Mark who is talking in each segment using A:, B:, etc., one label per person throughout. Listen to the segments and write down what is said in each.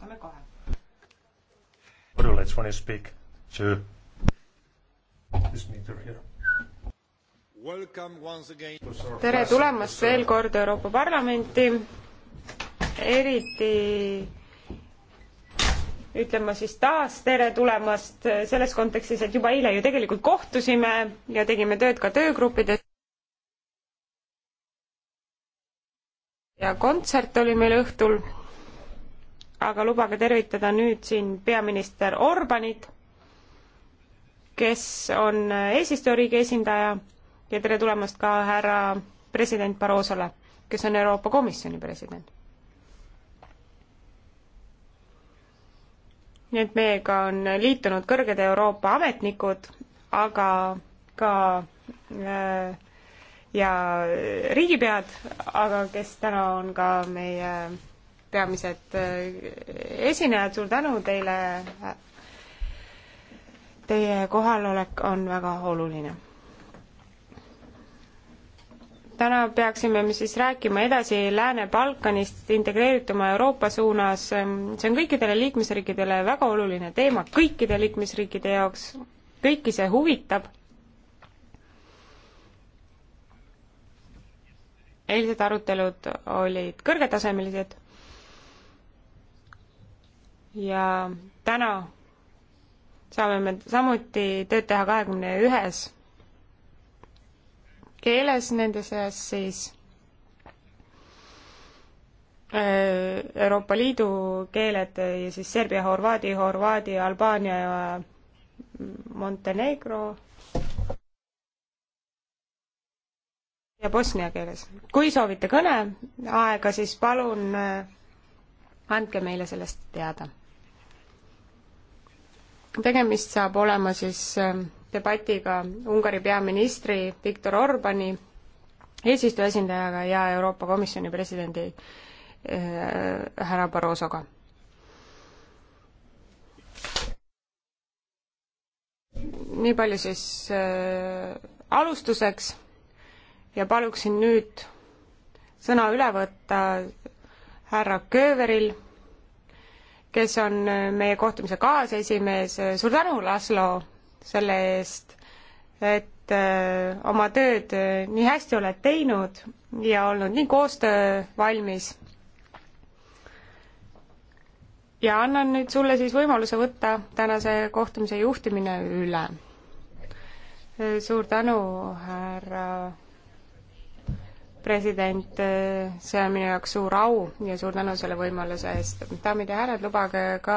A: alustame kohe. What do you let's want to speak to? Just need to hear tere tulemast veel kord
B: Euroopa Parlamenti, eriti ütlen ma siis taas tere tulemast selles kontekstis, et juba eile ju tegelikult kohtusime ja tegime tööd ka töögruppides. ja kontsert oli meil õhtul aga lubage tervitada nüüd siin peaminister Orbanit, kes on eesistujariigi esindaja ja tere tulemast ka härra president Barrosole, kes on Euroopa Komisjoni president. nii et meiega on liitunud kõrged Euroopa ametnikud, aga ka äh, ja riigipead, aga kes täna on ka meie äh, peamised äh, esinejad, suur tänu teile. Teie kohalolek on väga oluline. täna peaksime me siis rääkima edasi Lääne-Balkanist integreerituma Euroopa suunas. see on kõikidele liikmesriikidele väga oluline teema, kõikide liikmesriikide jaoks, kõiki see huvitab eilsed arutelud olid kõrgetasemelised ja täna saame me samuti tööd teha kahekümne ühes keeles, nende seas siis äh, Euroopa Liidu keeled ja siis Serbia, Horvaadi, Horvaadi, Albaania ja Montenegro ja bosnia keeles. kui soovite kõneaega, siis palun äh, andke meile sellest teada tegemist saab olema siis ähm, debatiga Ungari peaministri Viktor Orbani eesistuja esindajaga ja Euroopa Komisjoni presidendi äh, härra Barrosoga. nii palju siis äh, alustuseks ja paluksin nüüd sõna üle võtta härra Kööveril kes on äh, meie kohtumise kaasesimees, suur tänu, Laslo, selle eest, et äh, oma tööd äh, nii hästi oled teinud ja olnud nii koostöövalmis. ja annan nüüd sulle siis võimaluse võtta tänase kohtumise juhtimine üle. suur tänu, härra president, see on minu jaoks suur au ja suur tänu selle võimaluse eest. daamid ja härrad, lubage ka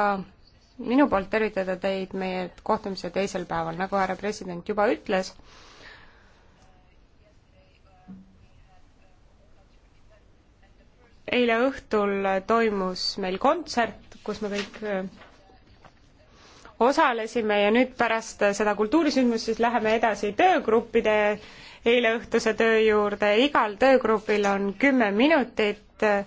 B: minu poolt tervitada teid meie kohtumise teisel päeval, nagu härra president juba ütles, eile õhtul toimus meil kontsert, kus me kõik äh, osalesime ja nüüd pärast seda kultuurisündmust siis läheme edasi töögruppide eileõhtuse töö juurde. igal töögrupil on kümme minutit äh,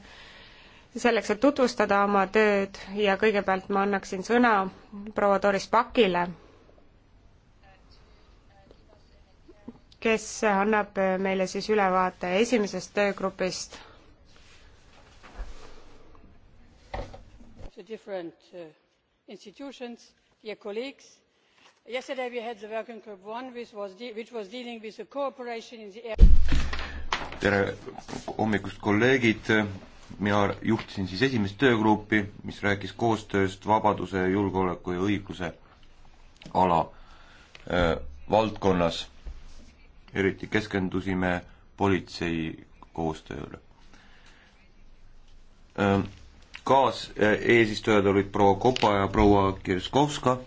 B: selleks, et tutvustada oma tööd ja kõigepealt ma annaksin sõna proua Doris Pakile, kes annab äh, meile siis ülevaate esimesest töögrupist.
C: different uh, institutions, dear colleagues Yesterday we had the working group one, which was, de which was dealing with the cooperation in the area
A: tere hommikust, kolleegid! mina juhtisin siis esimest töögruppi, mis rääkis koostööst vabaduse, julgeoleku ja õigluse ala äh, valdkonnas. eriti keskendusime politsei koostööle äh,. kaaseesistujad äh, olid proua Kopa ja proua Kirskovska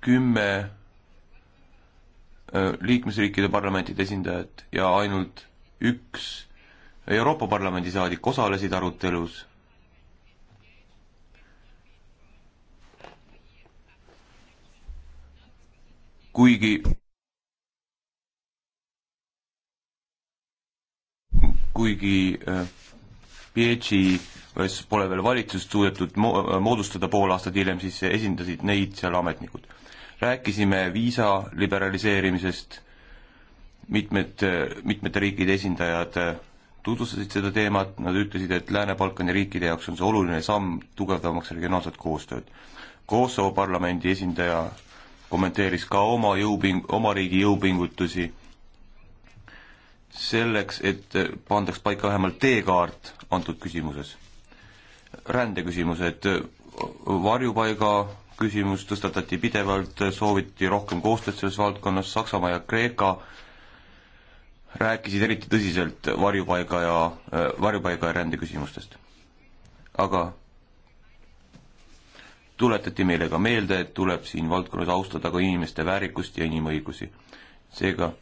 A: kümme äh, liikmesriikide parlamentide esindajat ja ainult üks Euroopa Parlamendi saadik osalesid arutelus. kuigi kuigi äh, Pieci pole veel valitsust suudetud mo moodustada pool aastat hiljem, siis esindasid neid seal ametnikud rääkisime viisa liberaliseerimisest, mitmed, mitmete riikide esindajad tutvustasid seda teemat, nad ütlesid, et Lääne-Balkani riikide jaoks on see oluline samm tugevdamaks regionaalset koostööd. Kosovo parlamendi esindaja kommenteeris ka oma jõuping-, oma riigi jõupingutusi selleks, et pandaks paika vähemalt teekaart antud küsimuses. rändeküsimused, varjupaiga küsimus tõstatati pidevalt, sooviti rohkem koostööd selles valdkonnas, Saksamaa ja Kreeka rääkisid eriti tõsiselt varjupaiga ja, äh, varjupaiga ja rände küsimustest. aga tuletati meile ka meelde, et tuleb siin valdkonnas austada ka inimeste väärikust ja inimõigusi. seega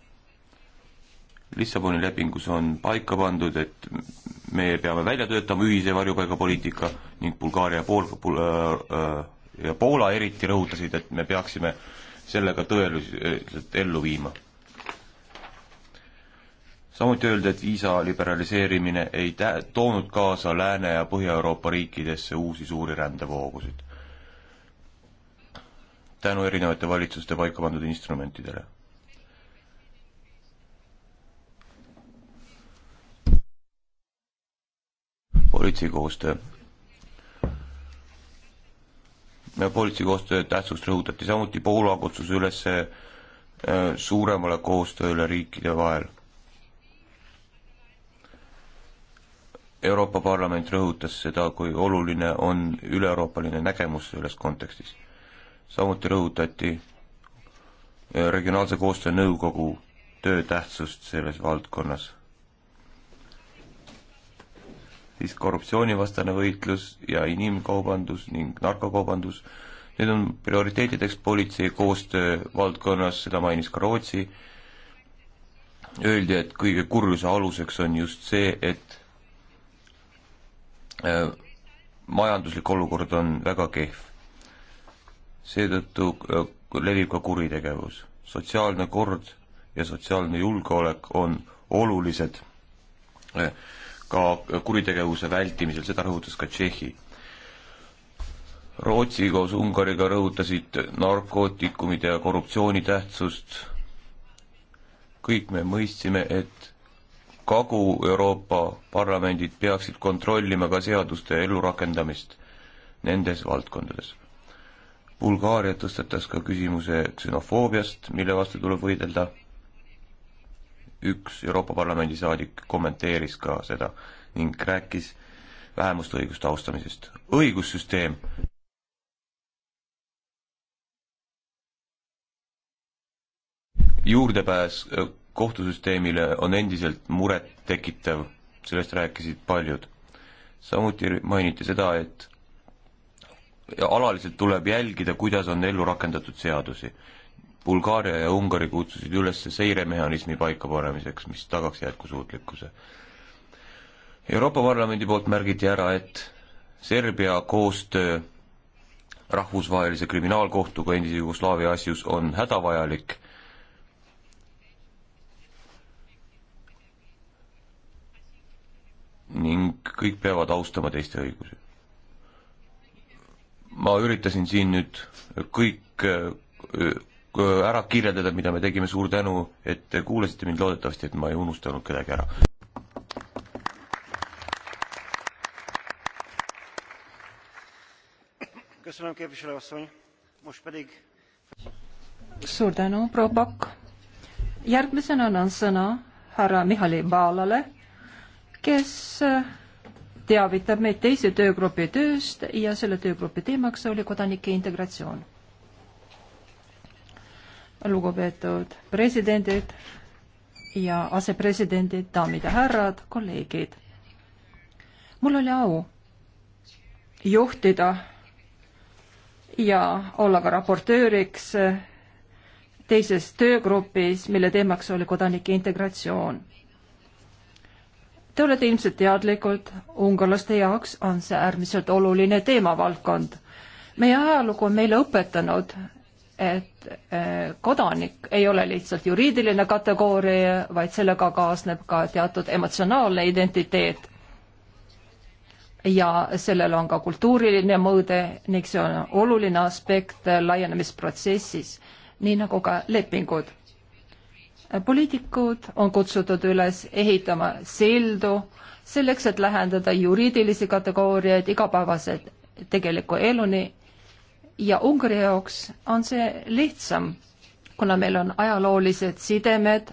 A: Lissaboni lepingus on paika pandud, et me peame välja töötama ühise varjupaigapoliitika ning Bulgaaria pool, äh, äh ja Poola eriti rõhutasid, et me peaksime sellega tõeliselt ellu viima. samuti öeldi, et viisa liberaliseerimine ei tä-, toonud kaasa Lääne- ja Põhja-Euroopa riikidesse uusi suuri rändevoogusid. tänu erinevate valitsuste paika pandud instrumentidele politsei koostöö politsei koostöö tähtsust rõhutati, samuti Poola kutsus üles äh, suuremale koostööle riikide vahel. Euroopa Parlament rõhutas seda, kui oluline on üleeuroopaline nägemus selles kontekstis. samuti rõhutati äh, regionaalse koostöö nõukogu töö tähtsust selles valdkonnas siis korruptsioonivastane võitlus ja inimkaubandus ning narkokaubandus, need on prioriteetideks politsei koostöö valdkonnas, seda mainis ka Rootsi, öeldi, et kõige kurjuse aluseks on just see, et äh, majanduslik olukord on väga kehv. seetõttu äh, levib ka kuritegevus. sotsiaalne kord ja sotsiaalne julgeolek on olulised äh, ka kuritegevuse vältimisel, seda rõhutas ka Tšehhi. Rootsi koos Ungariga rõhutasid narkootikumide ja korruptsiooni tähtsust. kõik me mõistsime, et Kagu-Euroopa parlamendid peaksid kontrollima ka seaduste ellurakendamist nendes valdkondades. Bulgaaria tõstatas ka küsimuse ksenofoobiast, mille vastu tuleb võidelda üks Euroopa Parlamendi saadik kommenteeris ka seda ning rääkis vähemuste õiguste austamisest. õigussüsteem juurdepääs äh, kohtusüsteemile on endiselt muret tekitav, sellest rääkisid paljud. samuti mainiti seda, et alaliselt tuleb jälgida, kuidas on ellu rakendatud seadusi Bulgaaria ja Ungari kutsusid üles seiremehhanismi paikapanemiseks, mis tagaks jätkusuutlikkuse. Euroopa Parlamendi poolt märgiti ära, et Serbia koostöö rahvusvahelise kriminaalkohtuga endise Jugoslaavia asjus on hädavajalik. ning kõik peavad austama teiste õigusi. ma üritasin siin nüüd kõik äh, Äh, ära kirjeldada, mida me tegime, suur tänu, et kuulasite mind, loodetavasti, et ma ei unustanud kedagi ära.
C: suur tänu, proua Pakk. järgmisena annan sõna härra Mihhail Baalale, kes äh, teavitab meid teise töögrupi tööst ja selle töögrupi teemaks oli kodanike integratsioon lugupeetud presidendid ja asepresidendid, daamid ja härrad, kolleegid. mul oli au juhtida ja olla ka raportööriks teises töögrupis, mille teemaks oli kodanike integratsioon. Te olete ilmselt teadlikud, ungarlaste jaoks on see äärmiselt oluline teemavaldkond. meie ajalugu on meile õpetanud, et äh, kodanik ei ole lihtsalt juriidiline kategooria, vaid sellega kaasneb ka teatud emotsionaalne identiteet. ja sellel on ka kultuuriline mõõde ning see on oluline aspekt laienemisprotsessis, nii nagu ka lepingud. poliitikud on kutsutud üles ehitama sildu selleks, et lähendada juriidilisi kategooriaid igapäevase tegeliku eluni ja Ungari jaoks on see lihtsam, kuna meil on ajaloolised sidemed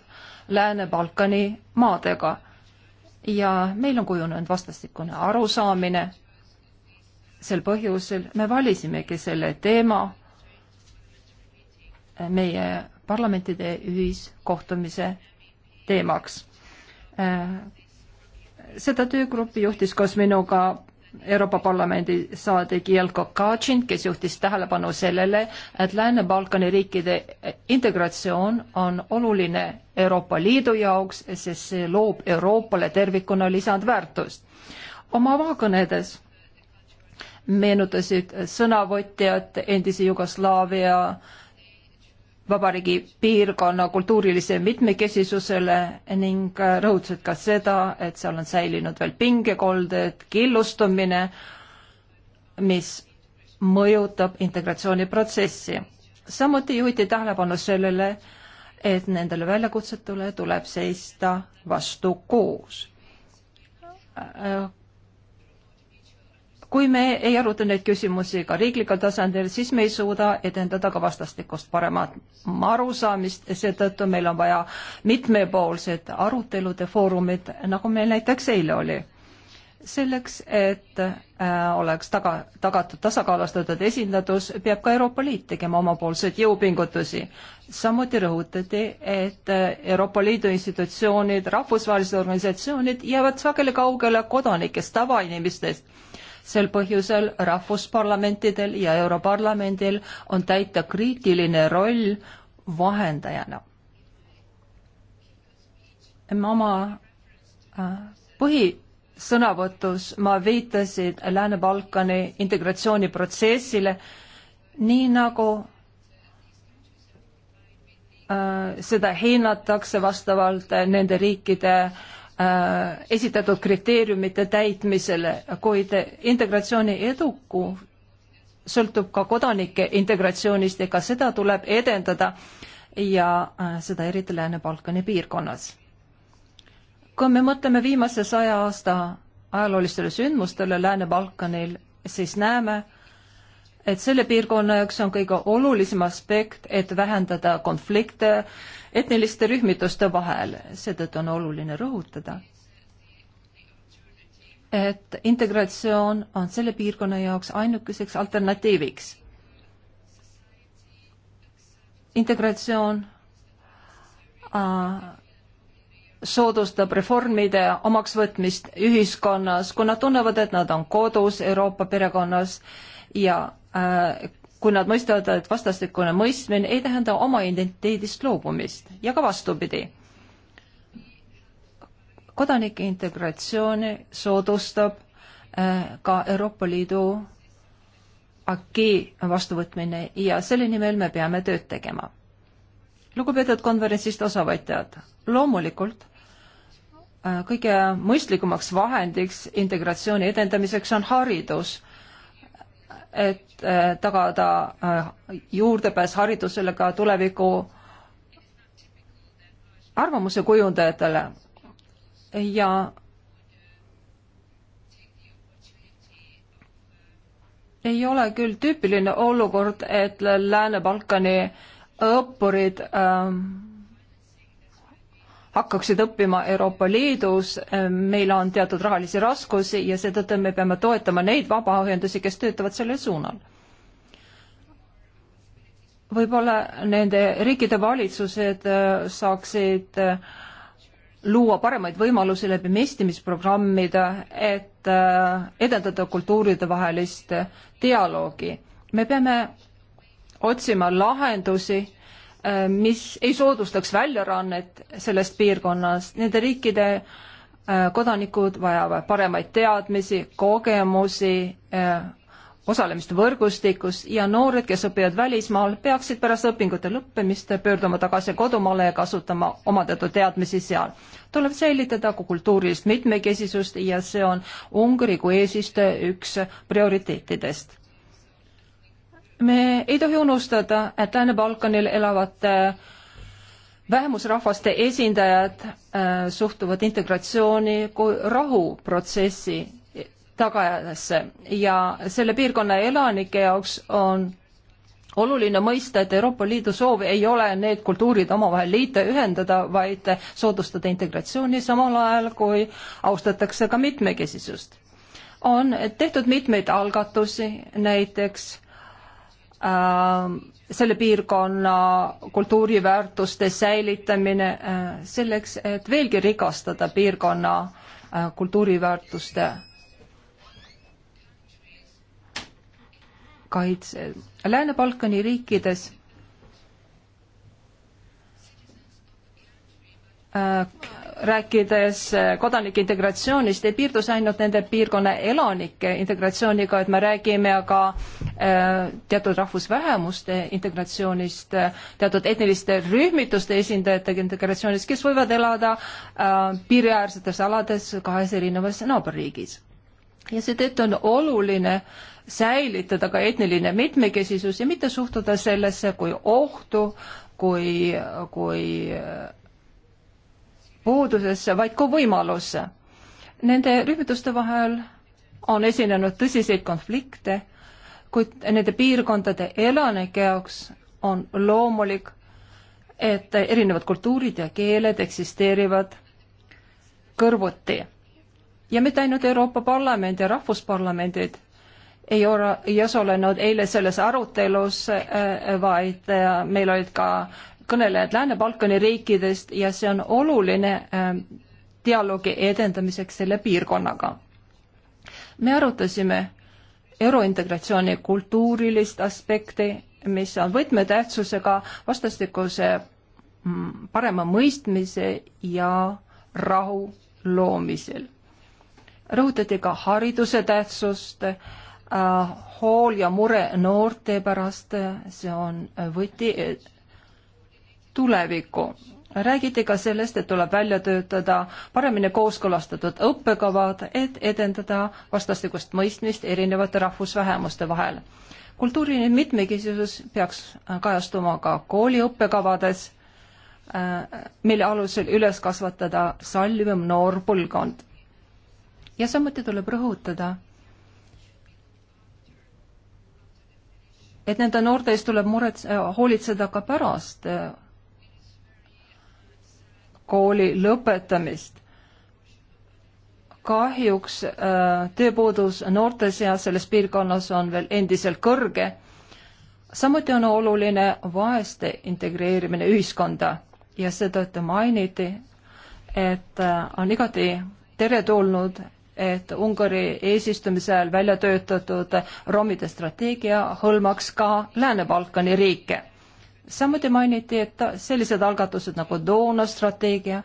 C: Lääne-Balkani maadega ja meil on kujunenud vastastikune arusaamine. sel põhjusel me valisimegi selle teema meie parlamentide ühiskohtumise teemaks. seda töögruppi juhtis koos minuga Euroopa Parlamendi saadik Jelko Kacin, kes juhtis tähelepanu sellele, et Lääne-Balkani riikide integratsioon on oluline Euroopa Liidu jaoks, sest see loob Euroopale tervikuna lisandväärtust. oma avakõnedes meenutasid sõnavõtjad endise Jugoslaavia äh, vabariigi piirkonna kultuurilise mitmekesisusele ning äh, rõhutasid ka seda, et seal on säilinud veel pingekolded, killustumine, mis mõjutab integratsiooniprotsessi. samuti juhiti tähelepanu sellele, et nendele väljakutsetele tuleb seista vastu koos äh, kui me ei aruta neid küsimusi ka riiklikul tasandil, siis me ei suuda edendada ka vastastikust paremat arusaamist, seetõttu meil on vaja mitmepoolsed arutelude foorumid, nagu meil näiteks eile oli. selleks, et äh, oleks taga, tagatud tasakaalustatud esindatus, peab ka Euroopa Liit tegema omapoolseid jõupingutusi. samuti rõhutati, et äh, Euroopa Liidu institutsioonid, rahvusvahelised organisatsioonid jäävad sageli kaugele kodanikest, tavainimestest sel põhjusel rahvusparlamentidel ja Europarlamendil on täita kriitiline roll vahendajana. ma oma äh, põhisõnavõtus ma viitasin Lääne-Balkani integratsiooniprotsessile, nii nagu äh, seda hinnatakse vastavalt nende riikide Äh, esitatud kriteeriumite täitmisele, kuid integratsiooni eduku sõltub ka kodanike integratsioonist ja ka seda tuleb edendada ja äh, seda eriti Lääne-Balkani piirkonnas. kui me mõtleme viimase saja aasta ajaloolistele sündmustele Lääne-Balkanil, siis näeme, et selle piirkonna jaoks on kõige olulisem aspekt, et vähendada konflikte etniliste rühmituste vahel. seetõttu on oluline rõhutada, et integratsioon on selle piirkonna jaoks ainukeseks alternatiiviks. integratsioon äh, soodustab reformide omaksvõtmist ühiskonnas, kui nad tunnevad, et nad on kodus Euroopa perekonnas ja Äh, kui nad mõistavad, et vastastikune mõistmine ei tähenda oma identiteedist loobumist ja ka vastupidi. kodanike integratsiooni soodustab äh, ka Euroopa Liidu aki vastuvõtmine ja selle nimel me peame tööd tegema. lugupeetud konverentsist osavõtjad, loomulikult äh, kõige mõistlikumaks vahendiks integratsiooni edendamiseks on haridus et äh, tagada äh, juurdepääs haridusele ka tuleviku arvamuse kujundajatele ja ei ole küll tüüpiline olukord, et Lääne-Balkani õppurid ähm, hakkaksid õppima Euroopa Liidus, meil on teatud rahalisi raskusi ja seetõttu me peame toetama neid vabaühendusi, kes töötavad sellel suunal. võib-olla nende riikide valitsused äh, saaksid äh, luua paremaid võimalusi läbi mestimisprogrammide, et äh, edendada kultuuride vahelist dialoogi. me peame otsima lahendusi Äh, mis ei soodustaks väljarannet sellest piirkonnast. Nende riikide äh, kodanikud vajavad paremaid teadmisi, kogemusi, äh, osalemist võrgustikus ja noored, kes õpivad välismaal, peaksid pärast õpingute lõppemist pöörduma tagasi kodumaale ja kasutama omandatud teadmisi seal. tuleb säilitada ka kultuurilist mitmekesisust ja see on Ungari kui eesistuja üks prioriteetidest me ei tohi unustada, et Lääne-Balkanil elavate äh, vähemusrahvaste esindajad äh, suhtuvad integratsiooni kui rahuprotsessi tagajasse ja selle piirkonna elanike jaoks on oluline mõista, et Euroopa Liidu soov ei ole need kultuurid omavahel liita, ühendada, vaid soodustada integratsiooni, samal ajal kui austatakse ka mitmekesisust. on tehtud mitmeid algatusi, näiteks Ähm, selle piirkonna kultuuriväärtuste säilitamine äh, selleks, et veelgi rikastada piirkonna äh, kultuuriväärtuste kaitse. Lääne-Balkani riikides rääkides äh, kodanike integratsioonist, ei piirdu see ainult nende piirkonna elanike integratsiooniga, et me räägime ka äh, teatud rahvusvähemuste integratsioonist, äh, teatud etniliste rühmituste esindajate integratsioonist, kes võivad elada piiriäärsetes alades kahes erinevas naaberriigis. ja seetõttu on oluline säilitada ka etniline mitmekesisus ja mitte suhtuda sellesse kui ohtu, kui, kui puuduses, vaid ka võimalus. Nende rühmituste vahel on esinenud tõsiseid konflikte, kuid nende piirkondade elanike jaoks on loomulik, et erinevad kultuurid ja keeled eksisteerivad kõrvuti. ja mitte ainult Euroopa Parlament ja rahvusparlamendid ei ole, ei osalenud eile selles arutelus, äh, vaid äh, meil olid ka kõnelejad Lääne-Balkani riikidest ja see on oluline ähm, dialoogi edendamiseks selle piirkonnaga. me arutasime eurointegratsiooni kultuurilist aspekti, mis on võtmetähtsusega vastastikuse mm, parema mõistmise ja rahu loomisel. rõhutati ka hariduse tähtsust äh,, hool ja mure noorte pärast, see on äh, võti tulevikku. räägiti ka sellest, et tuleb välja töötada paremini kooskõlastatud õppekavad, et edendada vastastikust mõistmist erinevate rahvusvähemuste vahel. kultuuriline mitmekesisus peaks kajastuma ka kooli õppekavades, äh, mille alusel üles kasvatada sallivam noor põlvkond. ja samuti tuleb rõhutada, et nende noorte eest tuleb muret, hoolitseda ka pärast äh, kooli lõpetamist. kahjuks äh, tööpuudus noorte seas selles piirkonnas on veel endiselt kõrge. samuti on oluline vaeste integreerimine ühiskonda ja seetõttu mainiti, et äh, on igati teretulnud, et Ungari eesistumise ajal välja töötatud romide strateegia hõlmaks ka Lääne-Balkani riike samuti mainiti, et sellised algatused nagu doonorstrateegia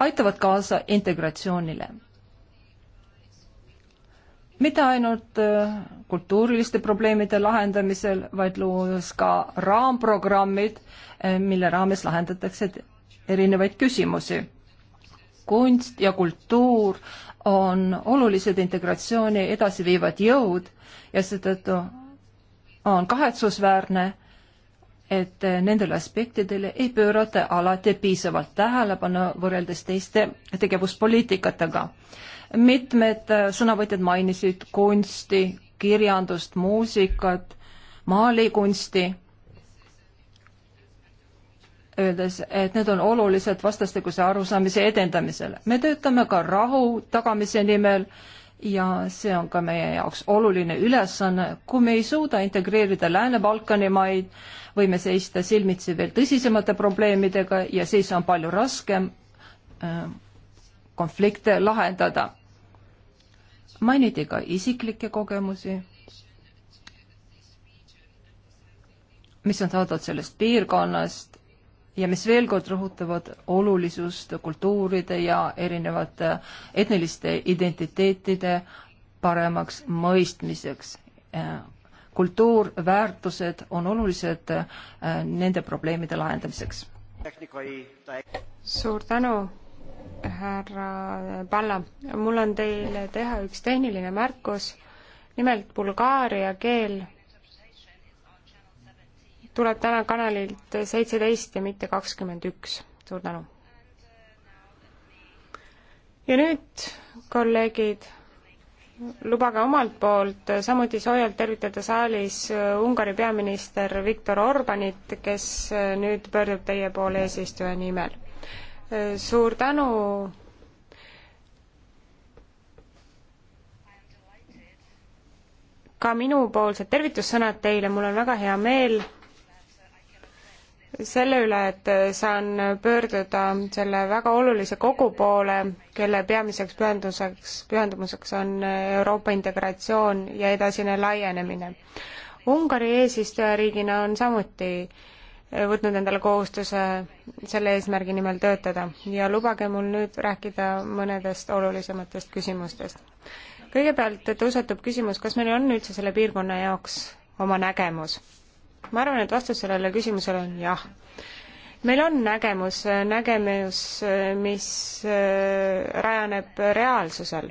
C: aitavad kaasa integratsioonile. mitte ainult äh, kultuuriliste probleemide lahendamisel, vaid luues ka raamprogrammid, äh, mille raames lahendatakse erinevaid küsimusi. kunst ja kultuur on olulised integratsiooni edasiviivad jõud ja seetõttu on kahetsusväärne, et eh, nendele aspektidele ei pöörata alati piisavalt tähelepanu võrreldes teiste tegevuspoliitikatega. mitmed eh, sõnavõtjad mainisid kunsti, kirjandust, muusikat, maalikunsti, öeldes, et need on olulised vastastikuse arusaamise edendamisele. me töötame ka rahu tagamise nimel ja see on ka meie jaoks oluline ülesanne, kui me ei suuda integreerida Lääne-Balkani maid, võime seista silmitsi veel tõsisemate probleemidega ja siis on palju raskem äh, konflikte lahendada. mainiti ka isiklikke kogemusi, mis on saadud sellest piirkonnast ja mis veel kord rõhutavad olulisust kultuuride ja erinevate etniliste identiteetide paremaks mõistmiseks äh, kultuur, väärtused on olulised äh, nende probleemide lahendamiseks.
B: suur tänu, härra Palla. mul on teile teha üks tehniline märkus. nimelt bulgaaria keel tuleb täna kanalilt seitseteist ja mitte kakskümmend üks. suur tänu. ja nüüd, kolleegid lubage omalt poolt samuti soojalt tervitada saalis äh, Ungari peaminister Viktor Orbanit, kes äh, nüüd pöördub teie poole eesistuja nimel. Äh, suur tänu ka minupoolsed tervitussõnad teile, mul on väga hea meel selle üle, et saan pöörduda selle väga olulise kogu poole, kelle peamiseks pühenduseks, pühendumuseks on Euroopa integratsioon ja edasine laienemine. Ungari eesistujariigina on samuti võtnud endale kohustuse selle eesmärgi nimel töötada ja lubage mul nüüd rääkida mõnedest olulisematest küsimustest. kõigepealt tõusetub küsimus, kas meil on üldse selle piirkonna jaoks oma nägemus ma arvan, et vastus sellele küsimusele on jah. meil on nägemus, nägemus, mis äh, rajaneb reaalsusel.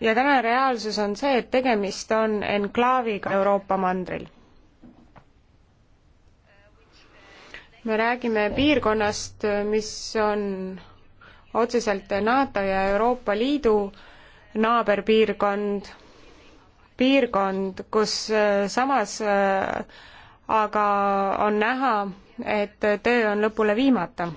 B: ja täna reaalsus on see, et tegemist on enklaaviga Euroopa mandril. me räägime piirkonnast, mis on otseselt NATO ja Euroopa Liidu naaberpiirkond piirkond, kus äh, samas äh, aga on näha, et töö on lõpule viimata.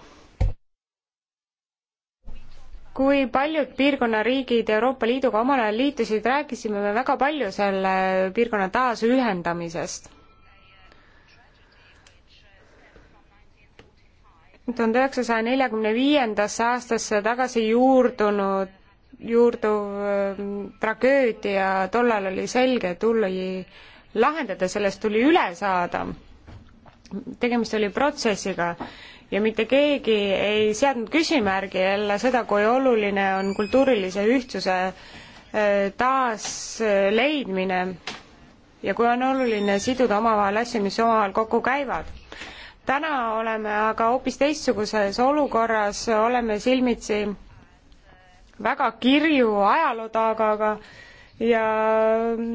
B: kui paljud piirkonna riigid Euroopa Liiduga omal ajal liitusid, rääkisime me väga palju selle piirkonna taasühendamisest tuhande üheksasaja neljakümne viiendasse aastasse tagasi juurdunud juurduv ähm, tragöödia tollal oli selge, tuli lahendada, sellest tuli üle saada. tegemist oli protsessiga ja mitte keegi ei seadnud küsimärgi jälle seda, kui oluline on kultuurilise ühtsuse äh, taasleidmine ja kui on oluline siduda omavahel asju, mis omavahel kokku käivad. täna oleme aga hoopis teistsuguses olukorras, oleme silmitsi väga kirju ajaloo tagaga ja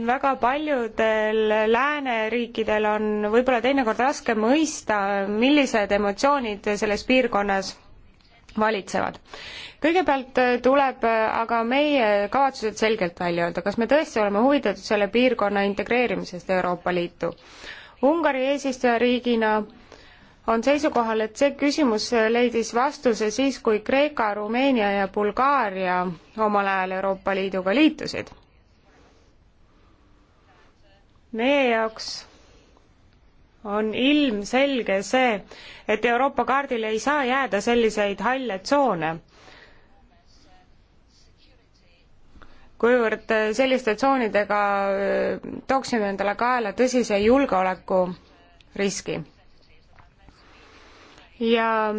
B: väga paljudel lääneriikidel on võib-olla teinekord raske mõista, millised emotsioonid selles piirkonnas valitsevad. kõigepealt tuleb aga meie kavatsused selgelt välja öelda, kas me tõesti oleme huvitatud selle piirkonna integreerimisest Euroopa Liitu. Ungari eesistujariigina on seisukohal, et see küsimus leidis vastuse siis, kui Kreeka, Rumeenia ja Bulgaaria omal ajal Euroopa Liiduga liitusid. meie jaoks on ilmselge see, et Euroopa kaardile ei saa jääda selliseid halle tsoone kuivõrd selliste tsoonidega äh, tooksime endale kaela tõsise julgeolekuriski ja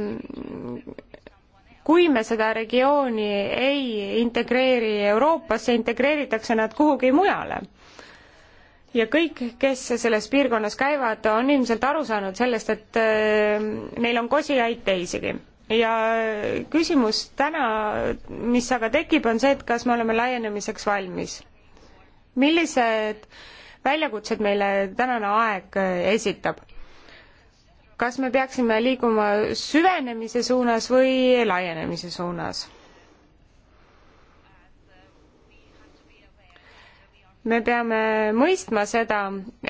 B: kui me seda regiooni ei integreeri Euroopasse, integreeritakse nad kuhugi mujale. ja kõik, kes selles piirkonnas käivad, on ilmselt aru saanud sellest, et äh, neil on kosijaid teisigi ja küsimus täna, mis aga tekib, on see, et kas me oleme laienemiseks valmis. millised väljakutsed meile tänane aeg esitab? kas me peaksime liiguma süvenemise suunas või laienemise suunas? me peame mõistma seda,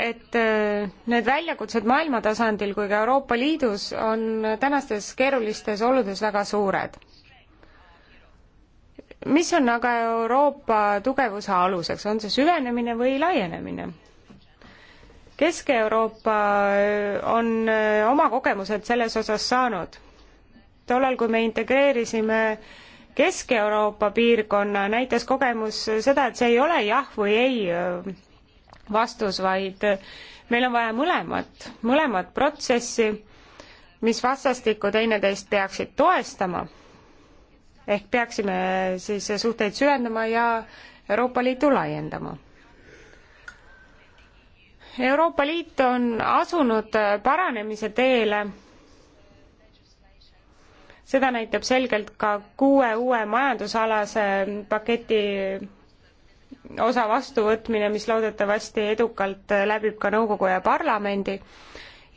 B: et äh, need väljakutsed maailma tasandil kui ka Euroopa Liidus on tänastes keerulistes oludes väga suured. mis on aga Euroopa tugevuse aluseks, on see süvenemine või laienemine? Kesk-Euroopa äh, on äh, oma kogemused selles osas saanud. tollal, kui me integreerisime Kesk-Euroopa piirkonna, näitas kogemus seda, et see ei ole jah või ei äh, vastus, vaid meil on vaja mõlemat, mõlemat protsessi, mis vastastikku teineteist peaksid toestama. ehk peaksime siis suhteid süvendama ja Euroopa Liitu laiendama Euroopa Liit on asunud paranemise teele. seda näitab selgelt ka kuue uue majandusalase paketi osa vastuvõtmine, mis loodetavasti edukalt läbib ka nõukogu ja parlamendi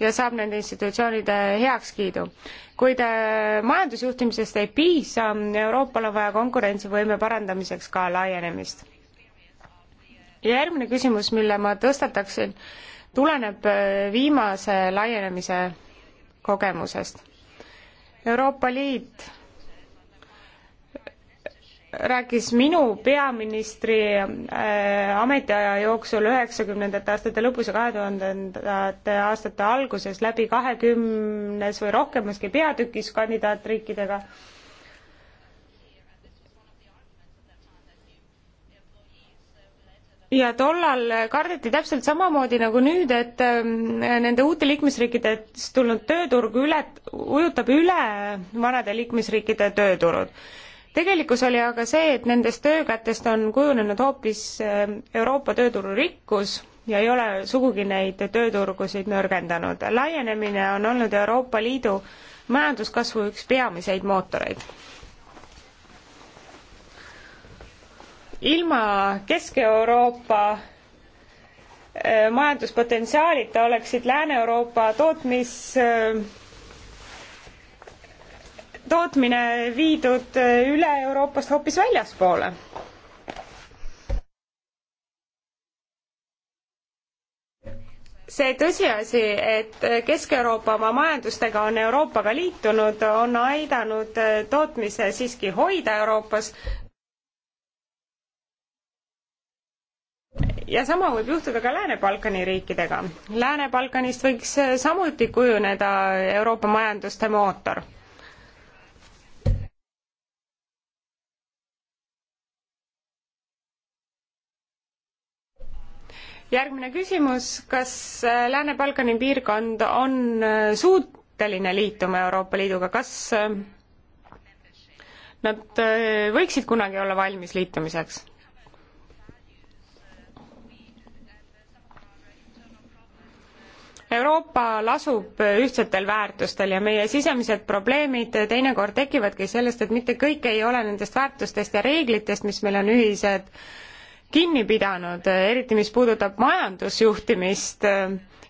B: ja saab nende institutsioonide heakskiidu. kuid majandusjuhtimisest ei piisa, Euroopal on vaja konkurentsivõime parandamiseks ka laienemist ja järgmine küsimus, mille ma tõstataksin, tuleneb äh, viimase laienemise kogemusest. Euroopa Liit äh, rääkis minu peaministri äh, ametiaja jooksul üheksakümnendate aastate lõpus ja kahe tuhandendate aastate alguses läbi kahekümnes või rohkemaski peatükis kandidaatriikidega ja tollal kardeti täpselt samamoodi nagu nüüd, et ähm, nende uute liikmesriikidest tulnud tööturg üle, ujutab üle vanade liikmesriikide tööturud. tegelikkus oli aga see, et nendest töökätest on kujunenud hoopis ähm, Euroopa tööturu rikkus ja ei ole sugugi neid tööturgusid nõrgendanud. laienemine on olnud Euroopa Liidu majanduskasvu üks peamiseid mootoreid ilma Kesk-Euroopa äh, majanduspotentsiaalita oleksid Lääne-Euroopa tootmis, äh, tootmine viidud äh, üle Euroopast hoopis väljaspoole. see tõsiasi, et Kesk-Euroopa oma majandustega on Euroopaga liitunud, on aidanud tootmise siiski hoida Euroopas, ja sama võib juhtuda ka Lääne-Balkani riikidega. Lääne-Balkanist võiks samuti kujuneda Euroopa majanduste mootor. järgmine küsimus, kas Lääne-Balkani piirkond on suuteline liituma Euroopa Liiduga, kas nad võiksid kunagi olla valmis liitumiseks? Euroopa lasub ühtsetel väärtustel ja meie sisemised probleemid teinekord tekivadki sellest, et mitte kõik ei ole nendest väärtustest ja reeglitest, mis meil on ühised, kinni pidanud, eriti mis puudutab majandusjuhtimist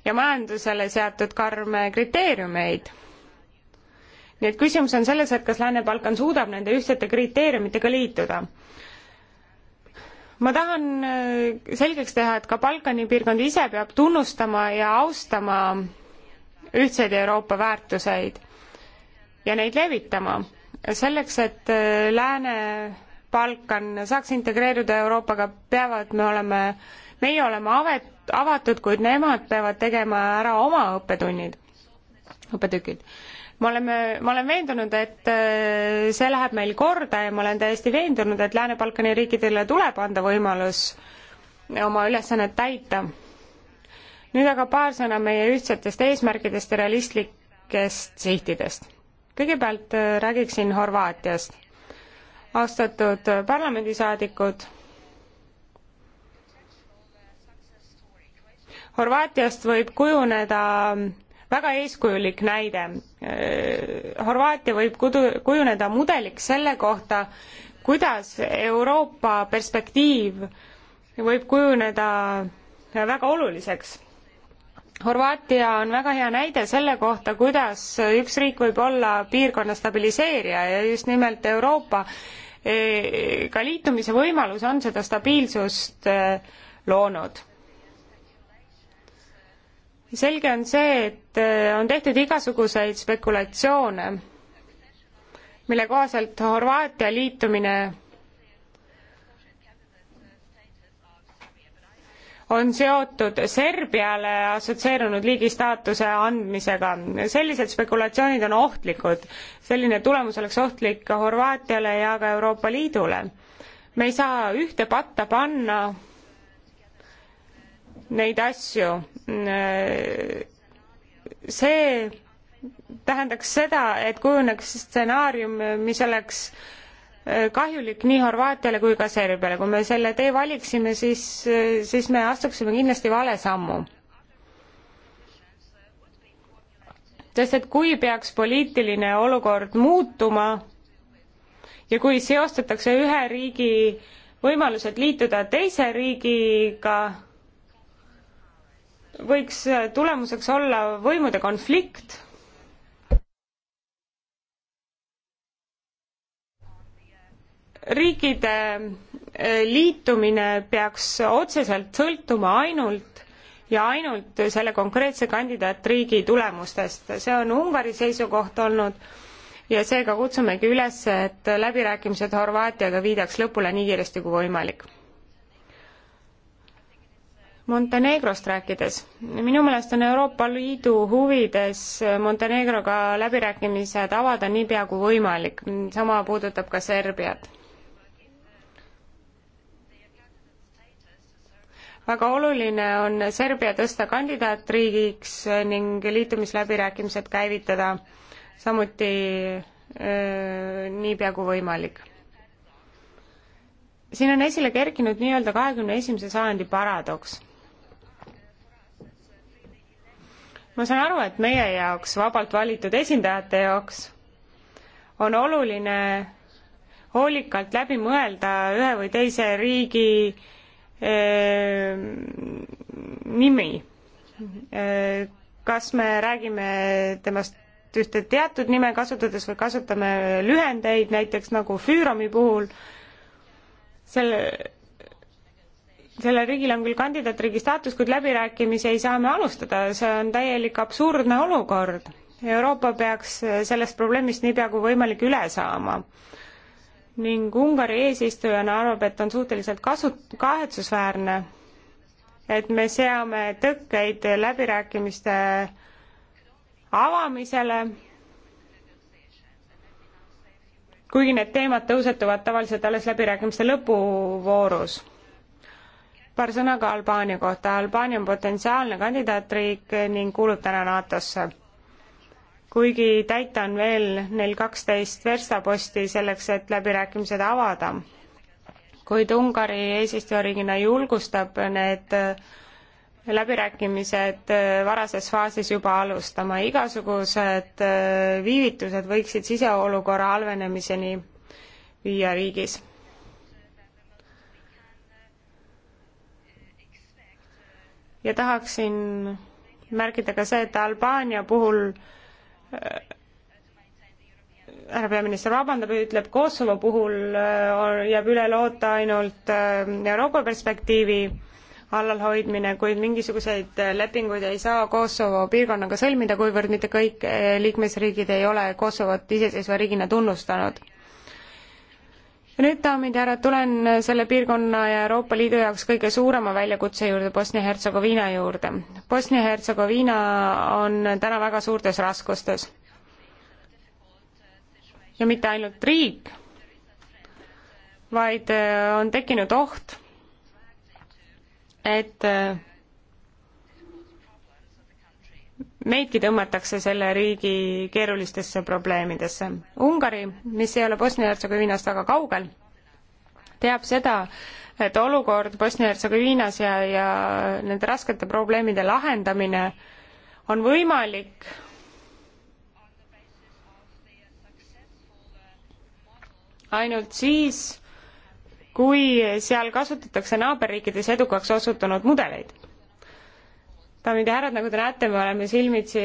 B: ja majandusele seatud karme kriteeriumeid. nii et küsimus on selles, et kas Lääne-Balkan suudab nende ühtsete kriteeriumitega liituda ma tahan äh, selgeks teha, et ka Balkani piirkond ise peab tunnustama ja austama ühtseid Euroopa väärtuseid ja neid levitama. selleks, et äh, Lääne-Balkan saaks integreeruda Euroopaga, peavad me olema, meie olema avet-, avatud, kuid nemad peavad tegema ära oma õppetunnid, õppetükid me oleme, ma olen veendunud, et äh, see läheb meil korda ja ma olen täiesti veendunud, et Lääne-Balkani riikidele tuleb anda võimalus oma ülesannet täita. nüüd aga paar sõna meie ühtsetest eesmärkidest ja realistlikest sihtidest. kõigepealt äh, räägiksin Horvaatiast. austatud parlamendisaadikud, Horvaatiast võib kujuneda väga eeskujulik näide. Horvaatia võib kudu, kujuneda mudeliks selle kohta, kuidas Euroopa perspektiiv võib kujuneda väga oluliseks. Horvaatia on väga hea näide selle kohta, kuidas üks riik võib olla piirkonna stabiliseerija ja just nimelt Euroopa eh, ka liitumise võimalus on seda stabiilsust eh, loonud selge on see, et äh, on tehtud igasuguseid spekulatsioone, mille kohaselt Horvaatia liitumine on seotud Serbiale assotsieerunud liigi staatuse andmisega. sellised spekulatsioonid on ohtlikud. selline tulemus oleks ohtlik ka Horvaatiale ja ka Euroopa Liidule. me ei saa ühte patta panna neid asju. see tähendaks seda, et kujuneks stsenaarium, mis oleks kahjulik nii Horvaatiale kui ka Serbiale. kui me selle tee valiksime, siis, siis me astuksime kindlasti vale sammu. sest et kui peaks poliitiline olukord muutuma ja kui seostatakse ühe riigi võimalused liituda teise riigiga, võiks äh, tulemuseks olla võimude konflikt. riikide äh, liitumine peaks otseselt sõltuma ainult ja ainult selle konkreetse kandidaatriigi tulemustest. see on Ungari seisukoht olnud ja seega kutsumegi üles, et läbirääkimised Horvaatiaga viidaks lõpule nii kiiresti kui võimalik Montenegrost rääkides, minu meelest on Euroopa Liidu huvides Montenegroga läbirääkimised avada niipea kui võimalik, sama puudutab ka Serbiat. väga oluline on Serbia tõsta kandidaatriigiks ning liitumisläbirääkimised käivitada samuti niipea kui võimalik. siin on esile kerkinud nii-öelda kahekümne esimese sajandi paradoks ma saan aru, et meie jaoks, vabalt valitud esindajate jaoks, on oluline hoolikalt läbi mõelda ühe või teise riigi eh, nimi. kas me räägime temast ühte teatud nime kasutades või kasutame lühendeid, näiteks nagu Füüromi puhul, selle sellel riigil on küll kandidaatriigi staatus, kuid läbirääkimisi ei saa me alustada, see on täielik absurdne olukord. Euroopa peaks sellest probleemist niipea kui võimalik üle saama. ning Ungari eesistujana arvab, et on suhteliselt kasu-, kahetsusväärne, et me seame tõkkeid läbirääkimiste avamisele, kuigi need teemad tõusetuvad tavaliselt alles läbirääkimiste lõpuvoorus paar sõna ka Albaania kohta. Albaania on potentsiaalne kandidaatriik ning kuulub täna NATO-sse. kuigi täita on veel neil kaksteist verstaposti selleks, et läbirääkimised avada, kuid Ungari eesistujariigina julgustab need läbirääkimised varases faasis juba alustama. igasugused viivitused võiksid siseolukorra halvenemiseni viia riigis ja tahaksin märkida ka see, et Albaania puhul äh, härra peaminister vabandab ja ütleb, Kosovo puhul äh, jääb üle loota ainult äh, Euroopa perspektiivi allalhoidmine, kuid mingisuguseid lepinguid ei saa Kosovo piirkonnaga sõlmida, kuivõrd mitte kõik liikmesriigid ei ole Kosovot iseseisva riigina tunnustanud ja nüüd, daamid ja härrad, tulen selle piirkonna ja Euroopa Liidu jaoks kõige suurema väljakutse juurde, Bosnia-Hertsegoviina juurde. Bosnia-Hertsegoviina on täna väga suurtes raskustes. ja mitte ainult riik, vaid äh, on tekkinud oht, et äh, neidki tõmmatakse selle riigi keerulistesse probleemidesse. Ungari, mis ei ole Bosnia-Hertsegoviinast väga kaugel, teab seda, et olukord Bosnia-Hertsegoviinas ja, ja nende raskete probleemide lahendamine on võimalik ainult siis, kui seal kasutatakse naaberriikides edukaks osutunud mudeleid daamid ja härrad, nagu te näete, me oleme silmitsi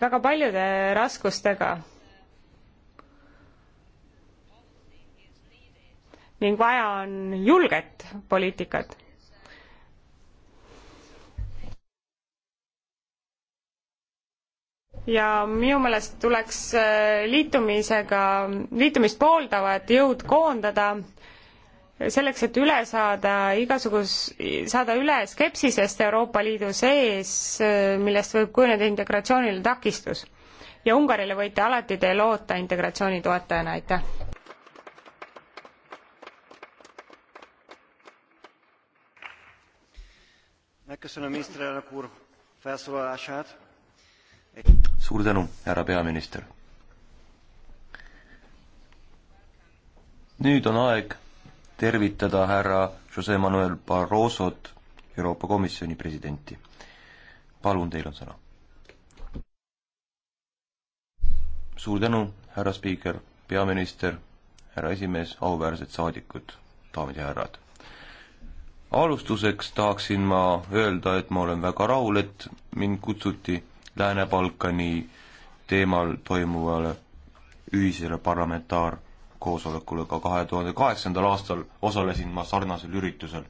B: väga paljude raskustega. ning vaja on julget poliitikat ja minu meelest tuleks äh, liitumisega, liitumist pooldavat jõud koondada selleks, et üle saada igasugus, saada üle skepsisest Euroopa Liidu sees, millest võib kujuneda integratsioonile takistus. ja Ungarile võite alati te loota integratsiooni toetajana, aitäh!
A: suur tänu, härra peaminister! nüüd on aeg tervitada härra Jose Manuel Barrosot, Euroopa Komisjoni presidenti. palun, teil on sõna. suur tänu, härra spiiker, peaminister, härra esimees, auväärsed saadikud, daamid ja härrad. alustuseks tahaksin ma öelda, et ma olen väga rahul, et mind kutsuti Lääne-Balkani teemal toimuvale ühisele parlamentaar- koosolekule, ka kahe tuhande kaheksandal aastal osalesin ma sarnasel üritusel.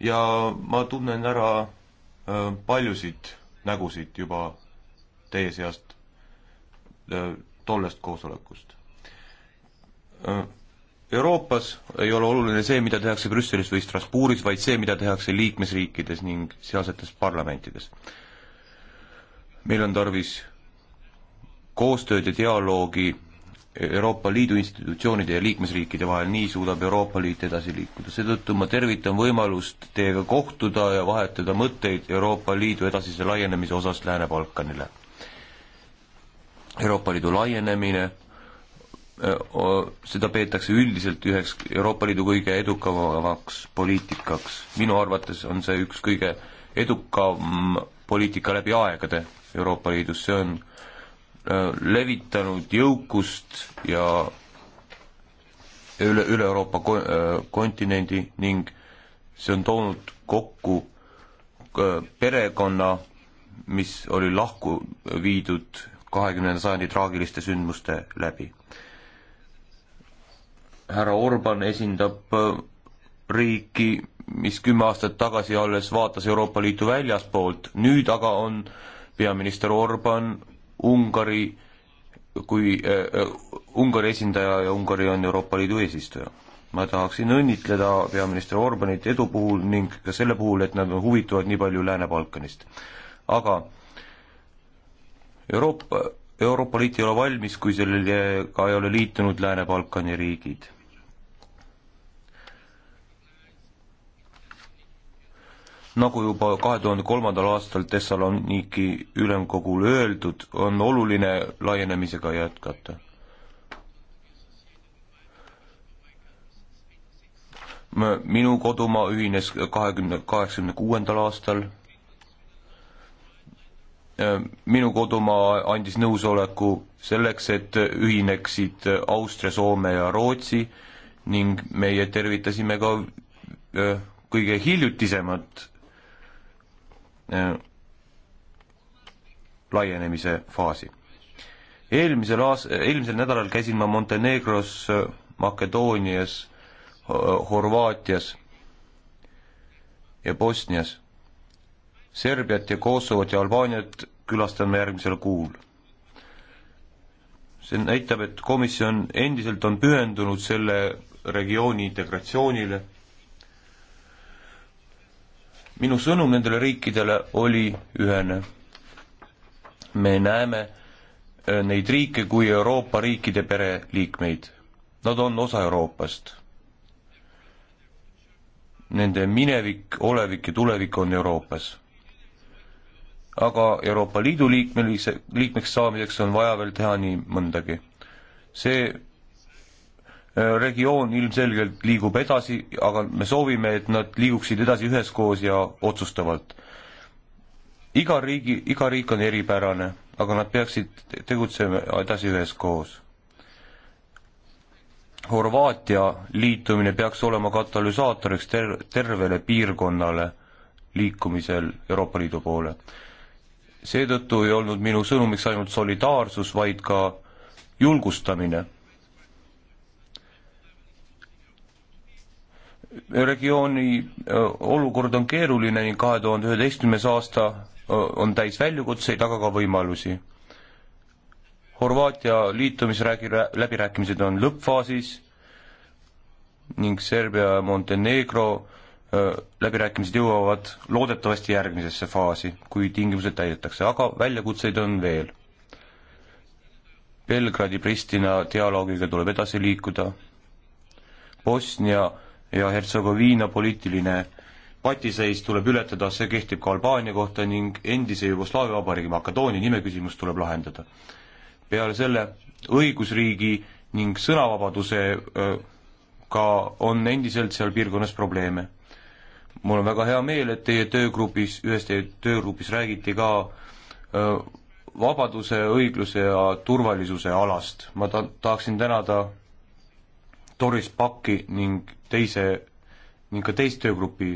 A: ja ma tunnen ära äh, paljusid nägusid juba teie seast äh, tollest koosolekust. Äh, Euroopas ei ole oluline see, mida tehakse Brüsselis või Strasbourgis, vaid see, mida tehakse liikmesriikides ning sealsetes parlamentides. meil on tarvis koostööd ja dialoogi Euroopa Liidu institutsioonide ja liikmesriikide vahel, nii suudab Euroopa Liit edasi liikuda. seetõttu ma tervitan võimalust teiega kohtuda ja vahetada mõtteid Euroopa Liidu edasise laienemise osas Lääne-Balkanile. Euroopa Liidu laienemine, seda peetakse üldiselt üheks Euroopa Liidu kõige edukamaks poliitikaks. minu arvates on see üks kõige edukam poliitika läbi aegade Euroopa Liidus, see on Äh, levitanud jõukust ja üle, üle Euroopa äh, kontinendi ning see on toonud kokku äh, perekonna, mis oli lahku viidud kahekümnenda sajandi traagiliste sündmuste läbi. härra Orban esindab riiki, mis kümme aastat tagasi alles vaatas Euroopa Liitu väljaspoolt, nüüd aga on peaminister Orban Ungari kui äh, äh, Ungari esindaja ja Ungari on Euroopa Liidu eesistuja. ma tahaksin õnnitleda peaminister Orbanit edu puhul ning ka selle puhul, et nad on huvituvad nii palju Lääne-Balkanist. aga Euroopa, Euroopa Liit ei ole valmis, kui sellega ei ole liitunud Lääne-Balkani riigid nagu juba kahe tuhande kolmandal aastal Thessaloniki ülemkogul öeldud, on oluline laienemisega jätkata. minu kodumaa ühines kahekümne, kaheksakümne kuuendal aastal. minu kodumaa andis nõusoleku selleks, et ühineksid Austria, Soome ja Rootsi ning meie tervitasime ka kõige hiljutisemat Äh, laienemise faasi. eelmisel aas-, eelmisel nädalal käisin ma Montenegros, äh, Makedoonias, Horvaatias ja Bosnias. Serbiat ja Kosovot ja Albaaniat külastame järgmisel kuul. see näitab, et komisjon endiselt on pühendunud selle regiooni integratsioonile minu sõnum nendele riikidele oli ühene. me näeme äh, neid riike kui Euroopa riikide pereliikmeid. Nad on osa Euroopast. Nende minevik, olevik ja tulevik on Euroopas. aga Euroopa Liidu liikmelise, liikmeks saamiseks on vaja veel teha nii mõndagi. see Äh, regioon ilmselgelt liigub edasi, aga me soovime, et nad liiguksid edasi üheskoos ja otsustavalt. iga riigi, iga riik on eripärane, aga nad peaksid tegutsema edasi üheskoos. Horvaatia liitumine peaks olema katalüsaatoriks ter-, tervele piirkonnale liikumisel Euroopa Liidu poole. seetõttu ei olnud minu sõnumiks ainult solidaarsus, vaid ka julgustamine regiooni äh, olukord on keeruline ning kahe tuhande üheteistkümnes aasta äh, on täis väljakutseid, aga ka võimalusi. Horvaatia liitumisräägi-, läbirääkimised on lõppfaasis ning Serbia ja Montenegro äh, läbirääkimised jõuavad loodetavasti järgmisesse faasi, kui tingimused täidetakse, aga väljakutseid on veel. Belgradi-Pristina dialoogiga tuleb edasi liikuda, Bosnia ja Hertsegoviina poliitiline patiseis tuleb ületada, see kehtib ka Albaania kohta ning endise Jugoslaavia vabariigi Makedoonia nime küsimus tuleb lahendada. peale selle õigusriigi ning sõnavabadusega on endiselt seal piirkonnas probleeme. mul on väga hea meel, et teie töögrupis, ühes teie töögrupis räägiti ka vabaduse, õigluse ja turvalisuse alast. ma ta-, tahaksin tänada Doris Paki ning teise ning ka teist töögrupi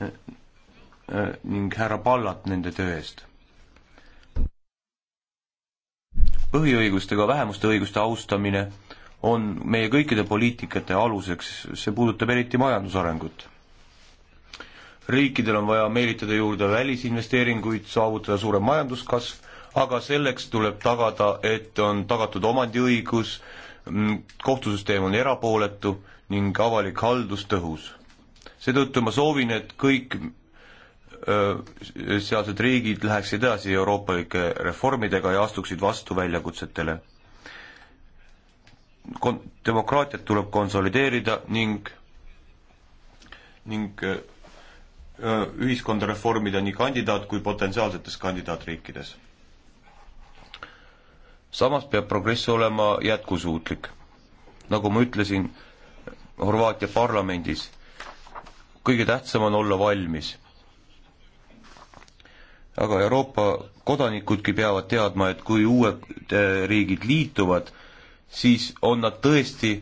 A: eh, eh, ning härra Pallat nende töö eest. põhiõigustega vähemuste õiguste austamine on meie kõikide poliitikate aluseks, see puudutab eriti majandusarengut. riikidel on vaja meelitada juurde välisinvesteeringuid, saavutada suurem majanduskasv, aga selleks tuleb tagada, et on tagatud omandiõigus, Mm, kohtusüsteem on erapooletu ning avalik haldus tõhus. seetõttu ma soovin, et kõik sealsed riigid läheks edasi euroopalike reformidega ja astuksid vastu väljakutsetele. Kon-, demokraatiat tuleb konsolideerida ning, ning öö, ühiskonda reformida nii kandidaat- kui potentsiaalsetes kandidaatriikides samas peab progress olema jätkusuutlik. nagu ma ütlesin Horvaatia parlamendis, kõige tähtsam on olla valmis. aga Euroopa kodanikudki peavad teadma, et kui uued eh, riigid liituvad, siis on nad tõesti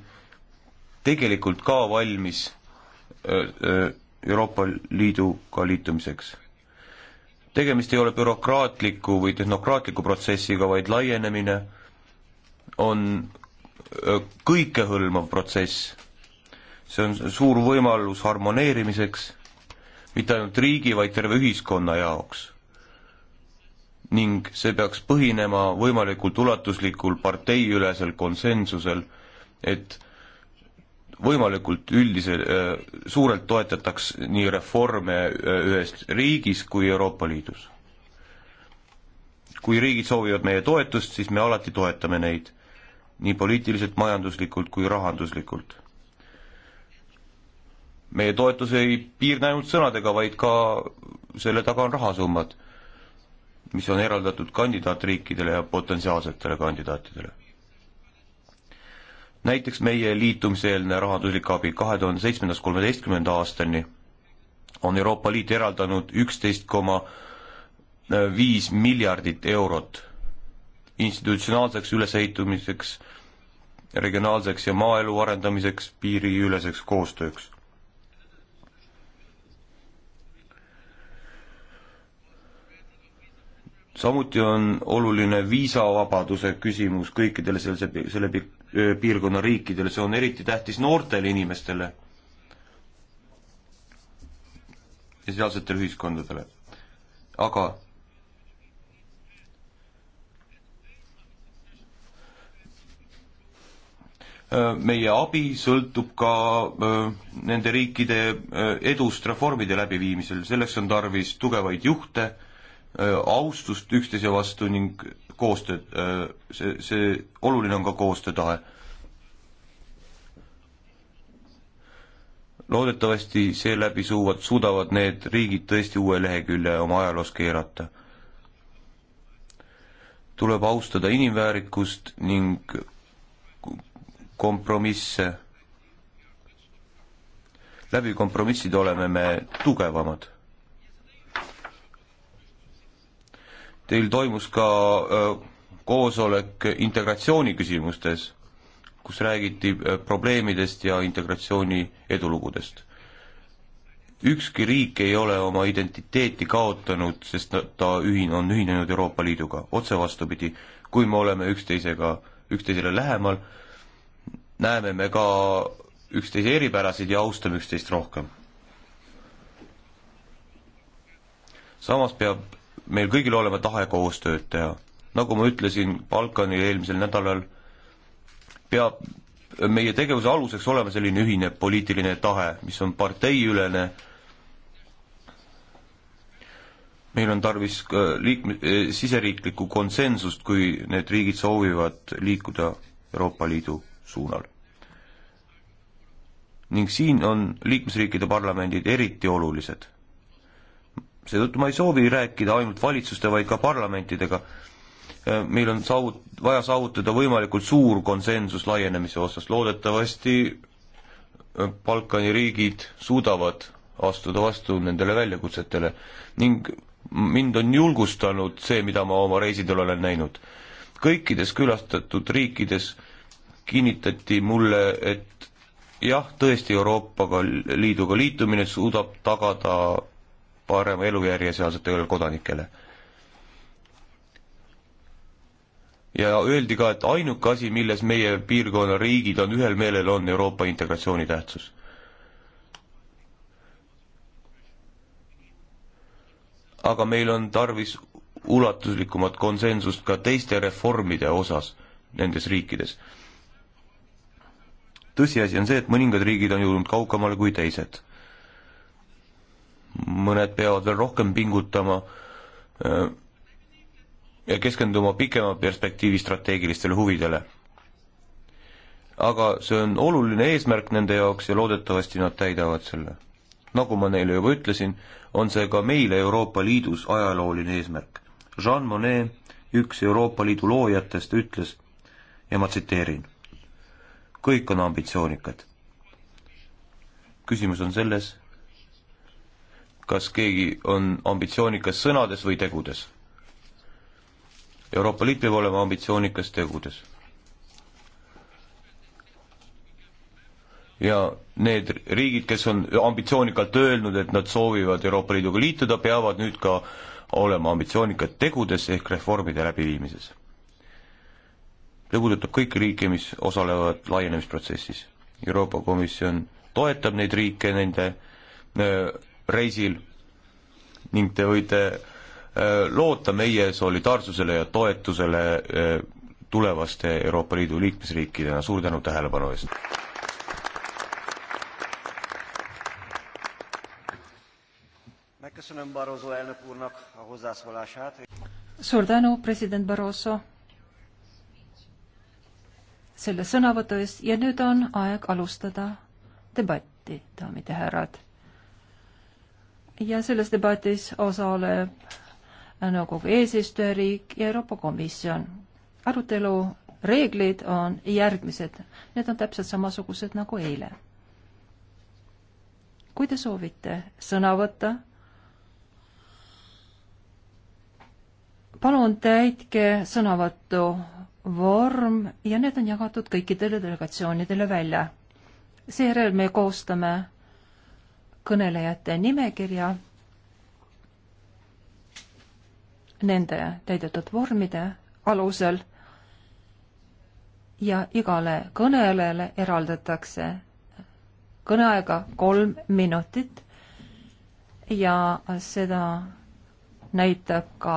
A: tegelikult ka valmis eh, eh, Euroopa Liiduga liitumiseks tegemist ei ole bürokraatliku või tehnokraatliku protsessiga, vaid laienemine on kõikehõlmav protsess. see on suur võimalus harmoneerimiseks, mitte ainult riigi, vaid terve ühiskonna jaoks. ning see peaks põhinema võimalikult ulatuslikul parteiülesel konsensusel, et võimalikult üldise, äh, suurelt toetataks nii reforme äh, ühes riigis kui Euroopa Liidus. kui riigid soovivad meie toetust, siis me alati toetame neid, nii poliitiliselt, majanduslikult kui rahanduslikult. meie toetus ei piirne ainult sõnadega, vaid ka selle taga on rahasummad, mis on eraldatud kandidaatriikidele ja potentsiaalsetele kandidaatidele näiteks meie liitumiseelne rahanduslik abi kahe tuhande seitsmendast kolmeteistkümnenda aastani on Euroopa Liit eraldanud üksteist koma viis miljardit eurot institutsionaalseks ülesehitamiseks, regionaalseks ja maaelu arendamiseks, piiriüleseks koostööks. samuti on oluline viisavabaduse küsimus kõikidele selle, selle piirkonna riikidele, see on eriti tähtis noortele inimestele ja sealsetele ühiskondadele. aga meie abi sõltub ka nende riikide edust reformide läbiviimisel, selleks on tarvis tugevaid juhte, austust üksteise vastu ning koostöö, äh, see, see, oluline on ka koostöötahe. loodetavasti seeläbi suuvad, suudavad need riigid tõesti uue lehekülje oma ajaloos keerata. tuleb austada inimväärikust ning kompromisse. läbi kompromisside oleme me tugevamad Teil toimus ka äh, koosolek integratsiooni küsimustes, kus räägiti äh, probleemidest ja integratsiooni edulugudest. ükski riik ei ole oma identiteeti kaotanud, sest ta ühin-, on ühinenud Euroopa Liiduga, otse vastupidi, kui me oleme üksteisega, üksteisele lähemal, näeme me ka üksteise eripärasid ja austame üksteist rohkem. samas peab meil kõigil olema tahe koos tööd teha. nagu ma ütlesin Balkanil eelmisel nädalal, peab meie tegevuse aluseks olema selline ühine poliitiline tahe, mis on parteiülene, meil on tarvis liikme, eh, siseriiklikku konsensust, kui need riigid soovivad liikuda Euroopa Liidu suunal. ning siin on liikmesriikide parlamendid eriti olulised seetõttu ma ei soovi rääkida ainult valitsuste, vaid ka parlamentidega. Äh, meil on saavut-, vaja saavutada võimalikult suur konsensus laienemise osas, loodetavasti äh, Balkani riigid suudavad astuda vastu nendele väljakutsetele ning mind on julgustanud see, mida ma oma reisidel olen näinud. kõikides külastatud riikides kinnitati mulle, et jah, tõesti Euroopaga, Liiduga liitumine suudab tagada parema elujärje sealsetele kodanikele. ja öeldi ka, et ainuke asi, milles meie piirkonna riigid on ühel meelel, on Euroopa integratsiooni tähtsus. aga meil on tarvis ulatuslikumat konsensust ka teiste reformide osas nendes riikides. tõsiasi on see, et mõningad riigid on jõudnud kaugemale kui teised mõned peavad veel rohkem pingutama äh, ja keskenduma pikema perspektiivi strateegilistele huvidele. aga see on oluline eesmärk nende jaoks ja loodetavasti nad täidavad selle. nagu ma neile juba ütlesin, on see ka meile Euroopa Liidus ajalooline eesmärk. Jean Monnet, üks Euroopa Liidu loojatest, ütles ja ma tsiteerin. kõik on ambitsioonikad. küsimus on selles, kas keegi on ambitsioonikas sõnades või tegudes. Euroopa Liit peab olema ambitsioonikas tegudes. ja need riigid, kes on ambitsioonikalt öelnud, et nad soovivad Euroopa Liiduga liituda, peavad nüüd ka olema ambitsioonikad tegudes ehk reformide läbiviimises. see puudutab kõiki riike, mis osalevad laienemisprotsessis. Euroopa Komisjon toetab neid riike nende öö, äh, reisil ning te võite äh, loota meie solidaarsusele ja toetusele äh, tulevaste Euroopa Liidu liikmesriikidena, suur tänu tähelepanu eest!
C: suur tänu, president Barroso, selle sõnavõtu eest ja nüüd on aeg alustada debatti, daamid ja härrad ja selles debatis osaleb nõukogu eesistujariik ja Euroopa Komisjon. arutelu reeglid on järgmised, need on täpselt samasugused nagu eile. kui te soovite sõna võtta, palun täitke sõnavõttu vorm ja need on jagatud kõikidele delegatsioonidele välja. seejärel me koostame kõnelejate nimekirja nende täidetud vormide alusel ja igale kõnelejale eraldatakse kõneaega kolm minutit ja seda näitab ka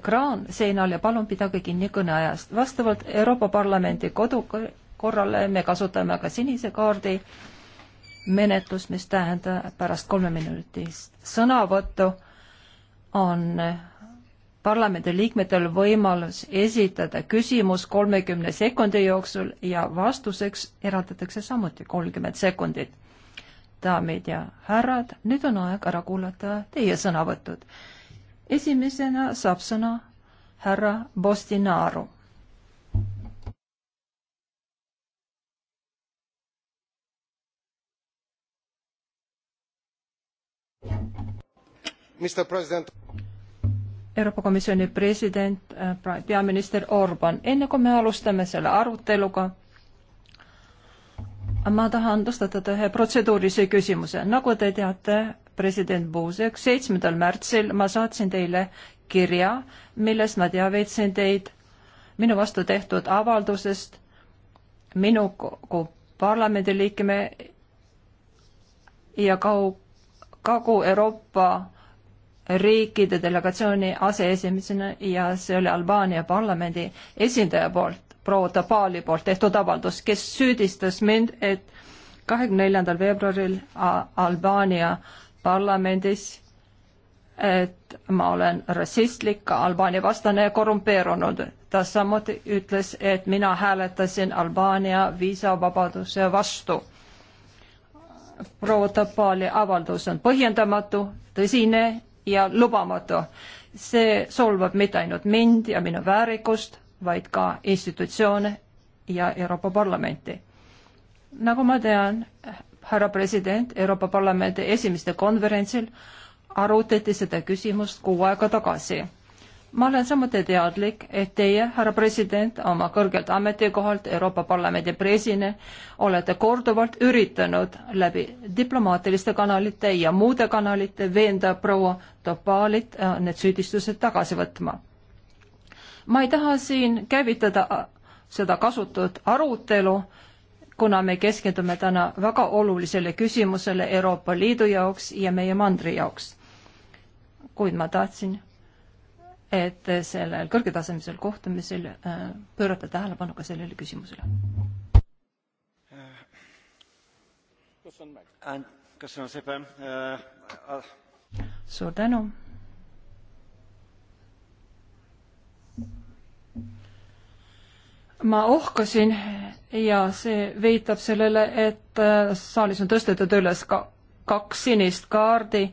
C: ekraan seinal ja palun pidage kinni kõneajast. vastavalt Euroopa Parlamendi kodukorrale me kasutame ka sinise kaardi menetlust, mis tähendab pärast kolmeminutist sõnavõttu on parlamendiliikmetel võimalus esitada küsimus kolmekümne sekundi jooksul ja vastuseks eraldatakse samuti kolmkümmend sekundit. daamid ja härrad, nüüd on aeg ära kuulata teie sõnavõtud. esimesena saab sõna härra Bostinaru Euroopa Komisjoni president, äh, peaminister Orban, enne kui me alustame selle aruteluga, ma tahan tõstatada ühe protseduurilise küsimuse. nagu te teate, president Buzek, seitsmendal märtsil ma saatsin teile kirja, milles ma teavitasin teid minu vastu tehtud avaldusest minu kui parlamendiliikme ja kaug-, Kagu-Euroopa riikide delegatsiooni aseesimesena ja see oli Albaania parlamendi esindaja poolt, proua Tabali poolt tehtud avaldus, kes süüdistas mind, et kahekümne neljandal veebruaril Albaania parlamendis, et ma olen rassistlik, Albaania vastane ja korrumpeerunud. ta samuti ütles, et mina hääletasin Albaania viisavabaduse vastu proua Tapali avaldus on põhjendamatu, tõsine ja lubamatu. see solvab mitte ainult mind ja minu väärikust, vaid ka institutsioone ja Euroopa Parlamenti. nagu ma tean, härra president, Euroopa Parlamendi esimeste konverentsil arutati seda küsimust kuu aega tagasi ma olen samuti teadlik, et teie, härra president, oma kõrgelt ametikohalt Euroopa Parlamendi president olete korduvalt üritanud läbi diplomaatiliste kanalite ja muude kanalite veenda proua Topalit äh, need süüdistused tagasi võtma. ma ei taha siin käivitada äh, seda kasutut arutelu, kuna me keskendume täna väga olulisele küsimusele Euroopa Liidu jaoks ja meie mandri jaoks. kuid ma tahtsin et sellel kõrgetasemelisel kohtumisel äh, pöörata tähelepanu ka sellele küsimusele.
D: Äh,
C: suur tänu. ma ohkasin ja see viitab sellele, et äh, saalis on tõstetud üles ka kaks sinist kaardi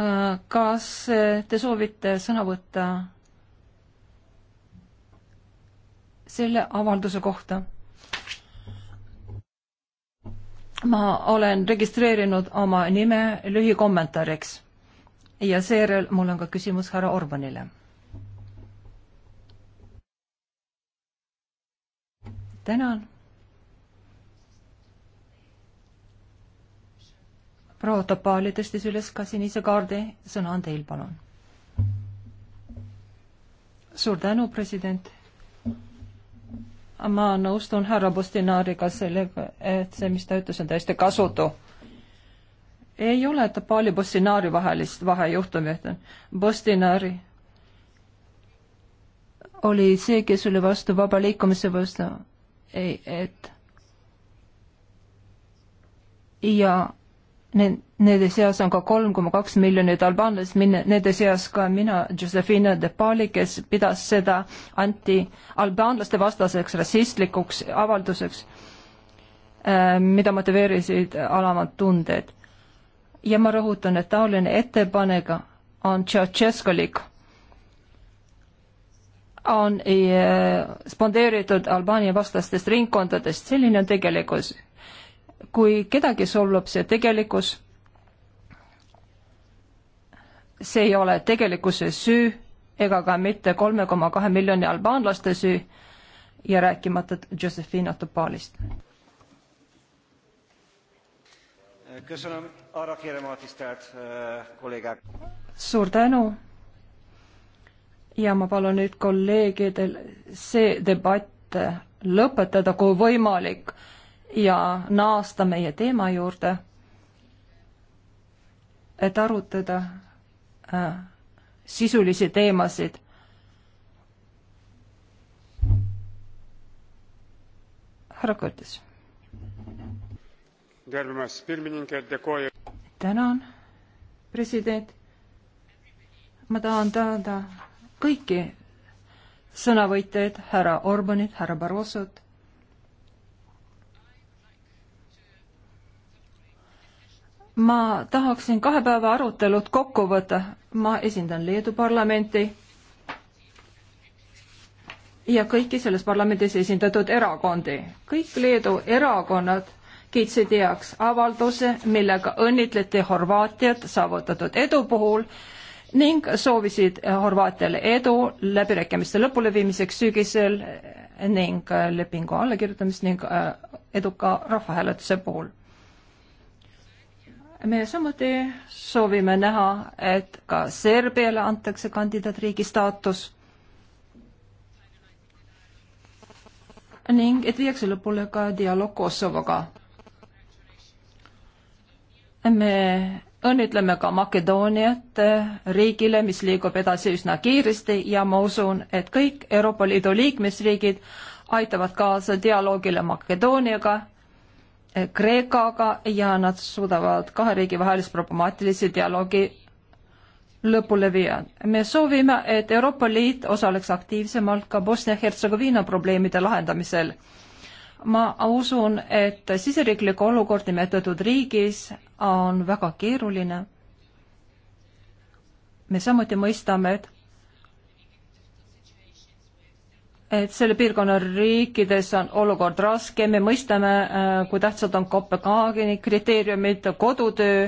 C: Äh, kas äh, te soovite sõna võtta selle avalduse kohta? ma olen registreerinud oma nime lühikommentaariks ja seejärel mul on ka küsimus härra Orbanile. tänan proua Topali tõstis üles ka sinise kaardi, sõna on teil, palun. suur tänu, president ma nõustun härra Postinaariga sellega, et see, mis ta ütles, on täiesti kasutu. ei ole Tapali Postinaari vahelist vahejuhtumit. Postinaari oli see, kes oli vastu vaba liikumise vastu. ei, et ja Nende seas on ka kolm koma kaks miljonit albaanlast, nende seas ka mina, Josephina De Pali, kes pidas seda anti-albaanlaste vastaseks rassistlikuks avalduseks, äh, mida motiveerisid alamad tunded. ja ma rõhutan, et taoline ettepanek on tšetšeskolik, on äh, spondeeritud Albaania vastastest ringkondadest, selline on tegelikkus kui kedagi solvab see tegelikkus, see ei ole tegelikkuse süü ega ka mitte kolme koma kahe miljoni albaanlaste süü ja rääkimata Josephine Otopalist. suur tänu ja ma palun nüüd kolleegidel see debatt lõpetada, kui võimalik ja naasta meie teema juurde, et arutada äh, sisulisi teemasid. härra Kõrtis. tänan, president. ma tahan tänada kõiki sõnavõtjaid, härra Orbanit, härra Barrosot ma tahaksin kahe päeva arutelud kokku võtta. ma esindan Leedu parlamenti ja kõiki selles parlamendis esindatud erakondi. kõik Leedu erakonnad kiitsid heaks avalduse, millega õnnitleti Horvaatiat saavutatud edu puhul ning soovisid Horvaatiale edu läbirääkimiste lõpuleviimiseks sügisel ning lepingu allakirjutamist ning äh, eduka rahvahääletuse puhul me samuti soovime näha, et ka Serbiale antakse kandidaatriigi staatus ning et viiakse lõpule ka dialoog Kosovoga. me õnnitleme ka Makedooniat riigile, mis liigub edasi üsna kiiresti ja ma usun, et kõik Euroopa Liidu liikmesriigid aitavad kaasa dialoogile Makedooniaga Kreekaga ja nad suudavad kahe riigi vahelise problemaatilise dialoogi lõpule viia. me soovime, et Euroopa Liit osaleks aktiivsemalt ka Bosnia-Hertsegoviina probleemide lahendamisel. ma usun, et siseriiklik olukord nimetatud riigis on väga keeruline. me samuti mõistame, et et selle piirkonna riikides on olukord raske, me mõistame, äh, kui tähtsad on Kopenhaageni kriteeriumid, kodutöö,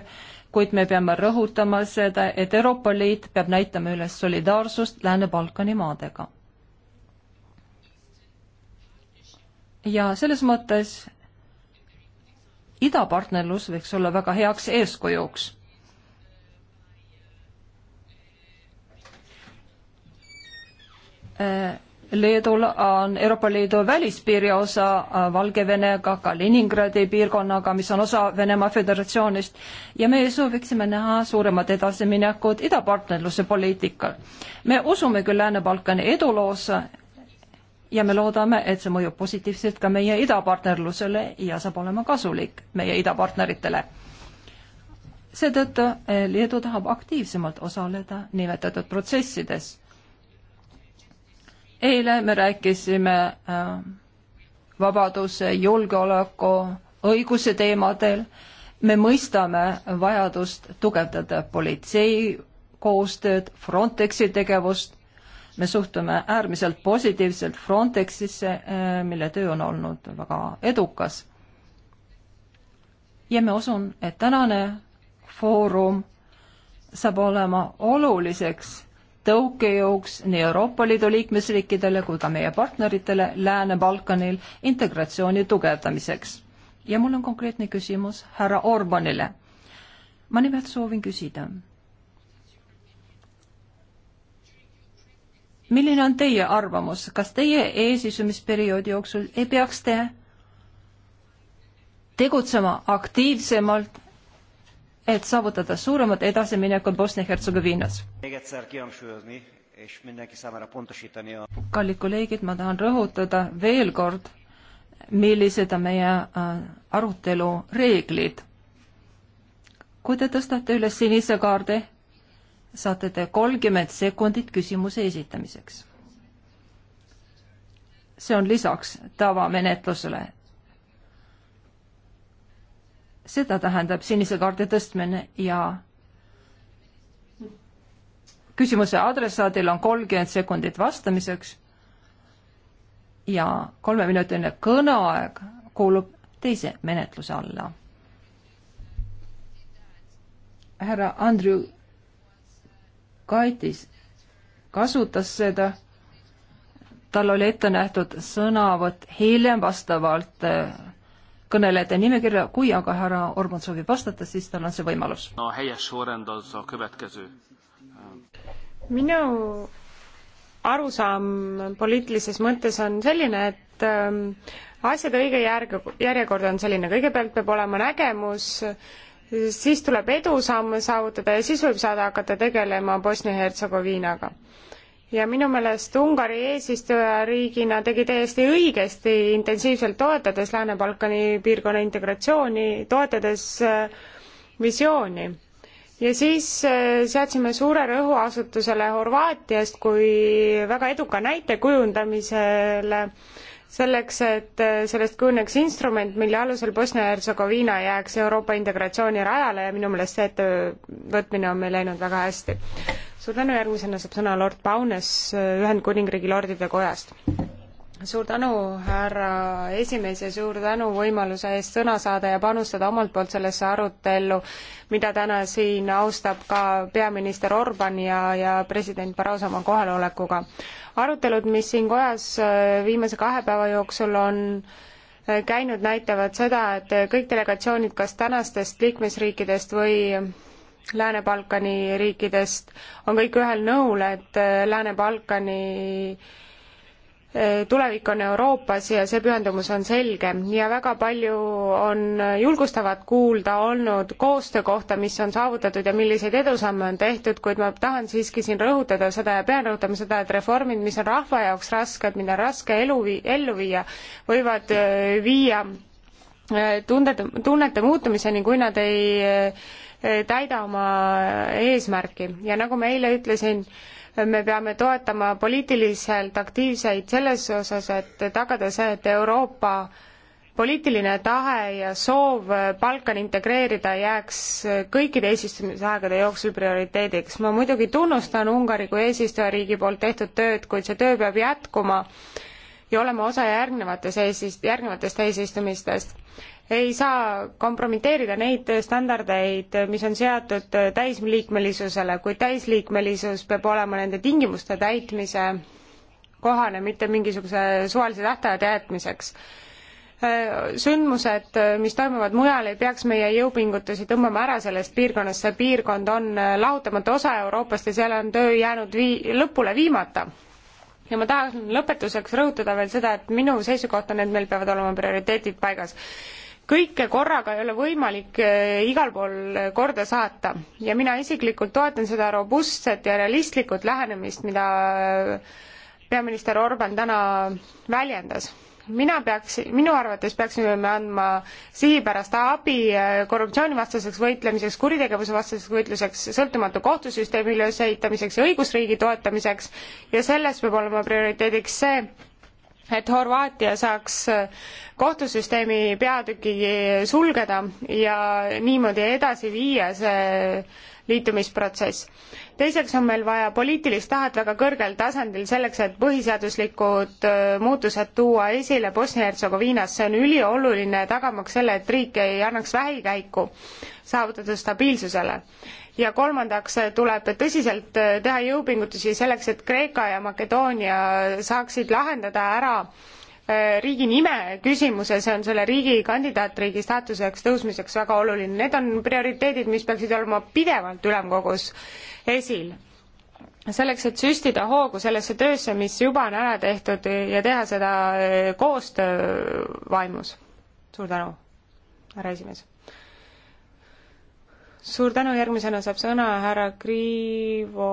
C: kuid me peame rõhutama seda, et Euroopa Liit peab näitama üles solidaarsust Lääne-Balkani maadega. ja selles mõttes idapartnerlus võiks olla väga heaks eeskujuks äh, Leedul on Euroopa Liidu välispiiri osa äh, Valgevenega, Kaliningradi piirkonnaga, mis on osa Venemaa Föderatsioonist ja me sooviksime näha suuremat edasiminekut idapartnerluse poliitikal. me usume küll Lääne-Balkani eduloosse ja me loodame, et see mõjub positiivselt ka meie idapartnerlusele ja saab olema kasulik meie idapartneritele. seetõttu eh, Leedu tahab aktiivsemalt osaleda nimetatud protsessides eile me rääkisime äh, vabaduse, julgeoleku, õiguse teemadel. me mõistame vajadust tugevdada politsei koostööd, Frontexi tegevust. me suhtume äärmiselt positiivselt Frontexisse, äh, mille töö on olnud väga edukas. ja ma usun, et tänane foorum saab olema oluliseks tõukejõuks nii Euroopa Liidu liikmesriikidele kui ka meie partneritele Lääne-Balkanil integratsiooni tugevdamiseks. ja mul on konkreetne küsimus härra Orbanile. ma nimelt soovin küsida. milline on teie arvamus, kas teie eesistumisperioodi jooksul ei peaks te tegutsema aktiivsemalt et saavutada suuremat edasiminekut Bosnia-Hertsegoviinas. kallid kolleegid, ma tahan rõhutada veel kord, millised on meie äh, arutelu reeglid. kui te tõstate üles sinise kaardi, saate te kolmkümmend sekundit küsimuse esitamiseks. see on lisaks tavamenetlusele seda tähendab sinise kaardi tõstmine ja küsimuse adressaadil on kolmkümmend sekundit vastamiseks ja kolmeminutiline kõneaeg kuulub teise menetluse alla. härra Andrew Kaitis kasutas seda, tal oli ette nähtud sõnavõtt hiljem vastavalt äh, kõnelejate nimekirja, kui aga härra Orban soovib vastata, siis tal on see võimalus.
D: no heies suurendas kõvetkäsi.
B: minu arusaam poliitilises mõttes on selline, et ähm, asjade õige järg, järjekord on selline, kõigepealt peab olema nägemus, siis tuleb edusamme saavutada ja siis võib saada hakata tegelema Bosnia-Hertsegoviinaga ja minu meelest Ungari eesistujariigina tegi täiesti õigesti, intensiivselt toetades Lääne-Balkani piirkonna integratsiooni, toetades äh, visiooni. ja siis äh, seadsime suure rõhu asutusele Horvaatiast kui väga eduka näite kujundamisele, selleks, et äh, sellest kujuneks instrument, mille alusel Bosnia-Hertsegoviina jääks Euroopa integratsiooni rajale ja minu meelest see ettevõtmine on meil läinud väga hästi suur tänu, järgmisena saab sõna lord Paunes äh, Ühendkuningriigi lordide kojast. suur tänu, härra esimees ja suur tänu võimaluse eest sõna saada ja panustada omalt poolt sellesse arutellu, mida täna siin austab ka peaminister Orban ja, ja president Barroso oma kohalolekuga. arutelud, mis siin kojas äh, viimase kahe päeva jooksul on äh, käinud, näitavad seda, et kõik delegatsioonid kas tänastest liikmesriikidest või Lääne-Balkani riikidest on kõik ühel nõul, et äh, Lääne-Balkani äh, tulevik on Euroopas ja see pühendumus on selge ja väga palju on julgustavat kuulda olnud koostöö kohta, mis on saavutatud ja milliseid edusamme on tehtud, kuid ma tahan siiski siin rõhutada seda ja pean rõhutama seda, et reformid, mis on rahva jaoks rasked, mida on raske elu vii-, ellu viia, võivad äh, viia tunded, tunnete muutumiseni, kui nad ei täida oma eesmärki ja nagu ma eile ütlesin, me peame toetama poliitiliselt aktiivseid selles osas, et tagada see, et Euroopa poliitiline tahe ja soov Balkan integreerida jääks kõikide eesistumisaegade jooksul prioriteediks. ma muidugi tunnustan Ungari kui eesistujariigi poolt tehtud tööd, kuid see töö peab jätkuma ja olema osa järgnevates eesist-, järgnevatest eesistumistest ei saa kompromiteerida neid standardeid, mis on seatud täisliikmelisusele, kuid täisliikmelisus peab olema nende tingimuste täitmise kohane, mitte mingisuguse suvalise tähtaja teadmiseks. sündmused, mis toimuvad mujal, ei peaks meie jõupingutusi tõmbama ära sellest piirkonnast, see piirkond on lahutamatu osa Euroopast ja seal on töö jäänud vii-, lõpule viimata ja ma tahan lõpetuseks rõhutada veel seda, et minu seisukoht on, et meil peavad olema prioriteedid paigas kõike korraga ei ole võimalik eh, igal pool eh, korda saata ja mina isiklikult toetan seda robustset ja realistlikult lähenemist, mida eh, peaminister Orban täna väljendas. mina peaks, minu arvates peaksime me andma sihipärast abi korruptsioonivastaseks võitlemiseks, kuritegevuse vastaseks võitluseks, sõltumatu kohtusüsteemi ülesehitamiseks ja õigusriigi toetamiseks ja selles peab olema prioriteediks see, et Horvaatia saaks äh, kohtusüsteemi peatüki sulgeda ja niimoodi edasi viia see liitumisprotsess. teiseks on meil vaja poliitilist tahet väga kõrgel tasandil selleks, et põhiseaduslikud äh, muutused tuua esile Bosnia-Hertsegoviinas, see on ülioluline, tagamaks selle, et riik ei annaks vähikäiku saavutatud stabiilsusele ja kolmandaks äh, tuleb tõsiselt äh, teha jõupingutusi selleks, et Kreeka ja Makedoonia saaksid lahendada ära äh, riigi nime küsimuse, see on selle riigi kandidaatriigi staatuseks tõusmiseks väga oluline, need on prioriteedid, mis peaksid olema pidevalt ülemkogus esil. selleks, et süstida hoogu sellesse töösse, mis juba on ära tehtud ja teha seda koostöö vaimus. suur tänu, härra esimees suur tänu, järgmisena saab sõna härra Krivo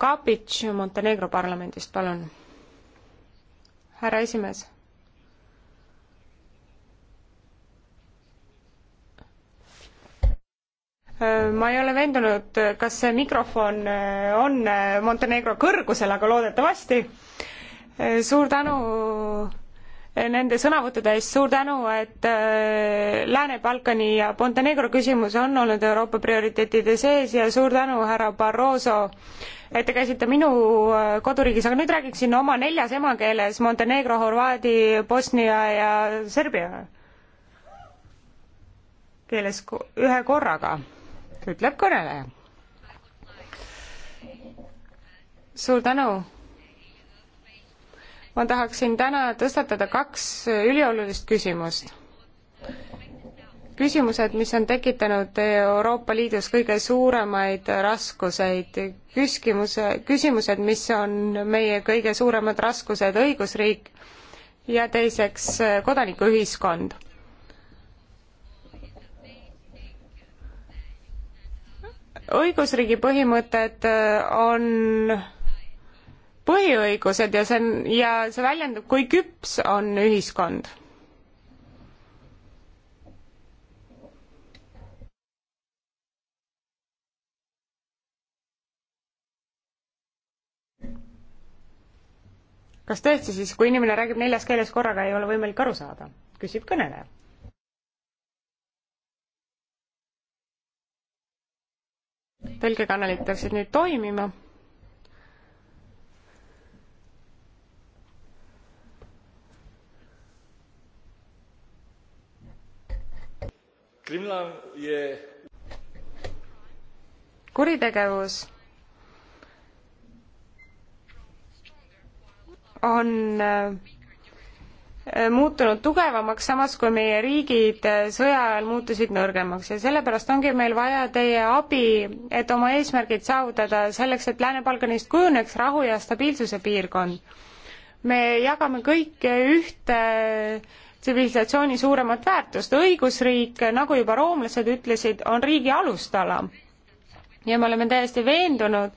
B: Kapitš Montenegro parlamendist, palun. härra esimees. ma ei ole veendunud, kas see mikrofon on Montenegro kõrgusel, aga loodetavasti. suur tänu nende sõnavõttude eest, suur tänu, et äh, Lääne-Balkani ja Montenegro küsimus on olnud Euroopa prioriteetide sees ja suur tänu, härra Barroso, et te käisite minu äh, koduriigis, aga nüüd räägiksin oma neljas emakeeles Montenegro, Horvaadi, Bosnia ja Serbia keeles ühe korraga, ütleb kõneleja. suur tänu ma tahaksin täna tõstatada kaks üliolulist küsimust. küsimused, mis on tekitanud Euroopa Liidus kõige suuremaid raskuseid, küsimuse, küsimused, mis on meie kõige suuremad raskused, õigusriik ja teiseks kodanikuühiskond õigusriigi põhimõtted on põhiõigused ja see on, ja see väljendub, kui küps on ühiskond. kas tõesti siis, kui inimene räägib neljas keeles korraga, ei ole võimalik aru saada? küsib kõneleja tõlgekanalid peaksid nüüd toimima kuritegevus on äh, muutunud tugevamaks, samas kui meie riigid äh, sõja ajal muutusid nõrgemaks ja sellepärast ongi meil vaja teie abi, et oma eesmärgid saavutada, selleks et Lääne-Balkanist kujuneks rahu ja stabiilsuse piirkond. me jagame kõik ühte äh, tsivilisatsiooni suuremat väärtust. õigusriik, nagu juba roomlased ütlesid, on riigi alustala. ja me oleme täiesti veendunud,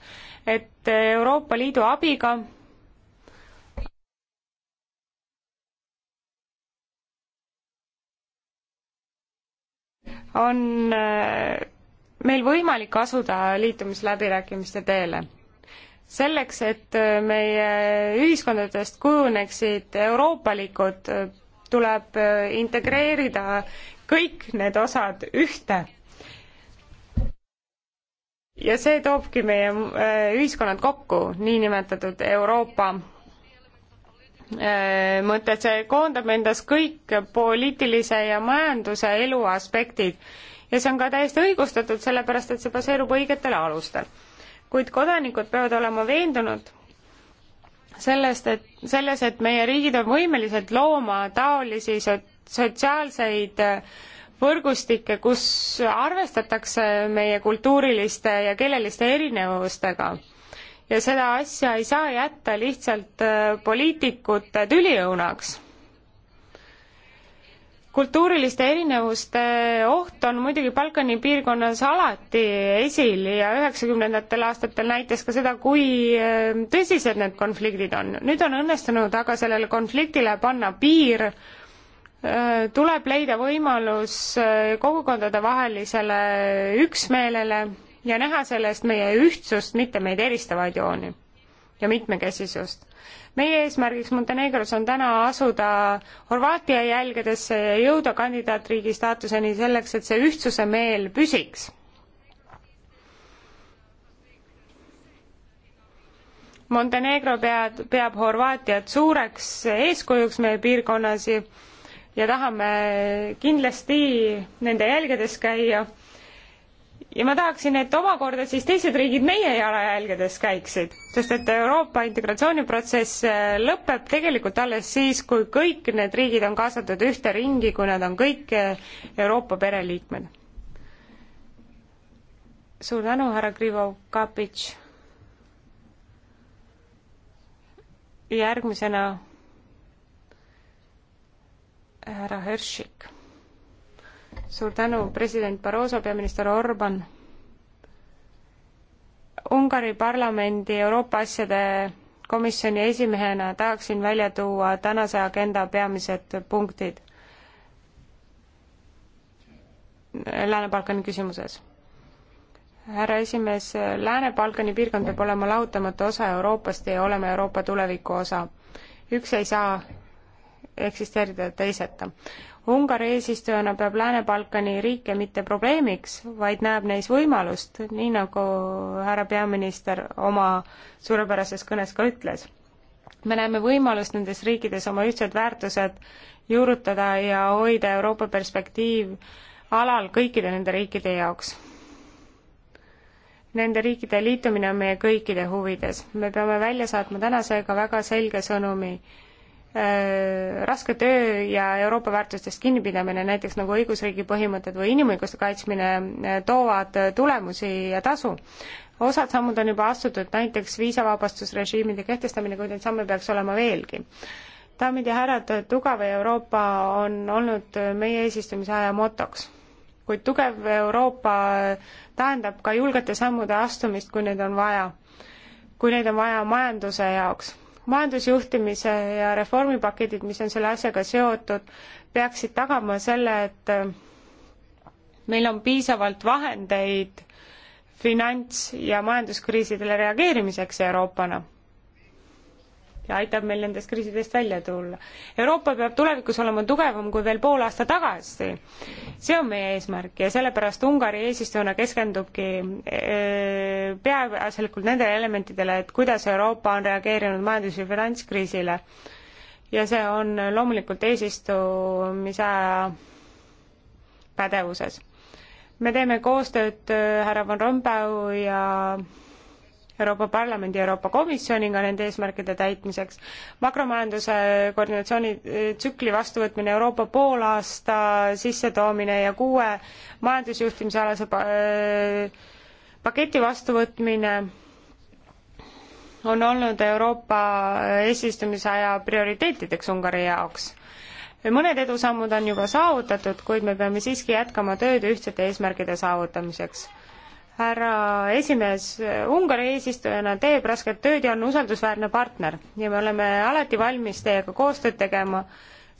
B: et Euroopa Liidu abiga on äh, meil võimalik asuda liitumisläbirääkimiste teele. selleks, et meie ühiskondadest kujuneksid euroopalikud tuleb äh, integreerida kõik need osad ühte. ja see toobki meie äh, ühiskonnad kokku, niinimetatud Euroopa äh, mõte, see koondab endas kõik poliitilise ja majanduse elu aspektid ja see on ka täiesti õigustatud, sellepärast et see baseerub õigetel alustel. kuid kodanikud peavad olema veendunud, sellest, et selles, et meie riigid on võimelised looma taolisi sotsiaalseid äh, võrgustikke, kus arvestatakse meie kultuuriliste ja keeleliste erinevustega. ja seda asja ei saa jätta lihtsalt äh, poliitikute tüliõunaks kultuuriliste erinevuste oht on muidugi Balkani piirkonnas alati esil ja üheksakümnendatel aastatel näitas ka seda, kui eh, tõsised need konfliktid on. nüüd on õnnestunud aga sellele konfliktile panna piir, eh, tuleb leida võimalus eh, kogukondadevahelisele üksmeelele ja näha sellest meie ühtsust, mitte meid eristavaid jooni ja mitmekesisust meie eesmärgiks Montenegros on täna asuda Horvaatia jälgedesse ja jõuda kandidaatriigi staatuseni selleks, et see ühtsuse meel püsiks. Montenegro peab, peab Horvaatiat suureks eeskujuks meie piirkonnas ja tahame kindlasti nende jälgedes käia ja ma tahaksin, et omakorda siis teised riigid meie jalajälgedes käiksid, sest et Euroopa integratsiooniprotsess äh, lõpeb tegelikult alles siis, kui kõik need riigid on kaasatud ühte ringi, kui nad on kõik äh, Euroopa pereliikmed. suur tänu, härra Krivo Kapits. järgmisena härra Höršik suur tänu, president Barroso, peaminister Orban. Ungari parlamendi Euroopa asjade komisjoni esimehena tahaksin välja tuua tänase agenda peamised punktid Lääne-Balkani küsimuses. härra esimees, Lääne-Balkani piirkond peab olema lahutamatu osa Euroopast ja olema Euroopa tuleviku osa. üks ei saa eksisteerida teiseta. Ungari eesistujana peab Lääne-Balkani riike mitte probleemiks, vaid näeb neis võimalust, nii nagu härra peaminister oma suurepärases kõnes ka ütles. me näeme võimalust nendes riikides oma ühtsed väärtused juurutada ja hoida Euroopa perspektiiv alal kõikide nende riikide jaoks. Nende riikide liitumine on meie kõikide huvides. me peame välja saatma tänasega väga selge sõnumi Äh, raske töö ja Euroopa väärtustest kinnipidamine, näiteks nagu õigusriigi põhimõtted või inimõiguste kaitsmine, äh, toovad tulemusi ja tasu. osad sammud on juba astutud, näiteks viisavabastusrežiimide kehtestamine, kuid neid samme peaks olema veelgi. daamid ja härrad, tugev Euroopa on olnud meie eesistumise aja motoks. kuid tugev Euroopa tähendab ka julgete sammude astumist, kui neid on vaja. kui neid on vaja majanduse jaoks majandusjuhtimise ja reformipaketid, mis on selle asjaga seotud, peaksid tagama selle, et meil on piisavalt vahendeid finants- ja majanduskriisidele reageerimiseks Euroopana ja aitab meil nendest kriisidest välja tulla. Euroopa peab tulevikus olema tugevam kui veel pool aastat tagasi. see on meie eesmärk ja sellepärast Ungari eesistujana keskendubki äh, peaasjalikult nendele elementidele, et kuidas Euroopa on reageerinud majandus- ja finantskriisile. ja see on loomulikult eesistumise aja pädevuses. me teeme koostööd äh, härra Van Rompuy ja Euroopa Parlamendi ja Euroopa Komisjoniga nende eesmärkide täitmiseks. makromajanduse koordinatsioonitsükli äh, vastuvõtmine Euroopa poolaasta sissetoomine ja kuue majandusjuhtimise alase äh, paketi vastuvõtmine on olnud Euroopa eesistumisaja prioriteetideks Ungari jaoks mõned edusammud on juba saavutatud, kuid me peame siiski jätkama tööd ühtsete eesmärkide saavutamiseks härra esimees, Ungari eesistujana teeb rasket tööd ja on usaldusväärne partner ja me oleme alati valmis teiega koostööd tegema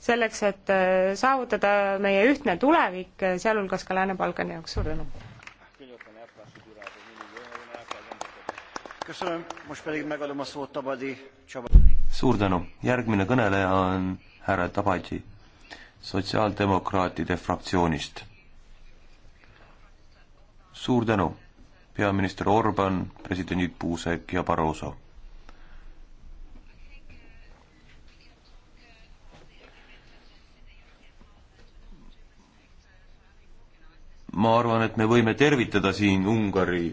B: selleks, et äh, saavutada meie ühtne tulevik, äh, sealhulgas ka Lääne-Balkani jaoks, suur tänu.
A: suur tänu, järgmine kõneleja on härra Tabadži sotsiaaldemokraatide fraktsioonist. suur tänu peaminister Orban, presidendid Puusek ja Barroso. ma arvan, et me võime tervitada siin Ungari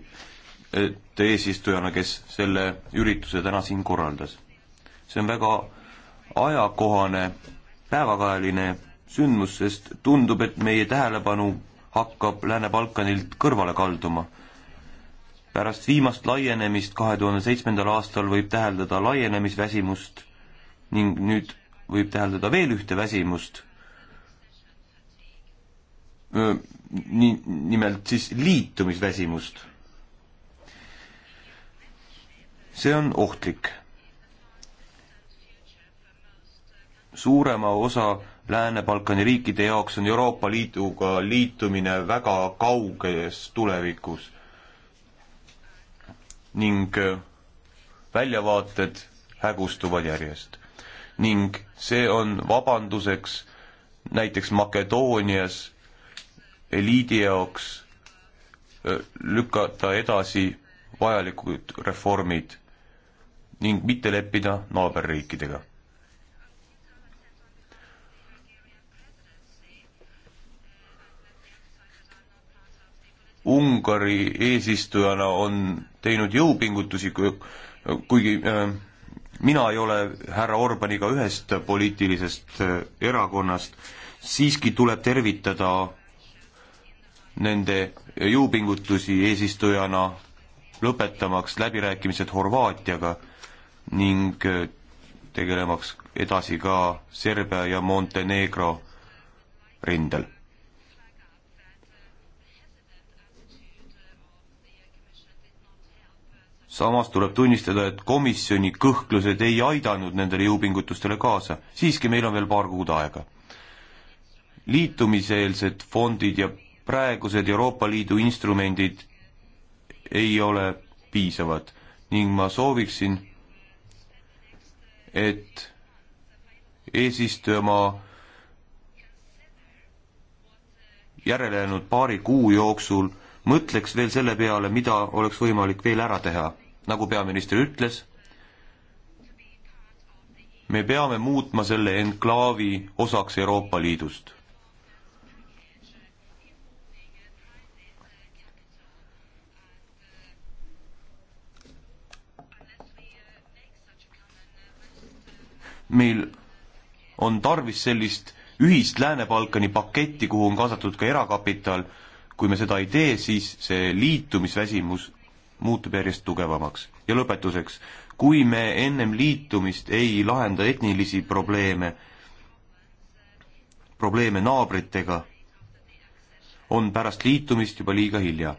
A: eesistujana, kes selle ürituse täna siin korraldas. see on väga ajakohane, päevakajaline sündmus, sest tundub, et meie tähelepanu hakkab Lääne-Balkanilt kõrvale kalduma pärast viimast laienemist kahe tuhande seitsmendal aastal võib täheldada laienemisväsimust ning nüüd võib täheldada veel ühte väsimust. Nii, nimelt siis liitumisväsimust. see on ohtlik. suurema osa Lääne-Balkani riikide jaoks on Euroopa Liiduga liitumine väga kauges tulevikus ning äh, väljavaated hägustuvad järjest. ning see on vabanduseks näiteks Makedoonias eliidi jaoks äh, lükata edasi vajalikud reformid ning mitte leppida naaberriikidega. Ungari eesistujana on teinud jõupingutusi, kuigi äh, mina ei ole härra Orbaniga ühest poliitilisest äh, erakonnast, siiski tuleb tervitada nende jõupingutusi eesistujana lõpetamaks läbirääkimised Horvaatiaga ning äh, tegelemaks edasi ka Serbia ja Montenegro rindel samas tuleb tunnistada, et komisjoni kõhklused ei aidanud nendele jõupingutustele kaasa, siiski meil on veel paar kuud aega. liitumiseelsed fondid ja praegused Euroopa Liidu instrumendid ei ole piisavad ning ma sooviksin, et eesistujamaa järelejäänud paari kuu jooksul mõtleks veel selle peale, mida oleks võimalik veel ära teha. nagu peaminister ütles, me peame muutma selle enklaavi osaks Euroopa Liidust. meil on tarvis sellist ühist Lääne-Balkani paketti, kuhu on kaasatud ka erakapital, kui me seda ei tee, siis see liitumisväsimus muutub järjest tugevamaks. ja lõpetuseks, kui me ennem liitumist ei lahenda etnilisi probleeme, probleeme naabritega, on pärast liitumist juba liiga hilja.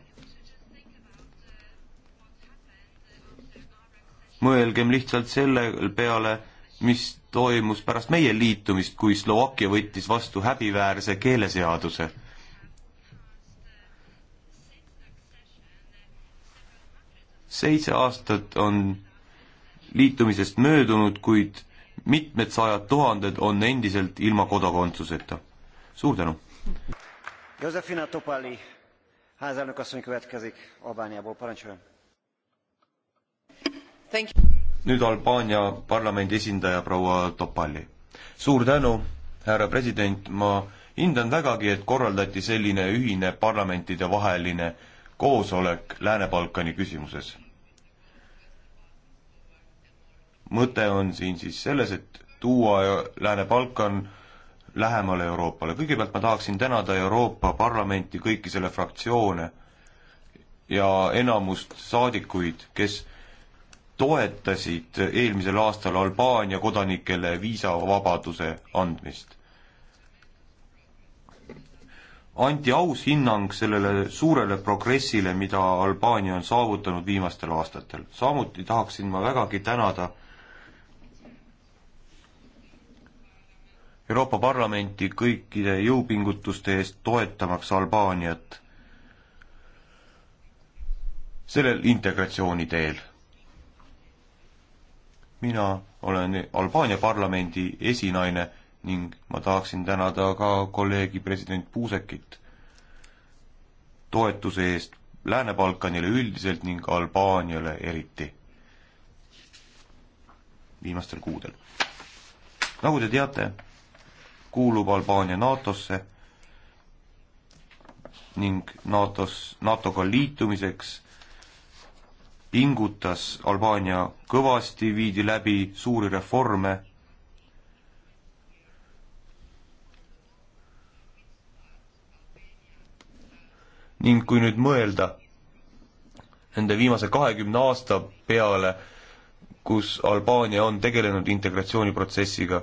A: mõelgem lihtsalt selle peale, mis toimus pärast meie liitumist, kui Slovakkia võttis vastu häbiväärse keeleseaduse seitse aastat on liitumisest möödunud, kuid mitmed sajad tuhanded on endiselt ilma kodakondsuseta. suur tänu!
D: Josefina Topali, házelnök asszony következik Albániából, parancsoljon!
A: nüüd Albaania parlamendi esindaja proua Topali. suur tänu, härra president, ma hindan vägagi, et korraldati selline ühine parlamentidevaheline koosolek Lääne-Balkani küsimuses. mõte on siin siis selles, et tuua Lääne-Balkan lähemale Euroopale. kõigepealt ma tahaksin tänada Euroopa Parlamenti, kõiki selle fraktsioone ja enamust saadikuid, kes toetasid eelmisel aastal Albaania kodanikele viisavabaduse andmist anti aus hinnang sellele suurele progressile, mida Albaania on saavutanud viimastel aastatel. samuti tahaksin ma vägagi tänada Euroopa Parlamenti kõikide jõupingutuste eest toetamaks Albaaniat sellel integratsiooni teel. mina olen Albaania parlamendi esinaine ning ma tahaksin tänada ka kolleegi president Puusekit toetuse eest Lääne-Balkanile üldiselt ning Albaaniale eriti viimastel kuudel. nagu te teate, kuulub Albaania NATO-sse ning NATO-s, NATO-ga liitumiseks pingutas Albaania kõvasti, viidi läbi suuri reforme ning kui nüüd mõelda nende viimase kahekümne aasta peale, kus Albaania on tegelenud integratsiooniprotsessiga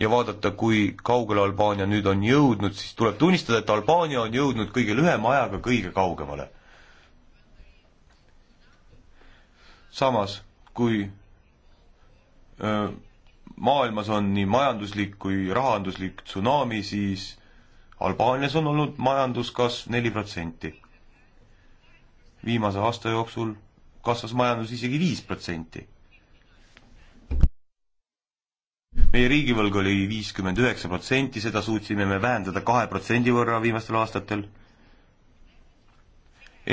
A: ja vaadata, kui kaugele Albaania nüüd on jõudnud, siis tuleb tunnistada, et Albaania on jõudnud kõige lühema ajaga kõige kaugemale. samas, kui öö, maailmas on nii majanduslik kui rahanduslik tsunami, siis Albaanias on olnud majanduskasv neli protsenti. viimase aasta jooksul kasvas majandus isegi viis protsenti. meie riigivõlg oli viiskümmend üheksa protsenti, seda suutsime me vähendada kahe protsendi võrra viimastel aastatel.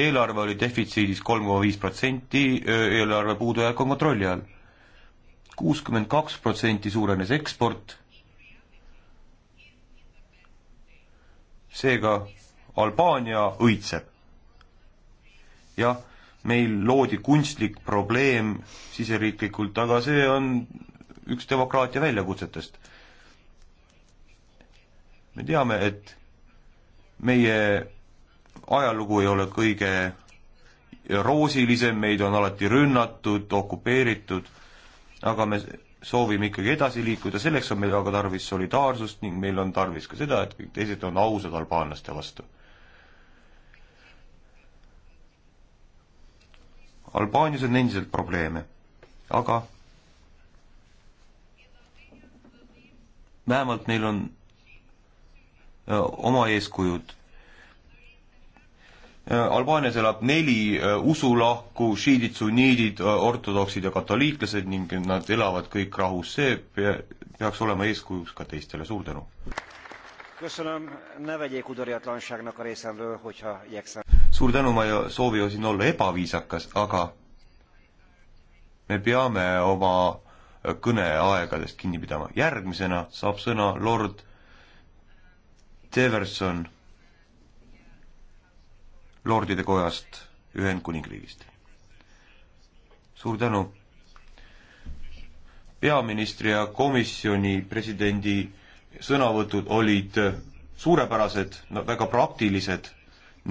A: eelarve oli defitsiidis kolm koma viis protsenti, eelarve puudujääk on kontrolli all. kuuskümmend kaks protsenti suurenes eksport seega Albaania õitseb. jah, meil loodi kunstlik probleem siseriiklikult, aga see on üks demokraatia väljakutsetest. me teame, et meie ajalugu ei ole kõige roosilisem, meid on alati rünnatud, okupeeritud, aga me soovime ikkagi edasi liikuda, selleks on meil aga tarvis solidaarsust ning meil on tarvis ka seda, et kõik teised on ausad albaanlaste vastu. Albaanias on endiselt probleeme, aga vähemalt neil on öö, oma eeskujud Äh, Albaanias elab neli äh, usulahku, šiidid, sunniidid, äh, ortodoksid ja katoliiklased ning nad elavad kõik rahus, see peaks olema eeskujuks ka teistele, suur tänu! suur tänu, ma ei soovi siin olla ebaviisakas, aga me peame oma kõneaegadest kinni pidama. järgmisena saab sõna lord Teverson Lordide Kojast Ühendkuningriigist. suur tänu! peaministri ja komisjoni presidendi sõnavõtud olid suurepärased, väga praktilised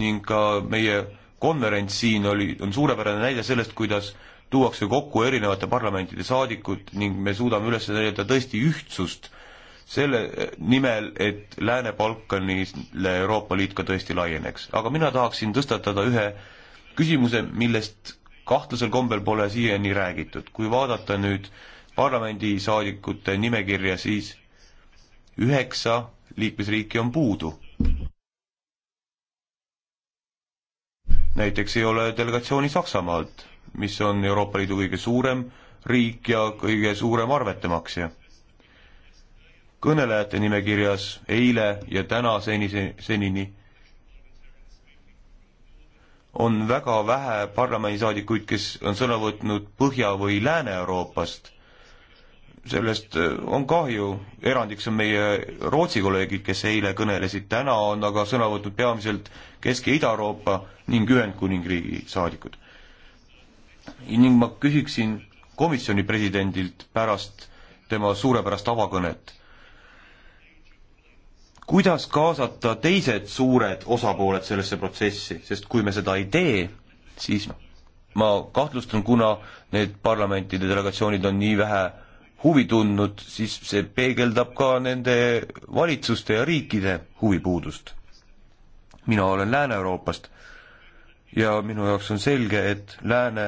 A: ning ka meie konverents siin oli, on suurepärane näide sellest, kuidas tuuakse kokku erinevate parlamentide saadikud ning me suudame üles näidata tõesti ühtsust äh, selle nimel, et Lääne-Balkanile Euroopa Liit ka tõesti laieneks. aga mina tahaksin tõstatada ühe küsimuse, millest kahtlasel kombel pole siiani räägitud. kui vaadata nüüd parlamendisaadikute nimekirja, siis üheksa liikmesriiki on puudu. näiteks ei ole delegatsiooni Saksamaalt, mis on Euroopa Liidu kõige suurem riik ja kõige suurem arvetemaksja kõnelejate nimekirjas eile ja täna seni, senini on väga vähe parlamendisaadikuid, kes on sõna võtnud Põhja- või Lääne-Euroopast. sellest äh, on kahju, erandiks on meie Rootsi kolleegid, kes eile kõnelesid, täna on aga sõna võtnud peamiselt Kesk- ja Ida-Euroopa ning Ühendkuningriigi saadikud. ning ma küsiksin komisjoni presidendilt pärast tema suurepärast avakõnet kuidas kaasata teised suured osapooled sellesse protsessi, sest kui me seda ei tee, siis ma kahtlustan, kuna need parlamentide delegatsioonid on nii vähe huvi tundnud, siis see peegeldab ka nende valitsuste ja riikide huvipuudust. mina olen Lääne-Euroopast ja minu jaoks on selge, et Lääne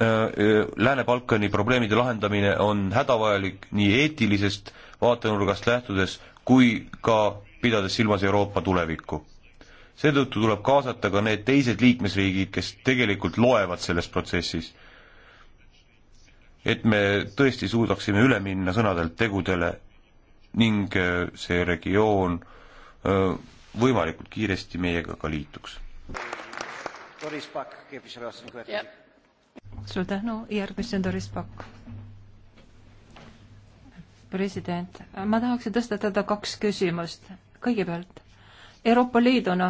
A: äh, äh, Lääne-Balkani probleemide lahendamine on hädavajalik nii eetilisest äh, vaatenurgast lähtudes kui ka pidades silmas Euroopa tulevikku. seetõttu tuleb kaasata ka need teised liikmesriigid, kes tegelikult loevad selles protsessis. et me tõesti suudaksime üle minna sõnadelt tegudele ning äh, see regioon äh, võimalikult kiiresti meiega ka liituks.
C: suur tänu, järgmisena Doris Pakk president, ma tahaksin tõstatada kaks küsimust. kõigepealt, Euroopa Liiduna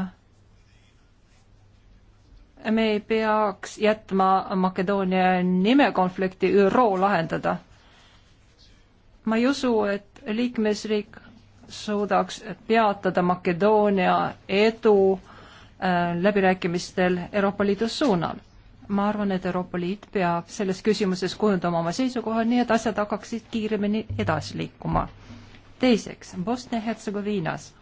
C: me ei peaks jätma Makedoonia nimekonflikti ÜRO lahendada. ma ei usu, et liikmesriik suudaks peatada Makedoonia edu äh, läbirääkimistel Euroopa Liidu suunal ma arvan, et Euroopa Liit peab selles küsimuses kujundama oma seisukoha, nii et asjad hakkaksid kiiremini edasi liikuma. teiseks, Bosnia-Hertsegoviinas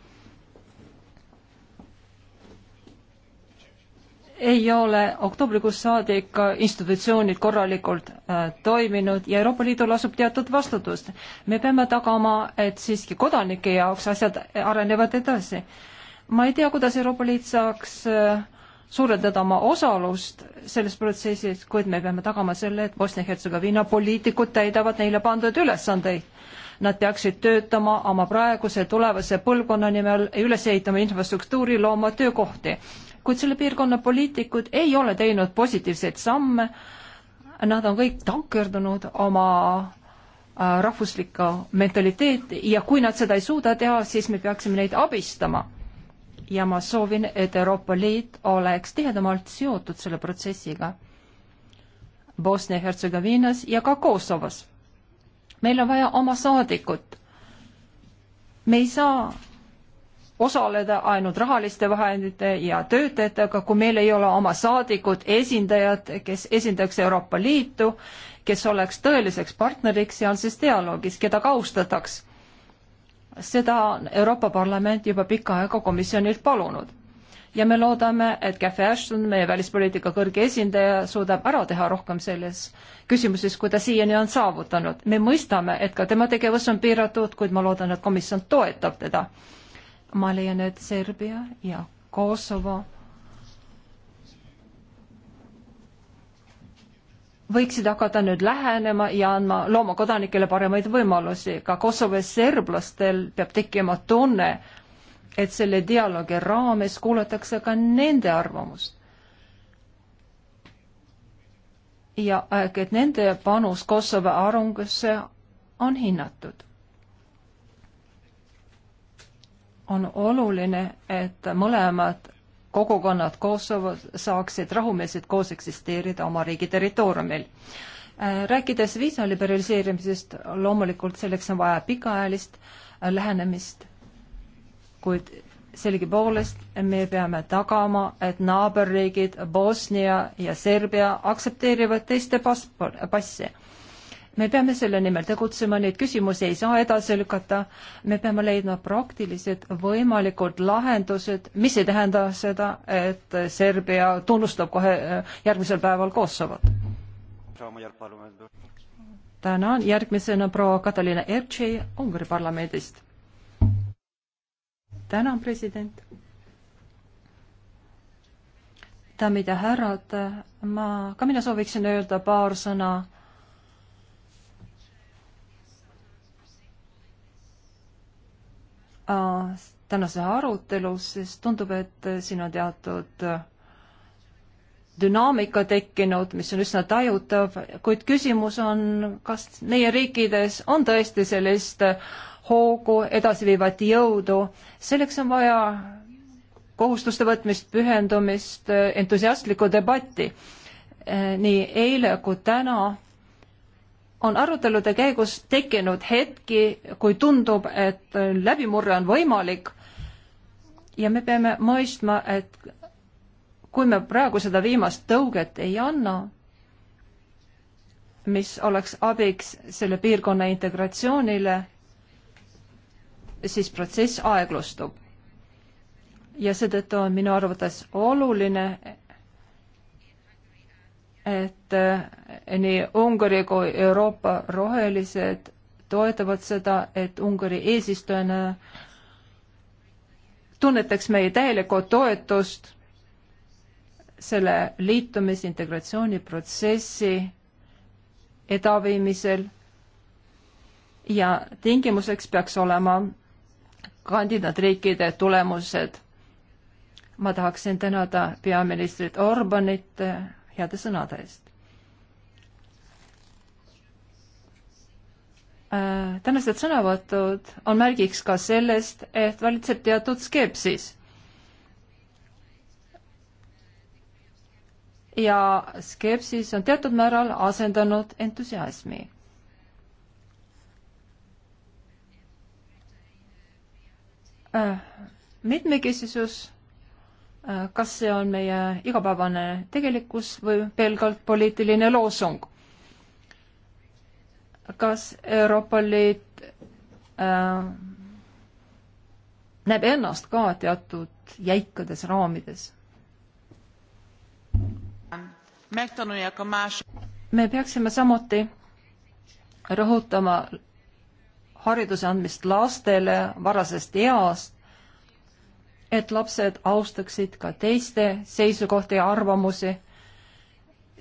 C: ei ole oktoobrikuust saadik institutsioonid korralikult äh, toiminud ja Euroopa Liidul asub teatud vastutust. me peame tagama, et siiski kodanike jaoks asjad arenevad edasi. ma ei tea, kuidas Euroopa Liit saaks äh, suurendada oma osalust selles protsessis, kuid me peame tagama selle, et Bosnia-Hertsegoviina poliitikud täidavad neile pandud ülesandeid. Nad peaksid töötama oma praeguse tulevase põlvkonna nimel, üles ehitama infrastruktuuri, looma töökohti. kuid selle piirkonna poliitikud ei ole teinud positiivseid samme, nad on kõik tankerdunud oma äh, rahvuslikku mentaliteeti ja kui nad seda ei suuda teha, siis me peaksime neid abistama ja ma soovin, et Euroopa Liit oleks tihedamalt seotud selle protsessiga Bosnia-Hertsegoviinas ja ka Kosovos. meil on vaja oma saadikut. me ei saa osaleda ainult rahaliste vahendite ja töötajatega, kui meil ei ole oma saadikud, esindajad, kes esindaks Euroopa Liitu, kes oleks tõeliseks partneriks sealses dialoogis, keda ka austataks seda on Euroopa Parlament juba pikka aega komisjonilt palunud. ja me loodame, et Cathy Ashton, meie välispoliitika kõrge esindaja, suudab ära teha rohkem selles küsimuses, kui ta siiani on saavutanud. me mõistame, et ka tema tegevus on piiratud, kuid ma loodan, et komisjon toetab teda. ma leian, et Serbia ja Kosovo võiksid hakata nüüd lähenema ja andma loomakodanikele paremaid võimalusi. ka Kosovo serblastel peab tekkima tunne, et selle dialoogi raames kuulatakse ka nende arvamust. ja äh, et nende panus Kosovo arengusse on hinnatud. on oluline, et mõlemad kogukonnad Kosovos saaksid rahumeelselt koos eksisteerida oma riigi territooriumil. Äh, rääkides viisa liberaliseerimisest, loomulikult selleks on vaja pikaajalist äh, lähenemist, kuid sellegipoolest me peame tagama, et naaberriigid Bosnia ja Serbia aktsepteerivad teiste passe me peame selle nimel tegutsema, neid küsimusi ei saa edasi lükata. me peame leidma praktilised võimalikud lahendused, mis ei tähenda seda, et Serbia tunnustab kohe äh, järgmisel päeval Kosovot. tänan, järgmisena proua Kataliina Ertši Ungari parlamendist. tänan, president daamid ja härrad, ma, ka mina sooviksin öelda paar sõna Äh, tänases arutelus, sest tundub, et siin on teatud äh, dünaamika tekkinud, mis on üsna tajutav, kuid küsimus on, kas meie riikides on tõesti sellist hoogu, edasiviivat jõudu, selleks on vaja kohustuste võtmist, pühendumist, entusiastlikku debatti. Äh, nii eile kui täna on arutelude käigus tekkinud hetki, kui tundub, et läbimurre on võimalik ja me peame mõistma, et kui me praegu seda viimast tõuget ei anna, mis oleks abiks selle piirkonna integratsioonile, siis protsess aeglustub. ja seetõttu on minu arvates oluline, et eh, nii Ungari kui Euroopa rohelised toetavad seda, et Ungari eesistujana tunnetaks meie täielikku toetust selle liitumisintegratsiooni protsessi edaviimisel ja tingimuseks peaks olema kandidaatriikide tulemused. ma tahaksin tänada peaministrit Orbanit, heade sõnade eest äh,. tänased sõnavõtud on märgiks ka sellest, et valitseb teatud skepsis. ja skepsis on teatud määral asendanud entusiasmi äh, mitmekesisus Äh, kas see on meie igapäevane tegelikkus või pelgalt poliitiline loosung? kas Euroopa Liit äh, näeb ennast ka teatud jäikades raamides? me peaksime samuti rõhutama hariduse andmist lastele varasest east, et lapsed austaksid ka teiste seisukohti ja arvamusi.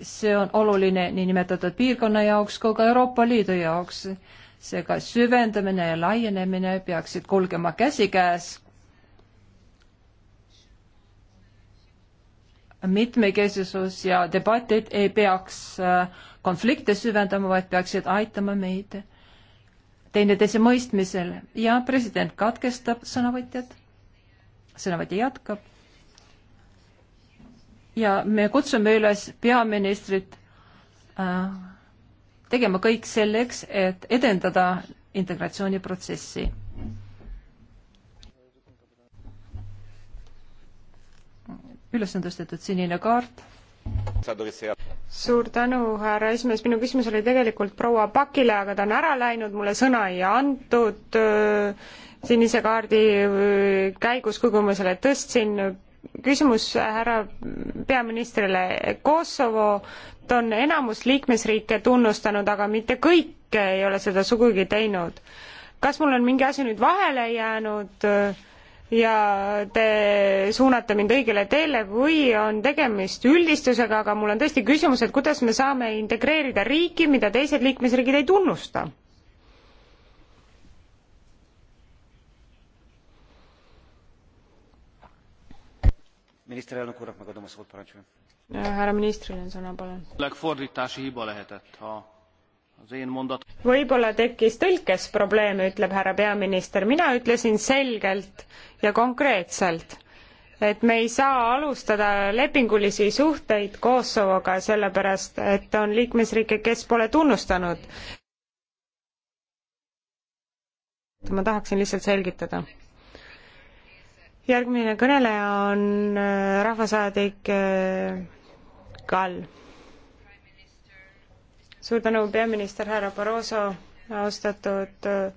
C: see on oluline niinimetatud piirkonna jaoks kui ka Euroopa Liidu jaoks. seega süvendamine ja laienemine peaksid kulgema käsikäes. mitmekesisus ja debatid ei peaks äh, konflikte süvendama, vaid peaksid aitama meid teineteise mõistmisel ja president katkestab sõnavõtjad sõnavõtja jätkab. ja me kutsume üles peaministrit äh, tegema kõik selleks, et edendada integratsiooniprotsessi.
B: üles on tõstetud sinine kaart suur tänu, härra esimees, minu küsimus oli tegelikult proua Pakile, aga ta on ära läinud, mulle sõna ei antud sinise kaardi äh, käigus, kui, kui ma selle tõstsin, küsimus äh, härra peaministrile, Kosovot on enamus liikmesriike tunnustanud, aga mitte kõik ei ole seda sugugi teinud. kas mul on mingi asi nüüd vahele jäänud äh, ja te suunate mind õigele teele või on tegemist üldistusega, aga mul on tõesti küsimus, et kuidas me saame integreerida riiki, mida teised liikmesriigid ei tunnusta?
D: miniszterelnök úrnak megadom a szót, parancsoljon.
B: härra ministrile on sõna, palun võib-olla tekkis tõlkes probleem, ütleb härra peaminister, mina ütlesin selgelt ja konkreetselt, et me ei saa alustada lepingulisi suhteid Kosovoga, sellepärast et on liikmesriike, kes pole tunnustanud. ma tahaksin lihtsalt selgitada järgmine kõneleja on äh, rahvasaadik äh, Kall. suur tänu, peaminister härra Barroso, austatud äh,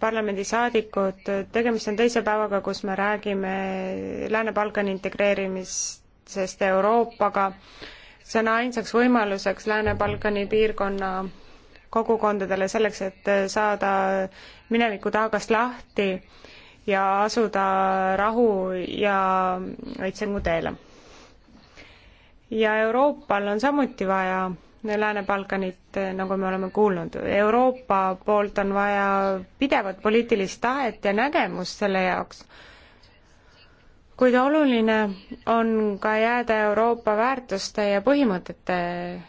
B: parlamendisaadikud, tegemist on teise päevaga, kus me räägime Lääne-Balkani integreerimisest Euroopaga. see on ainsaks võimaluseks Lääne-Balkani piirkonna kogukondadele selleks, et saada mineviku taagast lahti ja asuda rahu ja õitsengu teele. ja Euroopal on samuti vaja Lääne-Balkanit, nagu me oleme kuulnud. Euroopa poolt on vaja pidevat poliitilist tahet ja nägemust selle jaoks. kuid oluline on ka jääda Euroopa väärtuste ja põhimõtete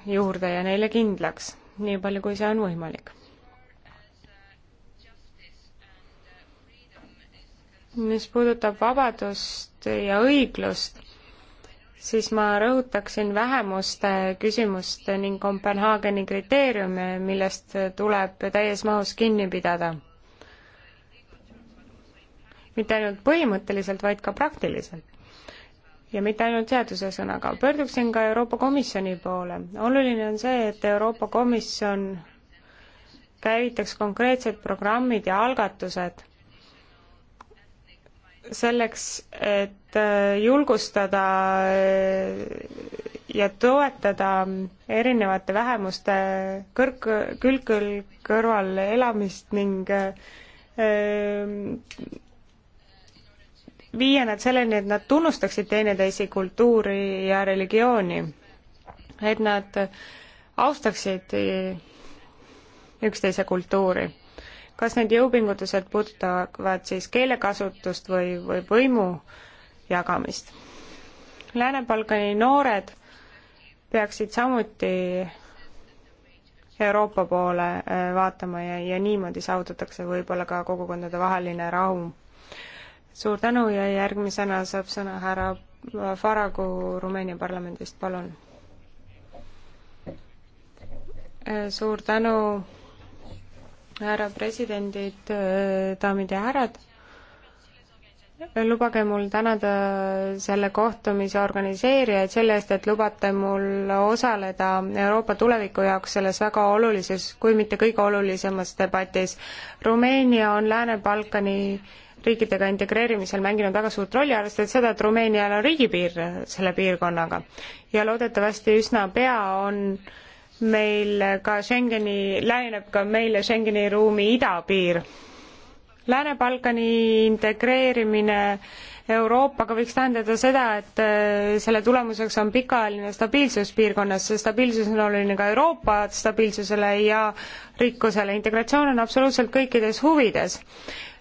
B: juurde ja neile kindlaks, nii palju kui see on võimalik mis puudutab vabadust ja õiglust, siis ma rõhutaksin vähemuste küsimust ning Kopenhaageni kriteeriume, millest tuleb täies mahus kinni pidada. mitte ainult põhimõtteliselt, vaid ka praktiliselt. ja mitte ainult seaduse sõnaga. pöörduksin ka Euroopa Komisjoni poole. oluline on see, et Euroopa Komisjon käivitaks konkreetsed programmid ja algatused selleks, et äh, julgustada äh, ja toetada erinevate vähemuste kõrg, külg kõrval elamist ning äh, ähm, viia nad selleni, et nad tunnustaksid teineteisi kultuuri ja religiooni. et nad austaksid üksteise kultuuri kas need jõupingutused puudutavad siis keelekasutust või, või võimu jagamist? Lääne-Balkani noored peaksid samuti Euroopa poole äh, vaatama ja, ja niimoodi saavutatakse võib-olla ka kogukondade vaheline rahu. suur tänu ja järgmisena saab sõna härra Faragu Rumeenia parlamendist, palun. Äh, suur tänu härra presidendid, daamid ja härrad, lubage mul tänada selle kohtumise organiseerijaid selle eest, et lubate mul osaleda Euroopa tuleviku jaoks selles väga olulises, kui mitte kõige olulisemas debatis. Rumeenia on Lääne-Balkani riikidega integreerimisel mänginud väga suurt rolli, arvestades seda, et Rumeenial on riigipiir selle piirkonnaga ja loodetavasti üsna pea on äh, meil ka Schengeni, läheneb ka meile Schengeni ruumi idapiir. Lääne-Balkani integreerimine Euroopaga võiks tähendada seda, et äh, selle tulemuseks on pikaajaline stabiilsus piirkonnas, see stabiilsus on oluline ka Euroopa stabiilsusele ja rikkusele. integratsioon on absoluutselt kõikides huvides.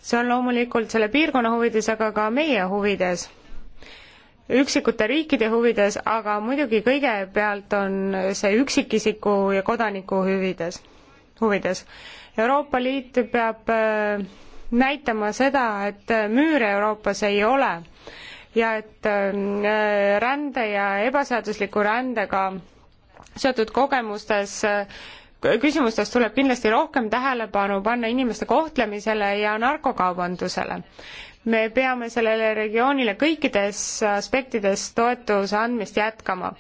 B: see on loomulikult selle piirkonna huvides, aga ka meie huvides üksikute riikide huvides, aga muidugi kõigepealt on see üksikisiku ja kodaniku hüvides, huvides. Euroopa Liit peab äh, näitama seda, et äh, müüre Euroopas ei ole ja et äh, rände ja ebaseadusliku rändega seotud kogemustes küsimustes tuleb kindlasti rohkem tähelepanu panna inimeste kohtlemisele ja narkokaubandusele me peame sellele regioonile kõikides aspektides toetuse andmist jätkama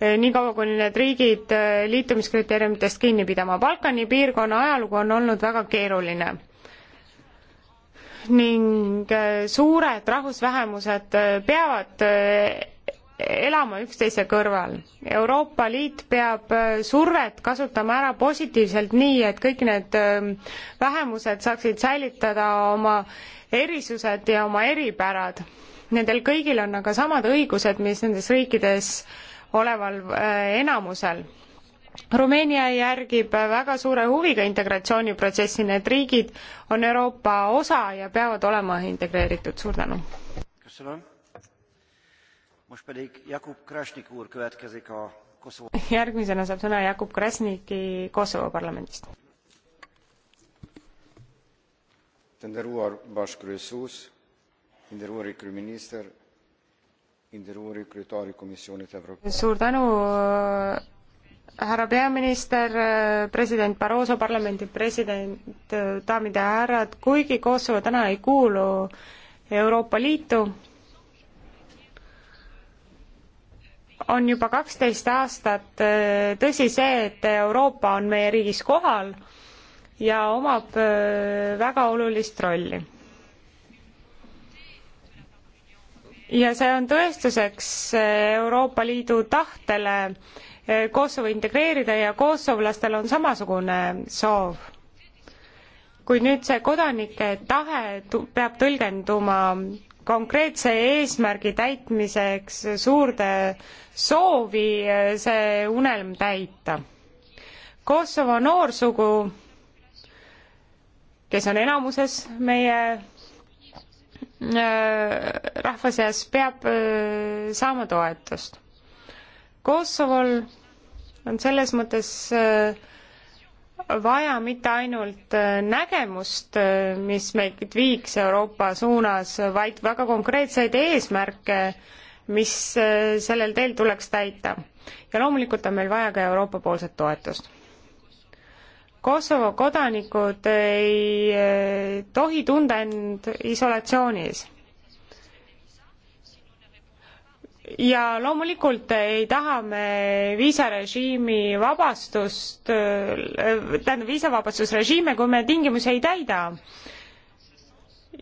B: eh, niikaua, kuni need riigid eh, liitumiskriteeriumitest kinni pidama. Balkani piirkonna ajalugu on olnud väga keeruline ning eh, suured rahvusvähemused peavad elama üksteise kõrval. Euroopa Liit peab äh, survet kasutama ära positiivselt nii, et kõik need ähm, vähemused saaksid säilitada oma erisused ja oma eripärad. Nendel kõigil on aga samad õigused, mis nendes riikides oleval äh, enamusel. Rumeenia järgib äh, väga suure huviga integratsiooniprotsessi, need riigid on Euroopa osa ja peavad olema integreeritud, suur tänu! järgmisena saab sõna Jakub Krasniki Kosovo parlamendist.
D: nderuar bashkryesues nderuar krüminister nderuar kryetari i
B: komisjonit evrop- suur tänu härra peaminister, president Barroso, parlamendi president, daamid ja härrad, kuigi Kosovo täna ei kuulu Euroopa Liitu, on juba kaksteist aastat äh, tõsi see, et Euroopa on meie riigis kohal ja omab äh, väga olulist rolli. ja see on tõestuseks äh, Euroopa Liidu tahtele Kosovo integreerida ja kosovlastel on samasugune soov. kuid nüüd see kodanike tahe peab tõlgenduma konkreetse eesmärgi täitmiseks suurde soovi eh, see unelm täita. Kosovo noorsugu, kes on enamuses meie eh, rahva seas, peab eh, saama toetust. Kosovol on selles mõttes äh, vaja mitte ainult äh, nägemust, äh, mis meid viiks Euroopa suunas, vaid väga konkreetseid eesmärke, mis äh, sellel teel tuleks täita. ja loomulikult on meil vaja ka Euroopa-poolset toetust. Kosovo kodanikud ei tohi tunda end isolatsioonis ja loomulikult ei taha me viisarežiimi vabastust, tähendab viisavabastusrežiime, kui me tingimusi ei täida.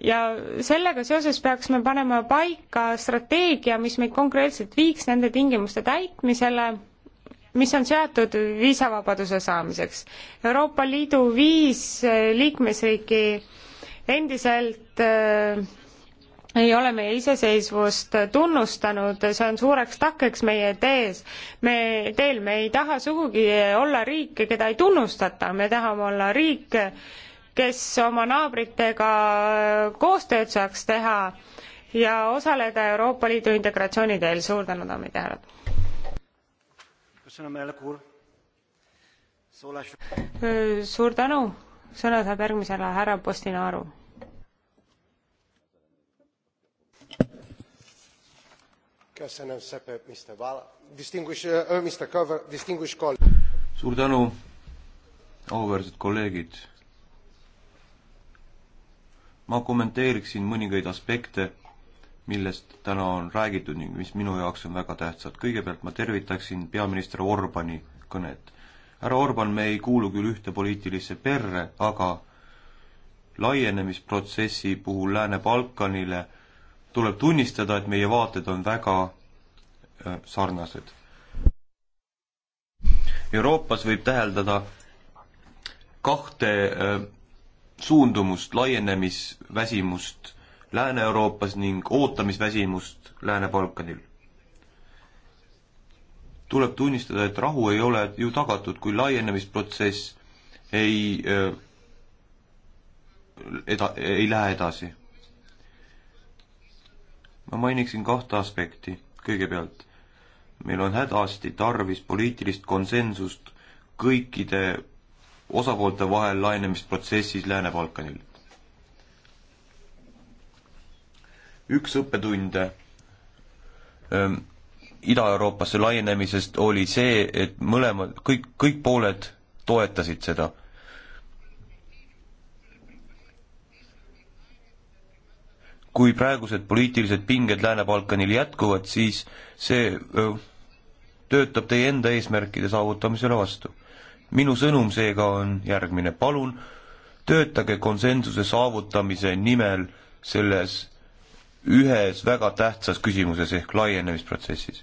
B: ja sellega seoses peaks me panema paika strateegia, mis meid konkreetselt viiks nende tingimuste täitmisele mis on seatud viisavabaduse saamiseks. Euroopa Liidu viis liikmesriiki endiselt äh, ei ole meie iseseisvust tunnustanud, see on suureks takkeks meie tees. me, teel me ei taha sugugi olla riik, keda ei tunnustata, me tahame olla riik, kes oma naabritega koostööd saaks teha ja osaleda Euroopa Liidu integratsiooni teel. suur tänu, daamid ja härrad! suur tänu, sõna saab järgmisele härra Postinaru
D: Uh, uh,
A: suur tänu, auväärsed kolleegid. ma kommenteeriksin mõningaid aspekte, millest täna on räägitud ning mis minu jaoks on väga tähtsad. kõigepealt ma tervitaksin peaminister Orbani kõnet. härra Orban, me ei kuulu küll ühte poliitilisse perre, aga laienemisprotsessi puhul Lääne-Balkanile tuleb tunnistada, et meie vaated on väga äh, sarnased. Euroopas võib täheldada kahte äh, suundumust, laienemisväsimust Lääne-Euroopas ning ootamisväsimust Lääne-Balkanil. tuleb tunnistada, et rahu ei ole ju tagatud, kui laienemisprotsess ei äh, eda-, ei lähe edasi ma mainiksin kahte aspekti. kõigepealt, meil on hädasti tarvis poliitilist konsensust kõikide osapoolte vahel laienemisprotsessis Lääne-Balkanil. üks õppetunde ähm, Ida-Euroopasse laienemisest oli see, et mõlemad, kõik, kõik pooled toetasid seda kui praegused poliitilised pinged Lääne-Balkanil jätkuvad, siis see öö, töötab teie enda eesmärkide saavutamisele vastu. minu sõnum seega on järgmine, palun töötage konsensuse saavutamise nimel selles ühes väga tähtsas küsimuses ehk laienemisprotsessis.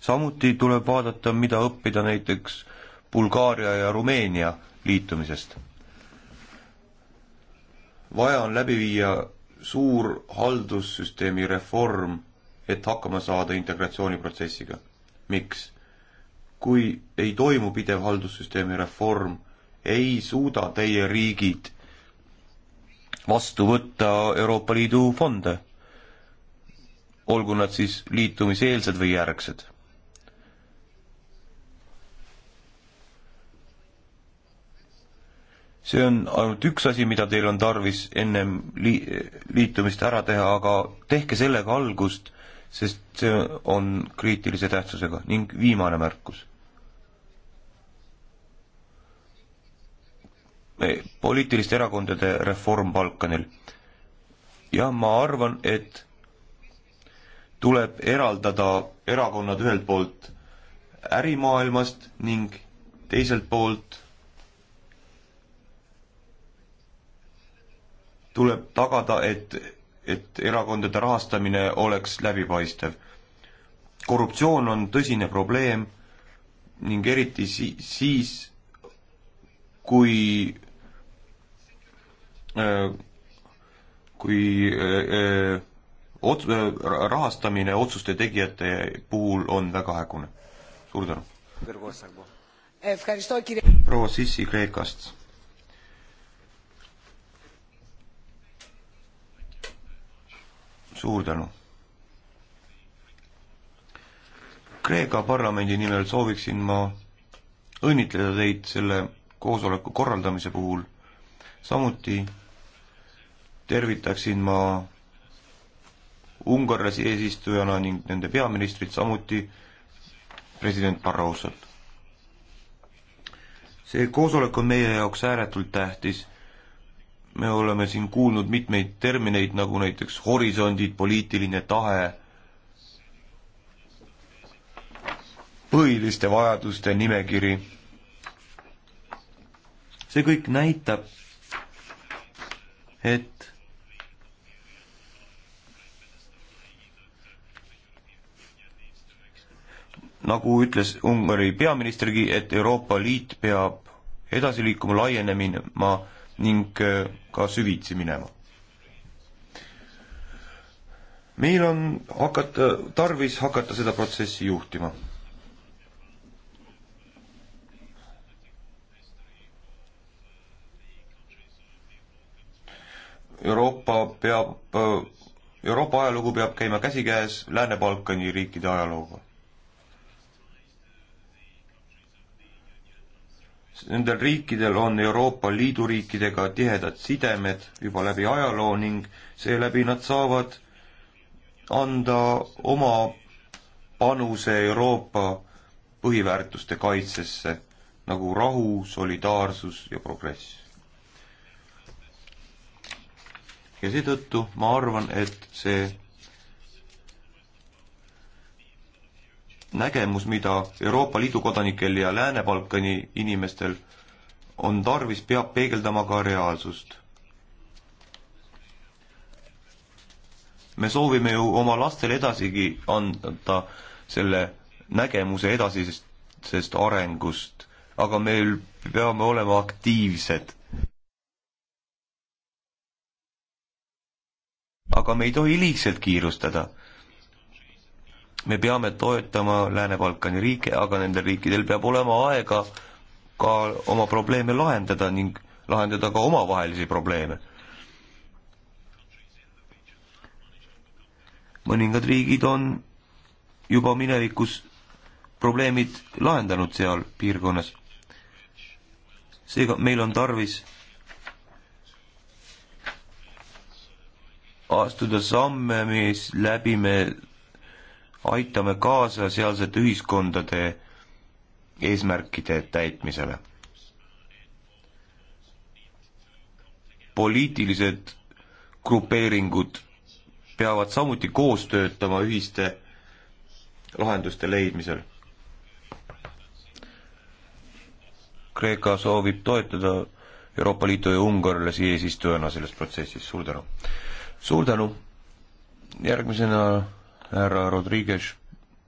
A: samuti tuleb vaadata, mida õppida näiteks Bulgaaria ja Rumeenia liitumisest vaja on läbi viia suur haldussüsteemi reform, et hakkama saada integratsiooniprotsessiga. miks? kui ei toimu pidev haldussüsteemi reform, ei suuda teie riigid vastu võtta Euroopa Liidu fonde, olgu nad siis liitumiseelsed või järgsed see on ainult üks asi, mida teil on tarvis ennem li-, liitumist ära teha, aga tehke sellega algust, sest see on kriitilise tähtsusega ning viimane märkus. Eh, poliitiliste erakondade reform Balkanil. jah, ma arvan, et tuleb eraldada erakonnad ühelt poolt ärimaailmast ning teiselt poolt tuleb tagada, et, et erakondade rahastamine oleks läbipaistev. korruptsioon on tõsine probleem ning eriti si-, siis, kui äh, kui äh, ots-, äh, rahastamine otsuste tegijate puhul on väga hägune. suur tänu. proua Sissi Kreekast. suur tänu. Kreeka parlamendi nimel sooviksin ma õnnitleda teid selle koosoleku korraldamise puhul. samuti tervitaksin ma ungarlasi eesistujana ning nende peaministrit, samuti president Barrosot. see koosolek on meie jaoks ääretult tähtis me oleme siin kuulnud mitmeid termineid, nagu näiteks horisondid, poliitiline tahe, põhiliste vajaduste nimekiri. see kõik näitab, et nagu ütles Ungari peaministrigi, et Euroopa Liit peab edasi liikuma, laienemine, ma ning äh, ka süvitsi minema. meil on hakata, tarvis hakata seda protsessi juhtima. Euroopa peab, äh, Euroopa ajalugu peab käima käsikäes Lääne-Balkani riikide ajalooga Nendel riikidel on Euroopa Liidu riikidega tihedad sidemed juba läbi ajaloo ning seeläbi nad saavad anda oma panuse Euroopa põhiväärtuste kaitsesse, nagu rahu, solidaarsus ja progress. ja seetõttu ma arvan, et see nägemus, mida Euroopa Liidu kodanikel ja Lääne-Balkani inimestel on tarvis, peab peegeldama ka reaalsust. me soovime ju oma lastele edasigi anda selle nägemuse edasisest sest arengust, aga meil peame olema aktiivsed. aga me ei tohi liigselt kiirustada me peame toetama Lääne-Balkani riike, aga nendel riikidel peab olema aega ka oma probleeme lahendada ning lahendada ka omavahelisi probleeme. mõningad riigid on juba minevikus probleemid lahendanud seal piirkonnas. seega meil on tarvis astuda samme, mis läbi me aitame kaasa sealsete ühiskondade eesmärkide täitmisele. poliitilised grupeeringud peavad samuti koos töötama ühiste lahenduste leidmisel. Kreeka soovib toetada Euroopa Liitu ja Ungarile siia eesistujana selles protsessis, suur tänu! suur tänu, järgmisena härra Rodriguez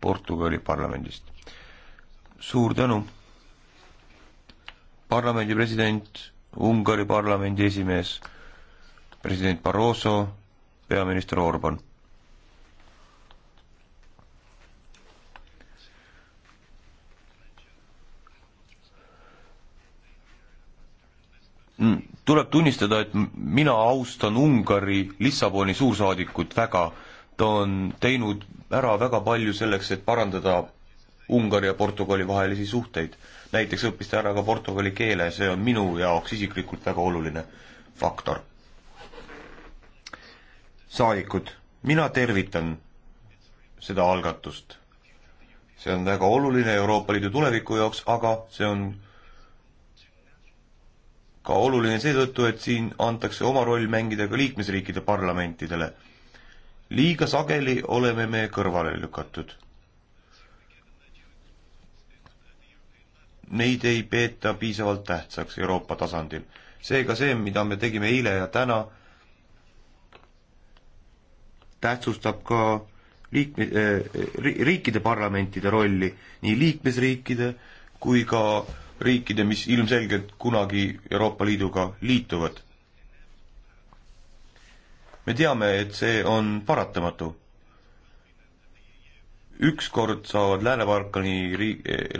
A: Portugali parlamendist. suur tänu! parlamendi president, Ungari parlamendi esimees, president Barroso, peaminister Orban. Mm, tuleb tunnistada, et mina austan Ungari Lissaboni suursaadikut väga ta on teinud ära väga palju selleks, et parandada Ungari ja Portugali vahelisi suhteid. näiteks õppis ta ära ka portugali keele, see on minu jaoks isiklikult väga oluline faktor. saadikud, mina tervitan seda algatust. see on väga oluline Euroopa Liidu tuleviku jaoks, aga see on ka oluline seetõttu, et siin antakse oma roll mängida ka liikmesriikide parlamentidele liiga sageli oleme me kõrvale lükatud. Neid ei peeta piisavalt tähtsaks Euroopa tasandil. seega see, mida me tegime eile ja täna, tähtsustab ka liikme eh,, riikide parlamentide rolli, nii liikmesriikide kui ka riikide, mis ilmselgelt kunagi Euroopa Liiduga liituvad me teame, et see on paratamatu. ükskord saavad Lääne-Balkani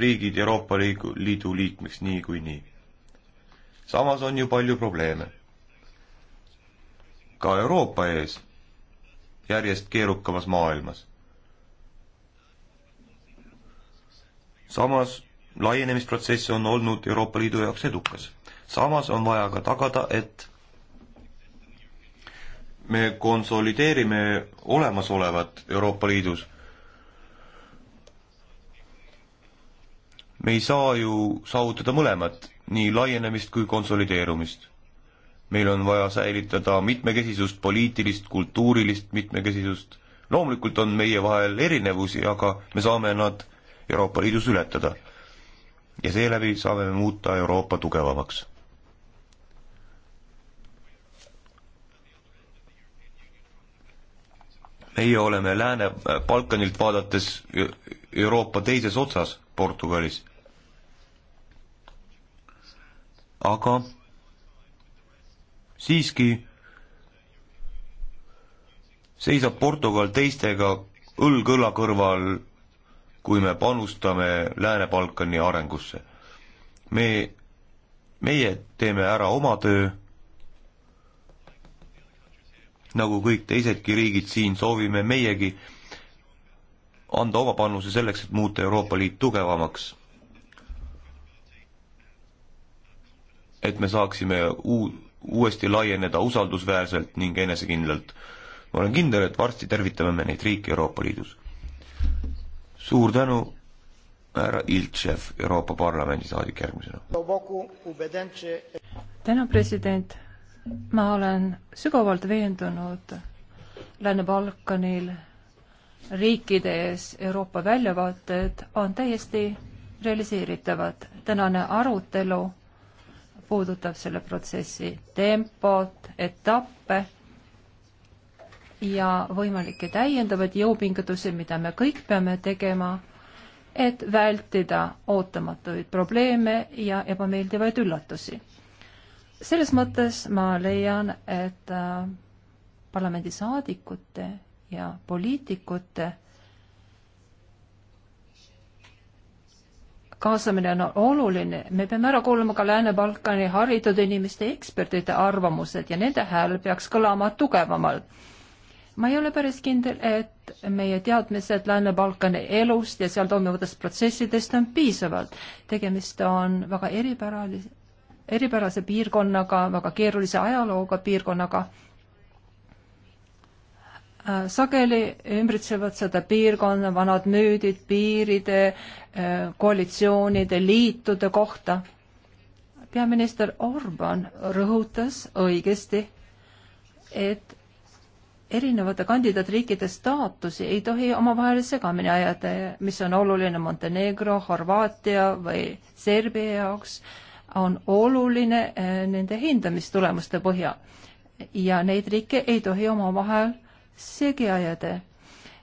A: riigid Euroopa Liidu liikmeks niikuinii. Nii. samas on ju palju probleeme. ka Euroopa ees, järjest keerukamas maailmas. samas laienemisprotsess on olnud Euroopa Liidu jaoks edukas. samas on vaja ka tagada, et me konsolideerime olemasolevat Euroopa Liidus. me ei saa ju saavutada mõlemat, nii laienemist kui konsolideerumist. meil on vaja säilitada mitmekesisust, poliitilist, kultuurilist mitmekesisust, loomulikult on meie vahel erinevusi, aga me saame nad Euroopa Liidus ületada. ja seeläbi saame muuta Euroopa tugevamaks meie oleme Lääne-Balkanilt vaadates Euroopa teises otsas Portugalis. aga siiski seisab Portugal teistega õlg õla kõrval, kui me panustame Lääne-Balkani arengusse. me, meie teeme ära oma töö nagu kõik teisedki riigid siin, soovime meiegi anda oma panuse selleks, et muuta Euroopa Liit tugevamaks. et me saaksime uu-, uuesti laieneda usaldusväärselt ning enesekindlalt. ma olen kindel, et varsti tervitame me neid riike Euroopa Liidus. suur tänu, härra Iltšev, Euroopa Parlamendi saadik järgmisena.
C: täna president ma olen sügavalt veendunud Lääne-Balkanil riikide ees Euroopa väljavaated on täiesti realiseeritavad. tänane arutelu puudutab selle protsessi tempot, etappe ja võimalikke täiendavaid jõupingutusi, mida me kõik peame tegema, et vältida ootamatuid probleeme ja ebameeldivaid üllatusi selles mõttes ma leian, et äh, parlamendisaadikute ja poliitikute kaasamine on oluline, me peame ära kuulama ka Lääne-Balkani haritud inimeste ekspertide arvamused ja nende hääl peaks kõlama tugevamalt ma ei ole päris kindel, et meie teadmised Lääne-Balkani elust ja seal toimuvatest protsessidest on piisavalt. tegemist on väga eripäralise, eripärase piirkonnaga, väga keerulise ajalooga piirkonnaga. Äh, sageli ümbritsevad seda piirkonna vanad müüdid piiride, äh, koalitsioonide, liitude kohta. peaminister Orban rõhutas õigesti, et erinevate kandidaatriikide staatusi ei tohi omavahel segamini ajada, mis on oluline Montenegro, Horvaatia või Serbia jaoks on oluline eh, nende hindamistulemuste põhjal ja neid riike ei tohi omavahel segi ajada.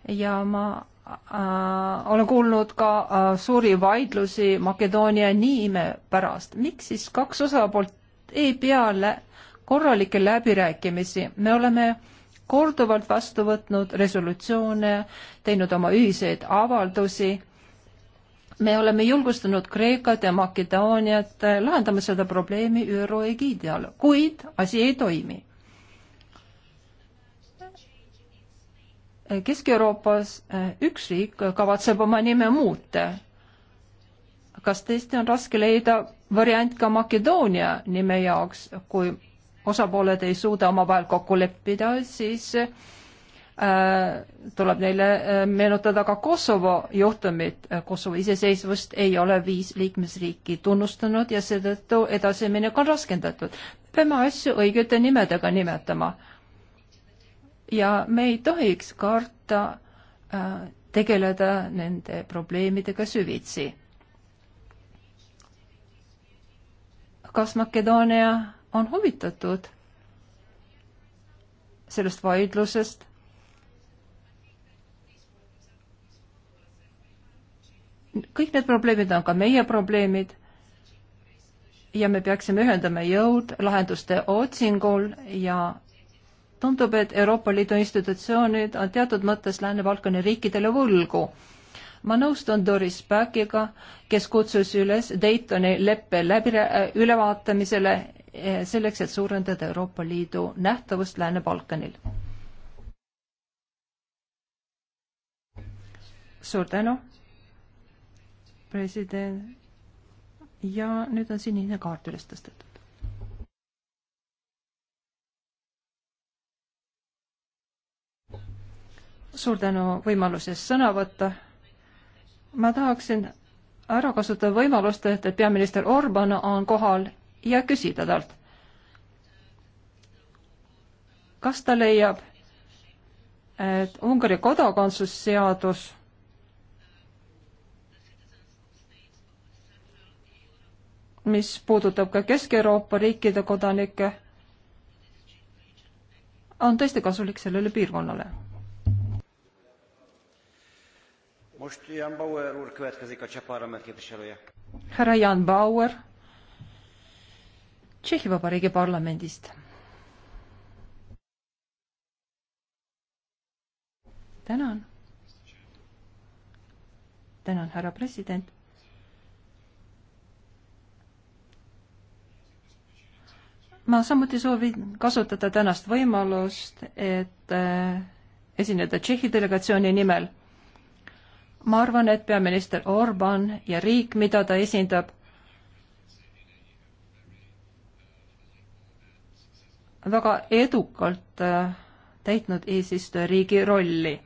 C: ja ma äh, olen kuulnud ka äh, suuri vaidlusi Makedoonia niime pärast. miks siis kaks osapoolt ei pea lä korralikke läbirääkimisi, me oleme korduvalt vastu võtnud resolutsioone, teinud oma ühiseid avaldusi me oleme julgustanud Kreekat ja Makedooniat lahendama seda probleemi ÜRO egiidi all, kuid asi ei toimi. Kesk-Euroopas eh, üks riik kavatseb oma nime muuta. kas tõesti on raske leida variant ka Makedoonia nime jaoks, kui osapooled ei suuda omavahel kokku leppida, siis äh, Äh, tuleb neile äh, meenutada ka Kosovo juhtumit. Äh, Kosovo iseseisvust ei ole viis liikmesriiki tunnustanud ja seetõttu edasiminek on raskendatud. peame asju õigete nimedega nimetama. ja me ei tohiks karta tegeleda nende probleemidega süvitsi. kas Makedoonia on huvitatud sellest vaidlusest? kõik need probleemid on ka meie probleemid ja me peaksime ühendama jõud lahenduste otsingul ja tundub, et Euroopa Liidu institutsioonid on teatud mõttes Lääne-Balkani riikidele võlgu. ma nõustun Doris Päkiga, kes kutsus üles Daytoni leppe läbi ülevaatamisele eh, selleks, et suurendada Euroopa Liidu nähtavust Lääne-Balkanil. suur tänu president ja nüüd on sinine kaart üles tõstetud. suur tänu võimaluse eest sõna võtta. ma tahaksin ära kasutada võimalust, et peaminister Orban on kohal ja küsida talt, kas ta leiab, et Ungari kodakondsusseadus mis puudutab ka Kesk-Euroopa riikide kodanikke, on tõesti kasulik sellele piirkonnale. härra Jan Bauer Tšehhi Vabariigi parlamendist. tänan. tänan, härra president ma samuti soovin kasutada tänast võimalust, et äh, esineda Tšehhi delegatsiooni nimel. ma arvan, et peaminister Orban ja riik, mida ta esindab, väga edukalt äh, täitnud eesistujariigi rolli.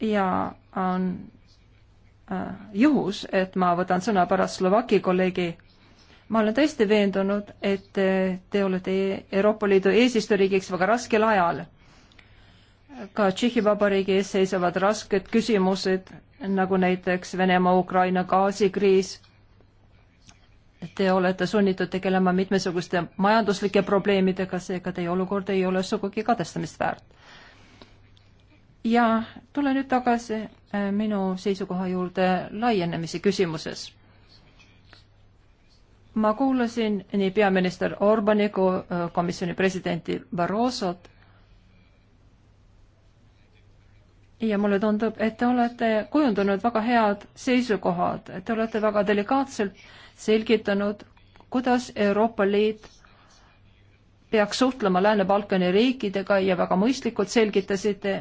C: ja on äh, juhus, et ma võtan sõna pärast Slovaki kolleegi ma olen tõesti veendunud, et te olete Euroopa Liidu eesistujariigiks väga raskel ajal. ka Tšehhi Vabariigi ees seisavad rasked küsimused, nagu näiteks Venemaa-Ukraina gaasikriis. Te olete sunnitud tegelema mitmesuguste majanduslike probleemidega, seega teie olukord ei ole sugugi kadestamist väärt. ja tulen nüüd tagasi äh, minu seisukoha juurde laienemise küsimuses ma kuulasin nii peaminister Orbani kui äh, komisjoni presidenti Barrosot ja mulle tundub, et te olete kujundanud väga head seisukohad, et te olete väga delikaatselt selgitanud, kuidas Euroopa Liit peaks suhtlema Lääne-Balkani riikidega ja väga mõistlikult selgitasite,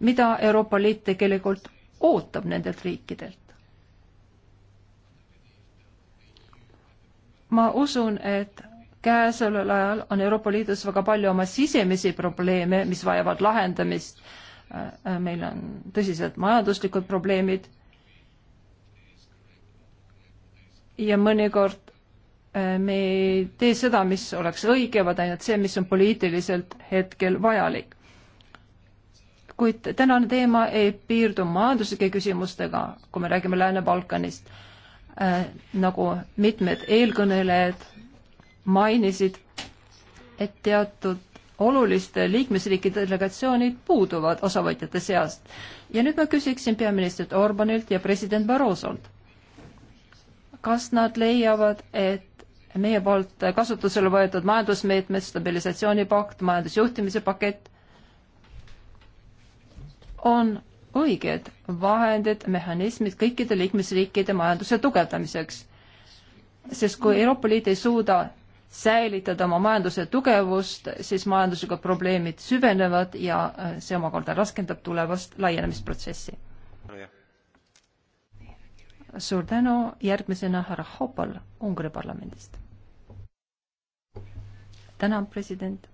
C: mida Euroopa Liit tegelikult ootab nendelt riikidelt. ma usun, et käesoleval ajal on Euroopa Liidus väga palju oma sisemisi probleeme, mis vajavad lahendamist. Äh, meil on tõsised majanduslikud probleemid. ja mõnikord äh, me ei tee seda, mis oleks õige, vaid ainult see, mis on poliitiliselt hetkel vajalik. kuid tänane teema ei piirdu majanduslike küsimustega, kui me räägime Lääne-Balkanist Äh, nagu mitmed eelkõnelejad mainisid, et teatud oluliste liikmesriikide delegatsioonid puuduvad osavõtjate seast. ja nüüd ma küsiksin peaministrit Orbanilt ja president Barrosolt. kas nad leiavad, et meie poolt kasutusele võetud majandusmeetmed, stabilisatsioonipakt, majandusjuhtimise pakett on õiged vahendid, mehhanismid kõikide liikmesriikide majanduse tugevdamiseks. sest kui Euroopa Liit ei suuda säilitada oma majanduse tugevust, siis majandusega probleemid süvenevad ja äh, see omakorda raskendab tulevast laienemisprotsessi. suur tänu, järgmisena härra Haupal Ungari parlamendist. tänan, president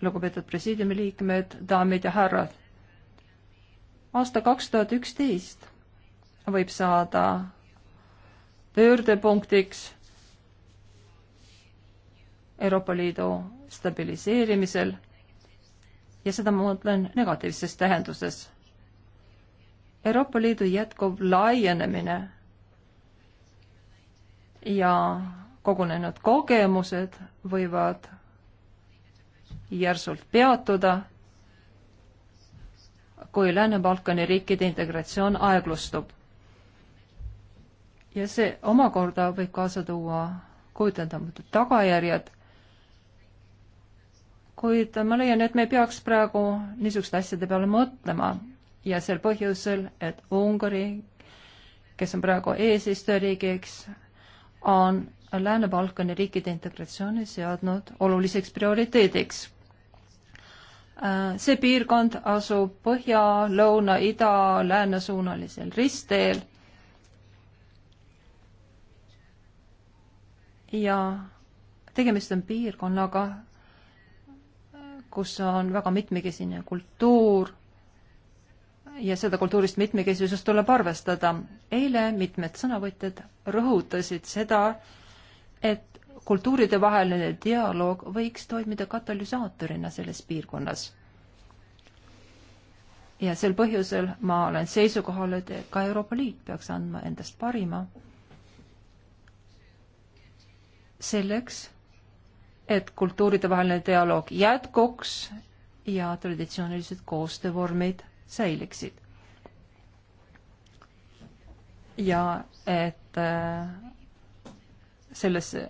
C: lugupeetud presiidiumi liikmed, daamid ja härrad. aasta kaks tuhat üksteist võib saada pöördepunktiks Euroopa Liidu stabiliseerimisel ja seda ma mõtlen negatiivses tähenduses. Euroopa Liidu jätkuv laienemine ja kogunenud kogemused võivad järsult peatuda, kui Lääne-Balkani riikide integratsioon aeglustub. ja see omakorda võib kaasa tuua kujuteldamatud tagajärjed, kuid ma leian, et me ei peaks praegu niisuguste asjade peale mõtlema ja sel põhjusel, et Ungari, kes on praegu eesistujariigiks, on Lääne-Balkani riikide integratsiooni seadnud oluliseks prioriteediks see piirkond asub põhja, lõuna, ida, lääne suunalisel ristteel. ja tegemist on piirkonnaga, kus on väga mitmekesine kultuur ja seda kultuurist mitmekesisust tuleb arvestada. eile mitmed sõnavõtjad rõhutasid seda, et kultuuride vaheline dialoog võiks toimida katalüsaatorina selles piirkonnas. ja sel põhjusel ma olen seisukohal, et ka Euroopa Liit peaks andma endast parima selleks, et kultuuride vaheline dialoog jätkuks ja traditsioonilised koostöövormid säiliksid. ja et äh, sellesse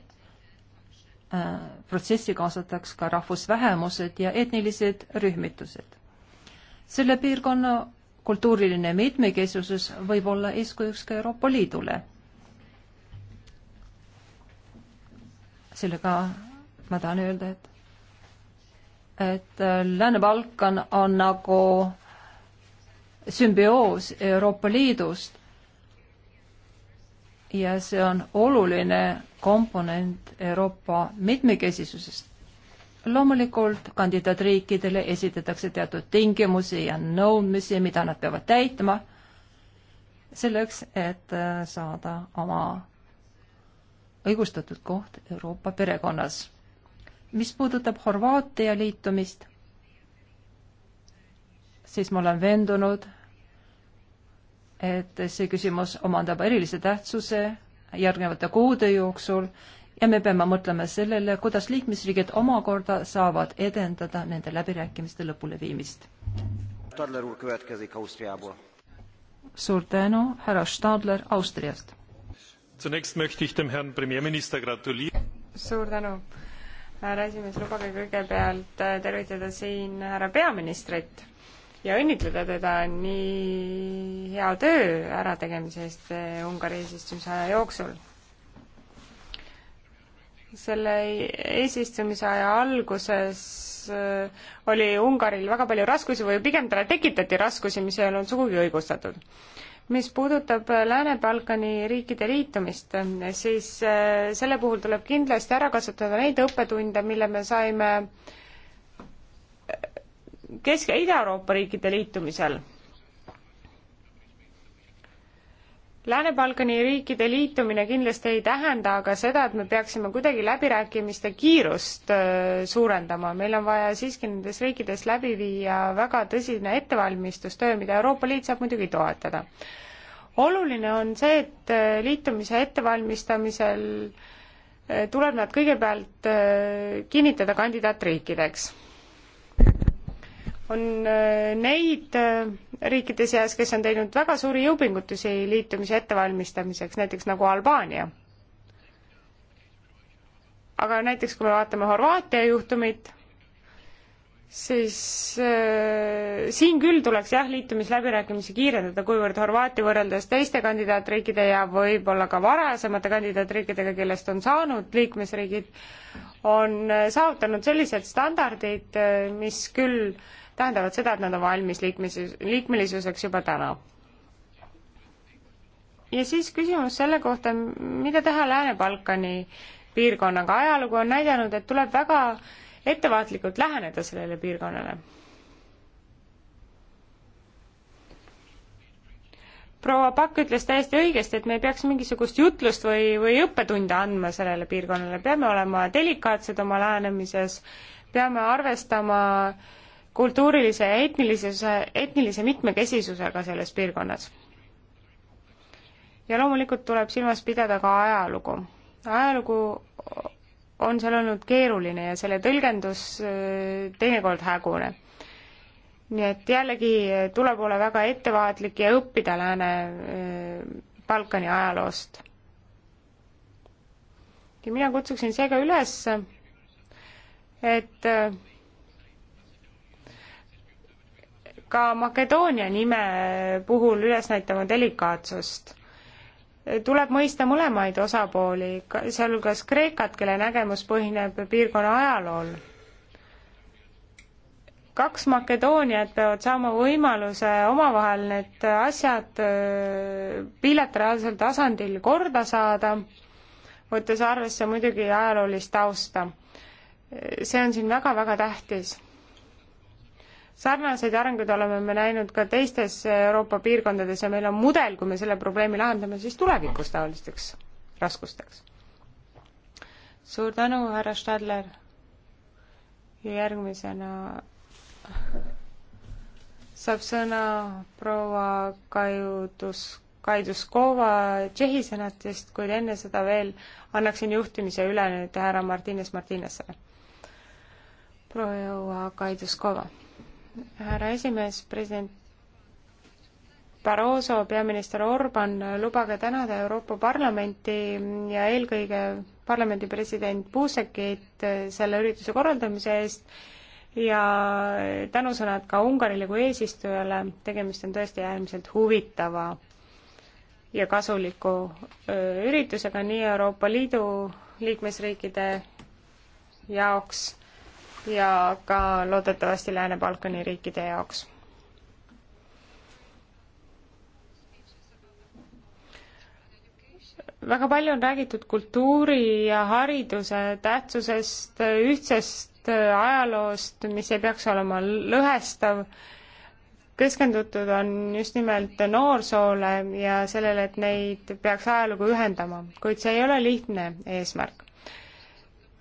C: Äh, protsessi kaasataks ka rahvusvähemused ja etnilised rühmitused. selle piirkonna kultuuriline mitmekesisus võib olla eeskujuks ka Euroopa Liidule. sellega ma tahan öelda, et et äh, Lääne-Balkan on nagu sümbioos Euroopa Liidust ja see on oluline komponent Euroopa mitmekesisusest. loomulikult kandidaatriikidele esitatakse teatud tingimusi ja nõudmisi, mida nad peavad täitma selleks, et äh, saada oma õigustatud koht Euroopa perekonnas. mis puudutab Horvaatia liitumist, siis ma olen veendunud, et see küsimus omandab erilise tähtsuse järgnevate kuude jooksul ja me peame mõtlema sellele, kuidas liikmesriigid omakorda saavad edendada nende läbirääkimiste lõpuleviimist. suur tänu, härra Stadler Austriast.
B: suur tänu. härra esimees, lubage kõigepealt äh, tervitada siin härra peaministrit ja õnnitleda teda nii hea töö ärategemise eest eh, Ungari eesistumise aja jooksul. selle eesistumise aja alguses eh, oli Ungaril väga palju raskusi või pigem talle tekitati raskusi, mis ei olnud sugugi õigustatud mis puudutab eh, Lääne-Balkani riikide liitumist, siis selle puhul tuleb kindlasti ära kasutada neid õppetunde, mille me saime äh, Kesk- ja Ida-Euroopa riikide liitumisel. Lääne-Balkani riikide liitumine kindlasti ei tähenda aga seda, et me peaksime kuidagi läbirääkimiste kiirust äh, suurendama, meil on vaja siiski nendes riikides läbi viia väga tõsine ettevalmistustöö, mida Euroopa Liit saab muidugi toetada. oluline on see, et äh, liitumise ettevalmistamisel äh, tuleb nad kõigepealt kinnitada kandidaatriikideks on äh, neid äh, riikide seas, kes on teinud väga suuri jõupingutusi liitumise ettevalmistamiseks, näiteks nagu Albaania. aga näiteks, kui me vaatame Horvaatia juhtumit, siis äh, siin küll tuleks jah, liitumisläbirääkimisi kiirendada, kuivõrd Horvaatia võrreldes teiste kandidaatriikide ja võib-olla ka varasemate kandidaatriikidega, kellest on saanud liikmesriigid, on äh, saavutanud sellised standardid, mis küll äh, tähendavad seda, et nad on valmis liikmesus, liikmelisuseks juba täna. ja siis küsimus selle kohta, mida teha Lääne-Balkani piirkonnaga, ajalugu on näidanud, et tuleb väga ettevaatlikult läheneda sellele piirkonnale. proua Pakk ütles täiesti õigesti, et me ei peaks mingisugust jutlust või, või õppetunde andma sellele piirkonnale, peame olema delikaatsed oma lähenemises, peame arvestama äh, kultuurilise ja etnilisuse, etnilise mitmekesisusega selles piirkonnas. ja loomulikult tuleb silmas pidada ka ajalugu. ajalugu on seal olnud keeruline ja selle tõlgendus äh, teinekord hägune. nii et jällegi tuleb olla väga ettevaatlik ja õppida Lääne-Balkani äh, ajaloost. ja mina kutsuksin seega üles, et äh, ka Makedoonia nime puhul üles näitama delikaatsust. tuleb mõista mõlemaid osapooli, sealhulgas Kreekat, kelle nägemus põhineb piirkonna ajalool. kaks Makedooniat peavad saama võimaluse omavahel need asjad bilateraalsel tasandil korda saada, võttes arvesse muidugi ajaloolist tausta. see on siin väga-väga tähtis sarnaseid arenguid oleme me näinud ka teistes Euroopa piirkondades ja meil on mudel, kui me selle probleemi lahendame, siis tulevikus taolisteks raskusteks. suur tänu, härra Stadler. ja järgmisena saab sõna proua Kajudus, Kaiduskova Tšehhi senatist, kuid enne seda veel annaksin juhtimise üle nüüd härra Martines Martinesele. proua Kaiduskova härra esimees, president Barroso, peaminister Orban, lubage tänada Euroopa Parlamenti ja eelkõige parlamendi president Buzekit selle ürituse korraldamise eest ja tänusõnad ka Ungarile kui eesistujale, tegemist on tõesti äärmiselt huvitava ja kasuliku üritusega nii Euroopa Liidu liikmesriikide jaoks ja ka loodetavasti Lääne-Balkani riikide jaoks. väga palju on räägitud kultuuri ja hariduse tähtsusest, ühtsest ajaloost, mis ei peaks olema lõhestav. keskendutud on just nimelt noorsoole ja sellele, et neid peaks ajalugu ühendama, kuid see ei ole lihtne eesmärk.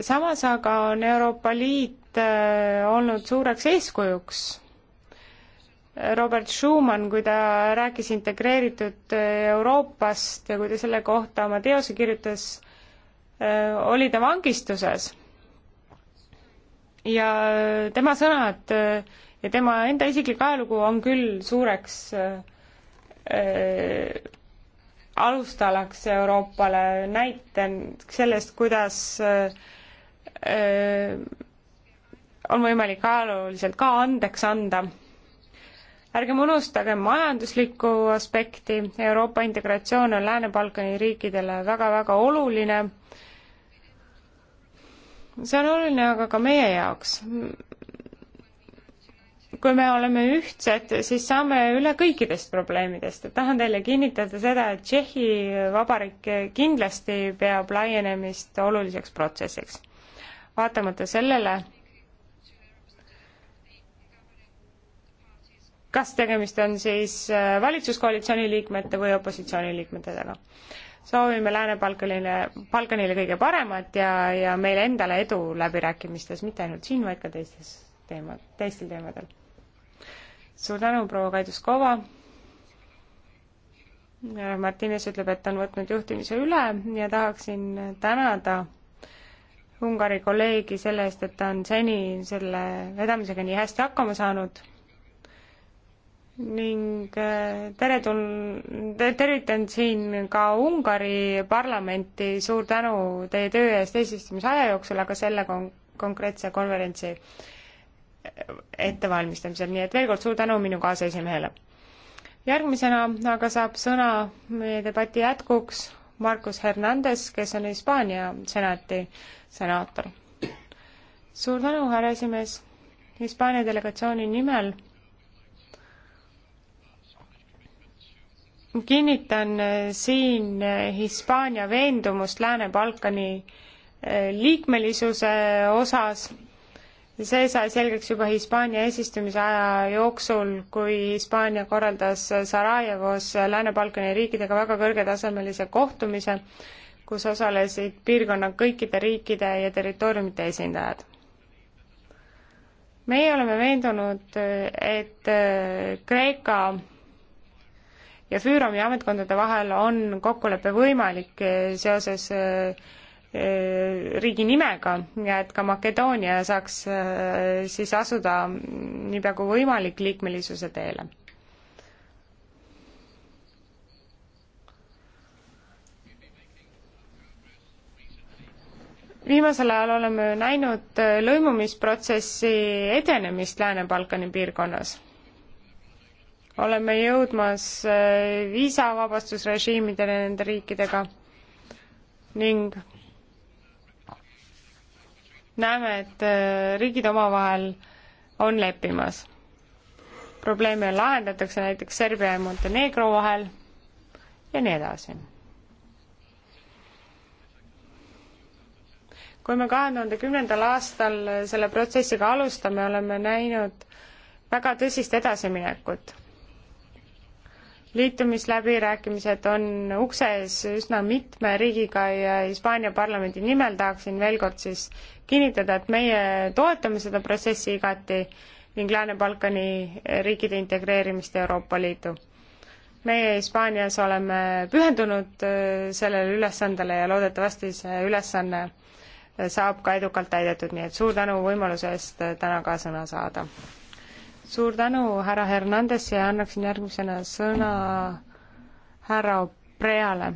B: samas aga on Euroopa Liit Äh, olnud suureks eeskujuks. Robert Schumann, kui ta rääkis integreeritud äh, Euroopast ja kui ta selle kohta oma teose kirjutas, äh, oli ta vangistuses. ja tema sõnad ja tema enda isiklik ajalugu on küll suureks äh, alustalaks Euroopale näite sellest, kuidas äh, äh, on võimalik ajalooliselt ka andeks anda. ärgem unustagem majanduslikku aspekti, Euroopa integratsioon on Lääne-Balkani riikidele väga-väga oluline. see on oluline aga ka meie jaoks. kui me oleme ühtsed, siis saame üle kõikidest probleemidest, et tahan teile kinnitada seda, et Tšehhi Vabariik kindlasti peab laienemist oluliseks protsessiks. vaatamata sellele, kas tegemist on siis äh, valitsuskoalitsiooni liikmete või opositsiooni liikmetega. soovime Lääne-Balkanile, Balkanile kõige paremat ja, ja meile endale edu läbirääkimistes, mitte ainult siin, vaid ka teistes teemad, teistel teemadel. suur tänu, proua Kaiduskova. Martines ütleb, et on võtnud juhtimise üle ja tahaksin tänada Ungari kolleegi selle eest, et ta on seni selle vedamisega nii hästi hakkama saanud ning äh, teretun-, tervitan siin ka Ungari parlamenti, suur tänu teie töö eest eesistumisaja jooksul, aga selle kon-, konkreetse konverentsi äh, ettevalmistamisel, nii et veel kord suur tänu minu kaaseesimehele. järgmisena aga saab sõna meie debati jätkuks Markus Hernandez, kes on Hispaania senati senaator. suur tänu, härra esimees, Hispaania delegatsiooni nimel kinnitan eh, siin eh, Hispaania veendumust Lääne-Balkani eh, liikmelisuse osas. see sai selgeks juba Hispaania eesistumise aja jooksul, kui Hispaania korraldas Sarajevos Lääne-Balkani riikidega väga kõrgetasemelise kohtumise, kus osalesid piirkonna kõikide riikide ja territooriumite esindajad meie oleme veendunud, et Kreeka ja Füüromi ametkondade vahel on kokkulepe võimalik eh, seoses eh, eh, riigi nimega ja et ka Makedoonia saaks siis asuda niipea kui võimalik liikmelisuse teele. viimasel ajal oleme näinud lõimumisprotsessi edenemist Lääne-Balkani piirkonnas oleme jõudmas äh, viisavabastusrežiimidele nende riikidega ning näeme, et äh, riigid omavahel on leppimas. probleeme lahendatakse näiteks Serbia ja Montenegro vahel ja nii edasi. kui me kahe tuhande kümnendal aastal selle protsessiga alustame, oleme näinud väga tõsist edasiminekut liitumisläbirääkimised on ukse ees üsna mitme riigiga ja Hispaania parlamendi nimel tahaksin veel kord siis kinnitada, et meie toetame seda protsessi igati ning Lääne-Balkani riikide integreerimist Euroopa Liitu. meie Hispaanias oleme pühendunud äh, sellele ülesandele ja loodetavasti see ülesanne äh, saab ka edukalt täidetud, nii et suur tänu võimaluse eest äh, täna ka sõna saada suur tänu, härra Hernandez ja annaksin järgmisena sõna härra Preale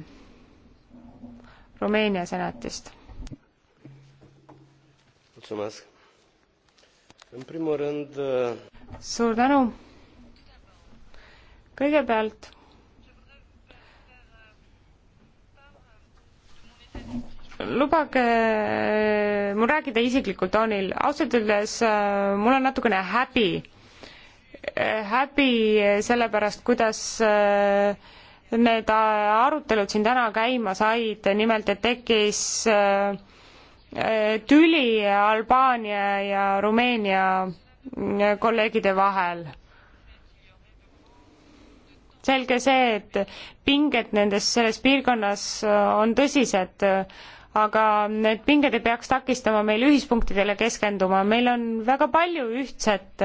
B: Rumeenia senatist. suur tänu. kõigepealt lubage mul rääkida isiklikul toonil, ausalt öeldes äh, mul on natukene häbi häbi selle pärast, kuidas äh, need äh, arutelud siin täna käima said, nimelt et tekkis äh, tüli Albaania ja Rumeenia kolleegide vahel. selge see, et pinged nendes, selles piirkonnas on tõsised aga need pinged ei peaks takistama meil ühispunktidele keskenduma, meil on väga palju ühtset.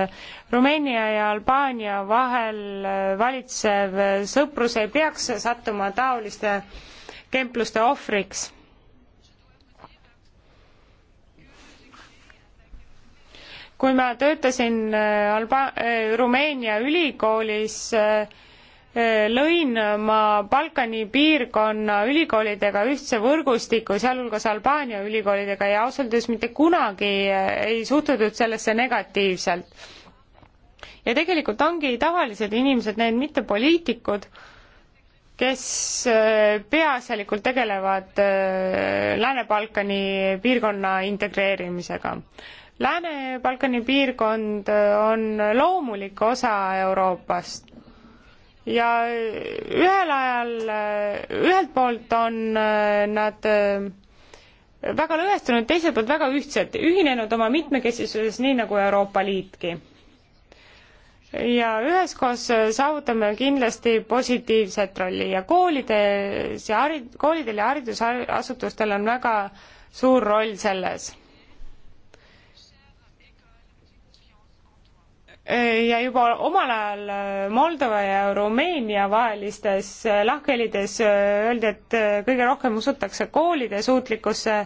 B: Rumeenia ja Albaania vahel äh, valitsev äh, sõprus ei peaks sattuma taoliste kempluste ohvriks. kui ma töötasin äh, Alba-, Rumeenia ülikoolis äh, lõin ma Balkani piirkonna ülikoolidega ühtse võrgustiku, sealhulgas Albaania ülikoolidega ja ausalt öeldes mitte kunagi ei suhtutud sellesse negatiivselt. ja tegelikult ongi tavalised inimesed, need mitte poliitikud, kes äh, peaasjalikult tegelevad äh, Lääne-Balkani piirkonna integreerimisega. Lääne-Balkani piirkond äh, on loomulik osa Euroopast ja ühel ajal, ühelt poolt on äh, nad äh, väga lõhestunud, teiselt poolt väga ühtsed, ühinenud oma mitmekesisuses, nii nagu Euroopa Liitki. ja üheskoos äh, saavutame kindlasti positiivset rolli ja koolides ja harid-, koolidel ja haridusasutustel on väga suur roll selles ja juba omal ajal äh, Moldova ja Rumeenia vahelistes äh, lahkhelides äh, öeldi, et kõige rohkem usutakse koolide suutlikkusse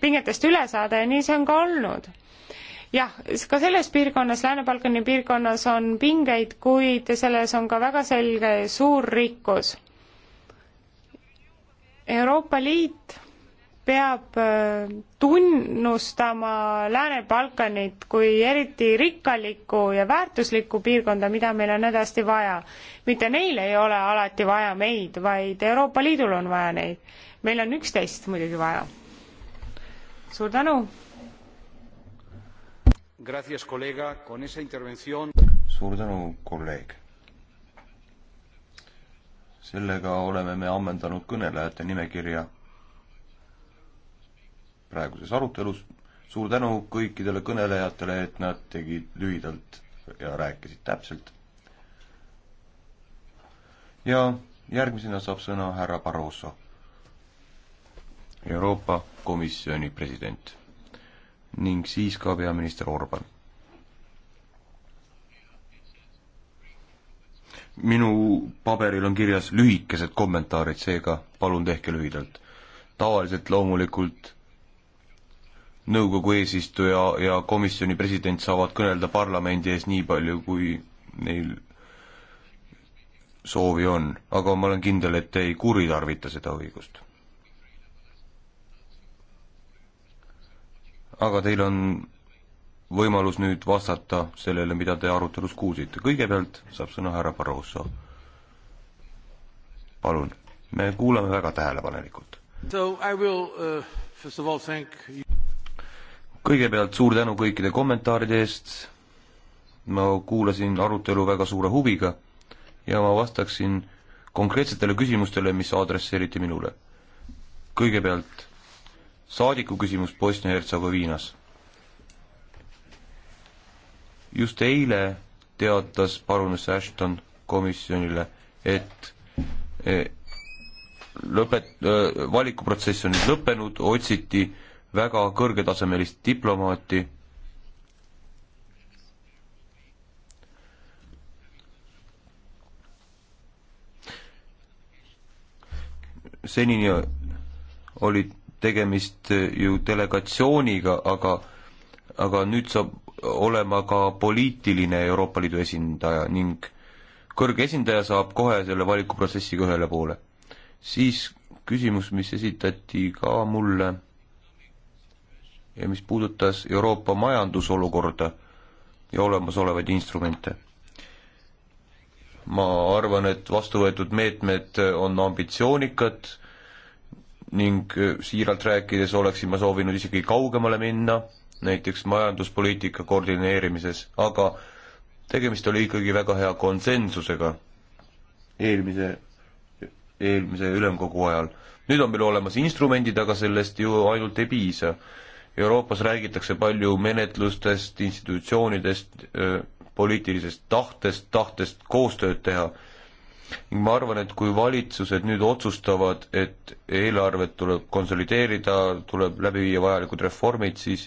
B: pingetest üle saada ja nii see on ka olnud. jah, ka selles piirkonnas, Lääne-Balkani piirkonnas on pingeid, kuid selles on ka väga selge suur rikkus. Euroopa Liit peab äh, tunnustama Lääne-Balkanit kui eriti rikkalikku ja väärtuslikku piirkonda, mida meil on hädasti vaja. mitte neil ei ole alati vaja meid, vaid Euroopa Liidul on vaja neid. meil on üksteist muidugi vaja. suur tänu!
A: suur tänu, kolleeg! sellega oleme me ammendanud kõnelejate nimekirja praeguses arutelus. suur tänu kõikidele kõnelejatele, et nad tegid lühidalt ja rääkisid täpselt. ja järgmisena saab sõna härra Barroso, Euroopa Komisjoni president ning siis ka peaminister Orban. minu paberil on kirjas lühikesed kommentaarid, seega palun tehke lühidalt. tavaliselt loomulikult nõukogu eesistuja ja komisjoni president saavad kõnelda parlamendi ees nii palju, kui neil soovi on, aga ma olen kindel, et te ei kuritarvita seda õigust. aga teil on võimalus nüüd vastata sellele, mida te arutelus kuulsite. kõigepealt saab sõna härra Barroso. palun, me kuulame väga tähelepanelikult.
C: So I will uh, first of all thank you
A: kõigepealt suur tänu kõikide kommentaaride eest, ma kuulasin arutelu väga suure huviga ja ma vastaksin konkreetsetele küsimustele, mis adresseeriti minule. kõigepealt saadiku küsimus Bosnia-Hertsegoviinas. just eile teatas parunes Ashton komisjonile, et eh, lõpet-, eh, valikuprotsess on nüüd lõppenud, otsiti väga kõrgetasemelist diplomaati, senini oli tegemist ju delegatsiooniga, aga, aga nüüd saab olema ka poliitiline Euroopa Liidu esindaja ning kõrge esindaja saab kohe selle valikuprotsessiga ühele poole. siis küsimus, mis esitati ka mulle ja mis puudutas Euroopa majandusolukorda ja olemasolevaid instrumente. ma arvan, et vastu võetud meetmed on ambitsioonikad ning siiralt rääkides oleksin ma soovinud isegi kaugemale minna, näiteks majanduspoliitika koordineerimises, aga tegemist oli ikkagi väga hea konsensusega eelmise, eelmise ülemkogu ajal. nüüd on meil olemas instrumendid, aga sellest ju ainult ei piisa Euroopas räägitakse palju menetlustest, institutsioonidest, poliitilisest tahtest, tahtest koostööd teha. ning ma arvan, et kui valitsused nüüd otsustavad, et eelarvet tuleb konsolideerida, tuleb läbi viia vajalikud reformid, siis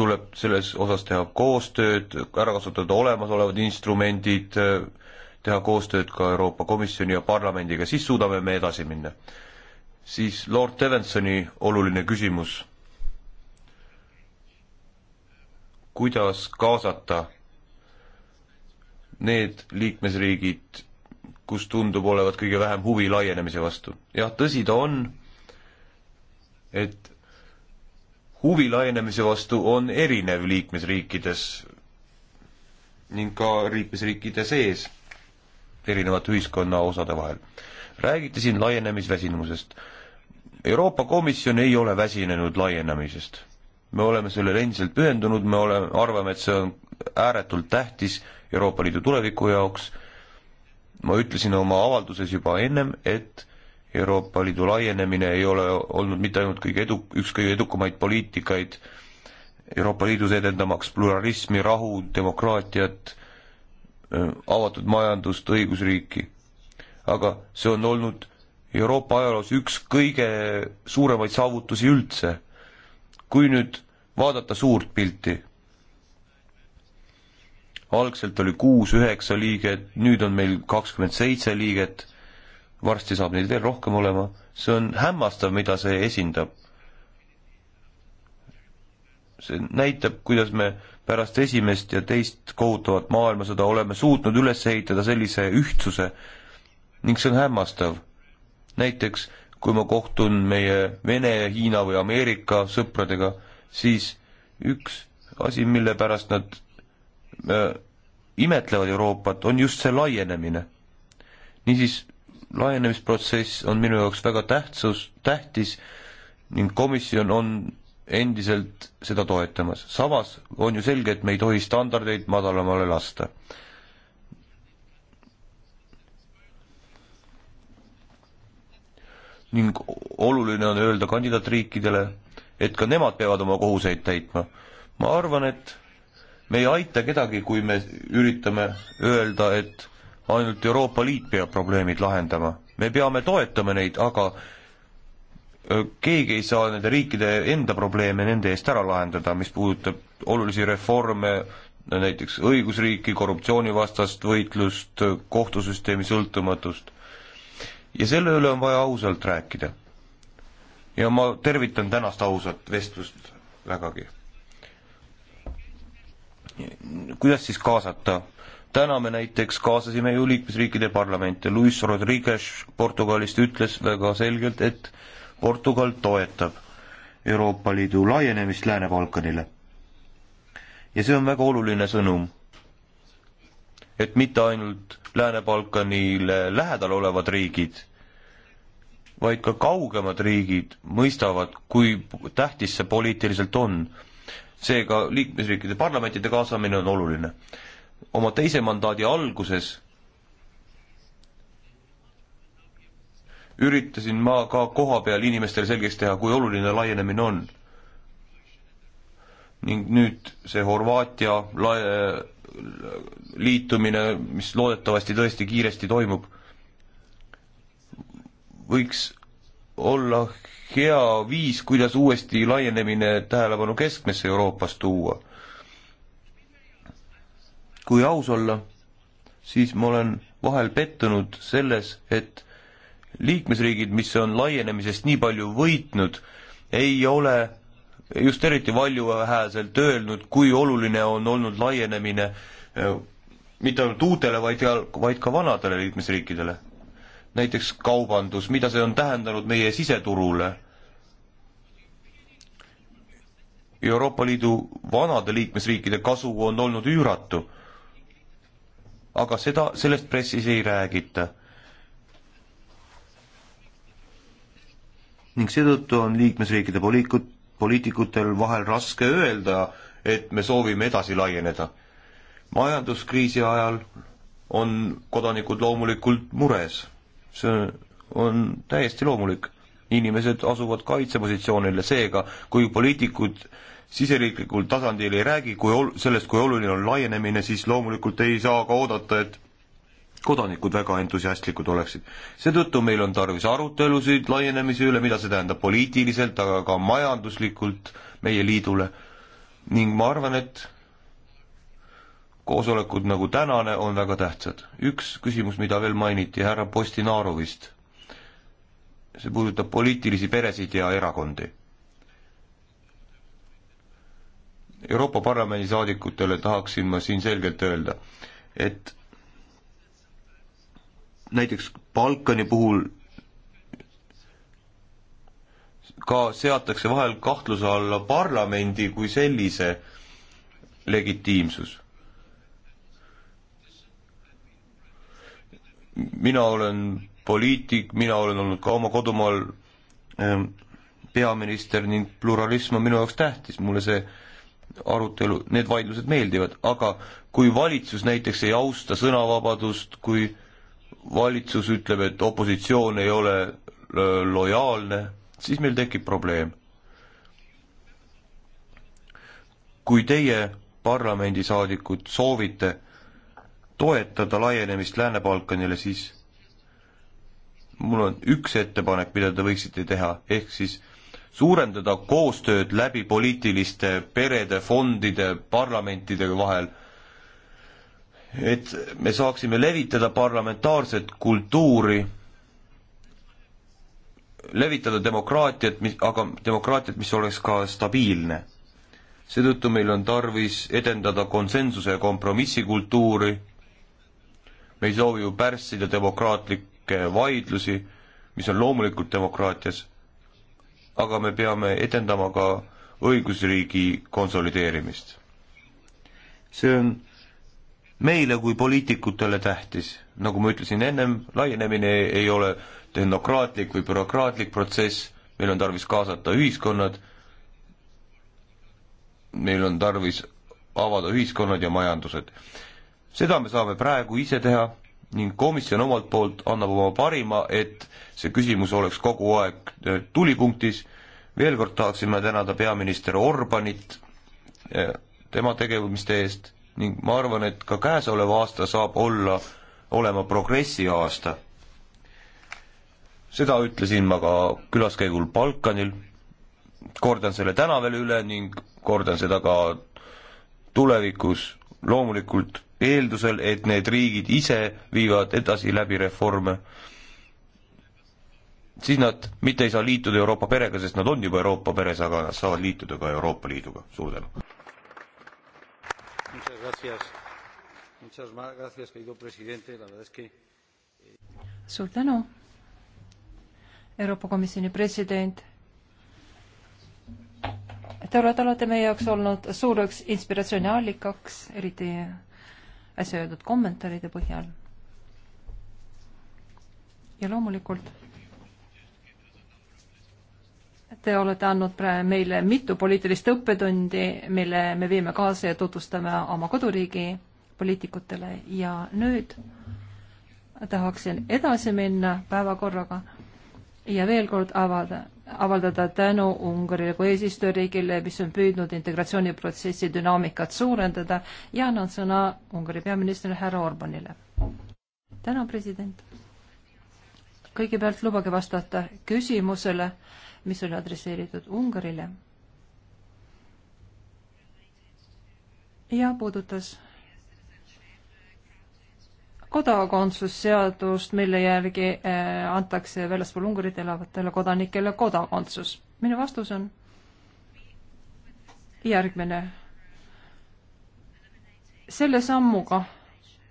A: tuleb selles osas teha koostööd, ära kasutada olemasolevad instrumendid, teha koostööd ka Euroopa Komisjoni ja parlamendiga, siis suudame me edasi minna siis Lord Devensoni oluline küsimus. kuidas kaasata need liikmesriigid, kus tundub olevat kõige vähem huvi laienemise vastu? jah, tõsi ta on, et huvi laienemise vastu on erinev liikmesriikides ning ka liikmesriikide sees erinevate ühiskonna osade vahel. räägiti siin laienemisväsimusest Euroopa Komisjon ei ole väsinenud laienemisest. me oleme sellele endiselt pühendunud, me oleme, arvame, et see on ääretult tähtis Euroopa Liidu tuleviku jaoks, ma ütlesin oma avalduses juba ennem, et Euroopa Liidu laienemine ei ole olnud mitte ainult kõige edu, üks kõige edukamaid poliitikaid Euroopa Liidus edendamaks pluralismi, rahu, demokraatiat, äh, avatud majandust, õigusriiki. aga see on olnud Euroopa ajaloos üks kõige suuremaid saavutusi üldse. kui nüüd vaadata suurt pilti, algselt oli kuus-üheksa liiget, nüüd on meil kakskümmend seitse liiget, varsti saab neid veel rohkem olema, see on hämmastav, mida see esindab. see näitab, kuidas me pärast esimest ja teist kohutavat maailmasõda oleme suutnud üles ehitada sellise ühtsuse ning see on hämmastav näiteks kui ma kohtun meie Vene, Hiina või Ameerika sõpradega, siis üks asi, mille pärast nad äh, imetlevad Euroopat, on just see laienemine. niisiis, laienemisprotsess on minu jaoks väga tähtsus, tähtis ning komisjon on endiselt seda toetamas. samas on ju selge, et me ei tohi standardeid madalamale lasta ning oluline on öelda kandidaatriikidele, et ka nemad peavad oma kohuseid täitma. ma arvan, et me ei aita kedagi, kui me üritame öelda, et ainult Euroopa Liit peab probleemid lahendama. me peame toetama neid, aga keegi ei saa nende riikide enda probleeme nende eest ära lahendada, mis puudutab olulisi reforme, näiteks õigusriiki, korruptsioonivastast võitlust, kohtusüsteemi sõltumatust ja selle üle on vaja ausalt rääkida. ja ma tervitan tänast ausat vestlust vägagi. kuidas siis kaasata? täna me näiteks kaasasime ju liikmesriikide parlamente, Luis Rodriguez Portugalist ütles väga selgelt, et Portugal toetab Euroopa Liidu laienemist Lääne-Balkanile. ja see on väga oluline sõnum et mitte ainult Lääne-Balkanile lähedal olevad riigid, vaid ka kaugemad riigid mõistavad, kui tähtis see poliitiliselt on. seega liikmesriikide parlamentide kaasamine on oluline. oma teise mandaadi alguses üritasin ma ka kohapeal inimestele selgeks teha, kui oluline laienemine on. ning nüüd see Horvaatia lae-, liitumine, mis loodetavasti tõesti kiiresti toimub, võiks olla hea viis, kuidas uuesti laienemine tähelepanu keskmesse Euroopas tuua. kui aus olla, siis ma olen vahel pettunud selles, et liikmesriigid, mis on laienemisest nii palju võitnud, ei ole just eriti valjuhääselt öelnud, kui oluline on olnud laienemine eh, mitte ainult uutele, vaid, vaid ka vanadele liikmesriikidele. näiteks kaubandus, mida see on tähendanud meie siseturule. Euroopa Liidu vanade liikmesriikide kasu on olnud üüratu. aga seda, sellest pressis ei räägita ning seetõttu on liikmesriikide poliitikud poliitikutel vahel raske öelda, et me soovime edasi laieneda. majanduskriisi ajal on kodanikud loomulikult mures, see on täiesti loomulik. inimesed asuvad kaitsepositsioonile, seega kui poliitikud siseriiklikul tasandil ei räägi kui ol-, sellest, kui oluline on laienemine, siis loomulikult ei saa ka oodata, et kodanikud väga entusiastlikud oleksid. seetõttu meil on tarvis arutelusid laienemise üle, mida see tähendab poliitiliselt, aga ka majanduslikult meie liidule ning ma arvan, et koosolekud nagu tänane on väga tähtsad. üks küsimus, mida veel mainiti härra Postinaru vist, see puudutab poliitilisi peresid ja erakondi. Euroopa Parlamendi saadikutele tahaksin ma siin selgelt öelda, et näiteks Balkani puhul ka seatakse vahel kahtluse alla parlamendi kui sellise legitiimsus. mina olen poliitik, mina olen olnud ka oma kodumaal ähm, peaminister ning pluralism on minu jaoks tähtis, mulle see arutelu, need vaidlused meeldivad, aga kui valitsus näiteks ei austa sõnavabadust, kui äh, valitsus ütleb, et opositsioon ei ole lojaalne, siis meil tekib probleem. kui teie parlamendisaadikud soovite toetada laienemist Lääne-Balkanile, siis mul on üks ettepanek, mida te võiksite teha, ehk siis suurendada koostööd läbi poliitiliste perede, fondide, parlamentide vahel et me saaksime levitada parlamentaarset kultuuri, levitada demokraatiat, mis, aga demokraatiat, mis oleks ka stabiilne. seetõttu meil on tarvis edendada konsensuse ja kompromissi kultuuri, me ei soovi ju pärssida demokraatlikke vaidlusi, mis on loomulikult demokraatias, aga me peame edendama ka õigusriigi konsolideerimist. see on meile kui poliitikutele tähtis. nagu ma ütlesin ennem, laienemine ei ole tehnokraatlik või bürokraatlik protsess, meil on tarvis kaasata ühiskonnad, meil on tarvis avada ühiskonnad ja majandused. seda me saame praegu ise teha ning komisjon omalt poolt annab oma parima, et see küsimus oleks kogu aeg äh, tulipunktis. veel kord tahaksime tänada peaminister Orbanit äh, tema tegemiste eest ning ma arvan, et ka käesolev aasta saab olla, olema progressi aasta. seda ütlesin ma ka külaskäigul Balkanil, kordan selle täna veel üle ning kordan seda ka tulevikus, loomulikult eeldusel, et need riigid ise viivad edasi läbi reforme, siis nad mitte ei saa liituda Euroopa perega, sest nad on juba Euroopa peres, aga nad saavad liituda ka Euroopa Liiduga, suur tänu! Eh,
C: suur tänu, Euroopa Komisjoni president. Te olete alati meie jaoks olnud suureks inspiratsiooniallikaks, eriti äsja öeldud kommentaaride põhjal. ja loomulikult Te olete andnud meile mitu poliitilist õppetundi, mille me viime kaasa ja tutvustame oma koduriigi poliitikutele ja nüüd tahaksin edasi minna päevakorraga ja veel kord avada, avaldada tänu Ungarile kui eesistujariigile, mis on püüdnud integratsiooniprotsessi dünaamikat suurendada ja annan sõna Ungari peaministrile härra Orbanile. tänan, president. kõigepealt lubage vastata küsimusele mis oli adresseeritud Ungarile ja puudutas kodakondsusseadust, mille järgi eh, antakse väljaspool Ungarit elavatele kodanikele kodakondsus. minu vastus on järgmine. selle sammuga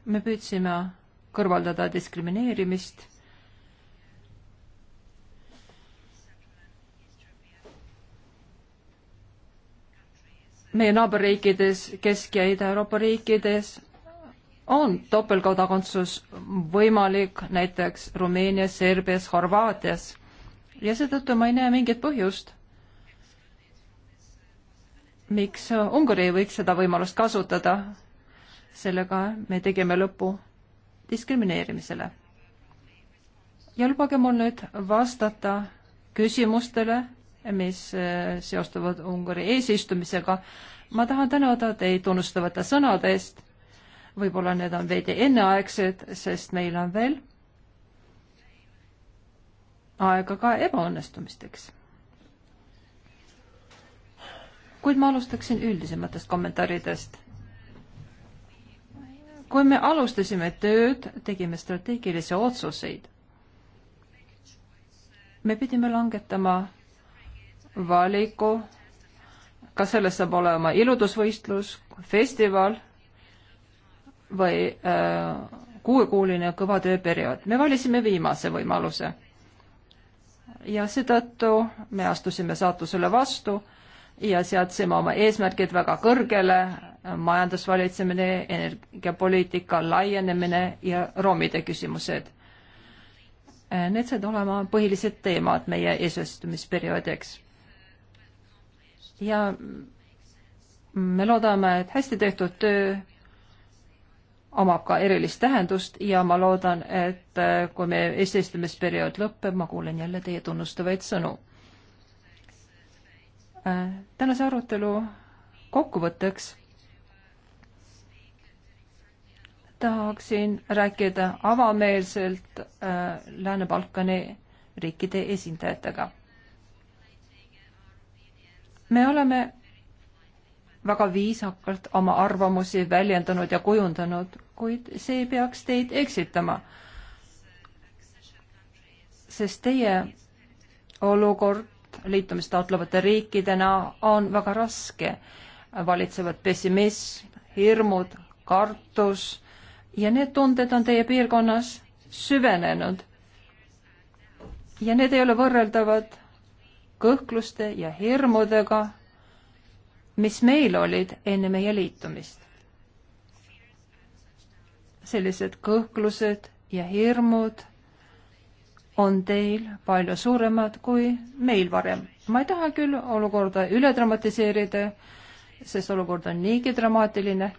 C: me püüdsime kõrvaldada diskrimineerimist meie naaberriikides, Kesk- ja Ida-Euroopa riikides on topeltkodakondsus võimalik näiteks Rumeenias, Serbias, Horvaatias ja seetõttu ma ei näe mingit põhjust, miks Ungari ei võiks seda võimalust kasutada. sellega me tegime lõpu diskrimineerimisele. ja lubage mul nüüd vastata küsimustele mis äh, seostuvad Ungari eesistumisega. ma tahan tänada teid tunnustavate sõnade eest. võib-olla need on veidi enneaegsed, sest meil on veel aega ka ebaõnnestumisteks. kuid ma alustaksin üldisematest kommentaaridest. kui me alustasime tööd, tegime strateegilisi otsuseid. me pidime langetama valiku, kas sellest saab olema iludusvõistlus, festival või äh, kuuekuuline kõva tööperiood. me valisime viimase võimaluse. ja seetõttu me astusime saatusele vastu ja seadsime oma eesmärgid väga kõrgele, majandusvalitsemine, energiapoliitika laienemine ja romide küsimused. Äh, need said olema põhilised teemad meie eesistumisperioodiks ja me loodame, et hästi tehtud töö omab ka erilist tähendust ja ma loodan, et äh, kui meie eesistamisperiood lõpeb, ma kuulen jälle teie tunnustavaid sõnu. Äh, tänase arutelu kokkuvõtteks tahaksin rääkida avameelselt äh, Lääne-Balkani riikide esindajatega me oleme väga viisakalt oma arvamusi väljendanud ja kujundanud, kuid see ei peaks teid eksitama. sest teie olukord liitumist taotlevate riikidena on väga raske. valitsevad pessimism, hirmud, kartus ja need tunded on teie piirkonnas süvenenud. ja need ei ole võrreldavad kõhkluste ja hirmudega, mis meil olid enne meie liitumist. sellised kõhklused ja hirmud on teil palju suuremad kui meil varem. ma ei taha küll olukorda üle dramatiseerida, sest olukord on niigi dramaatiline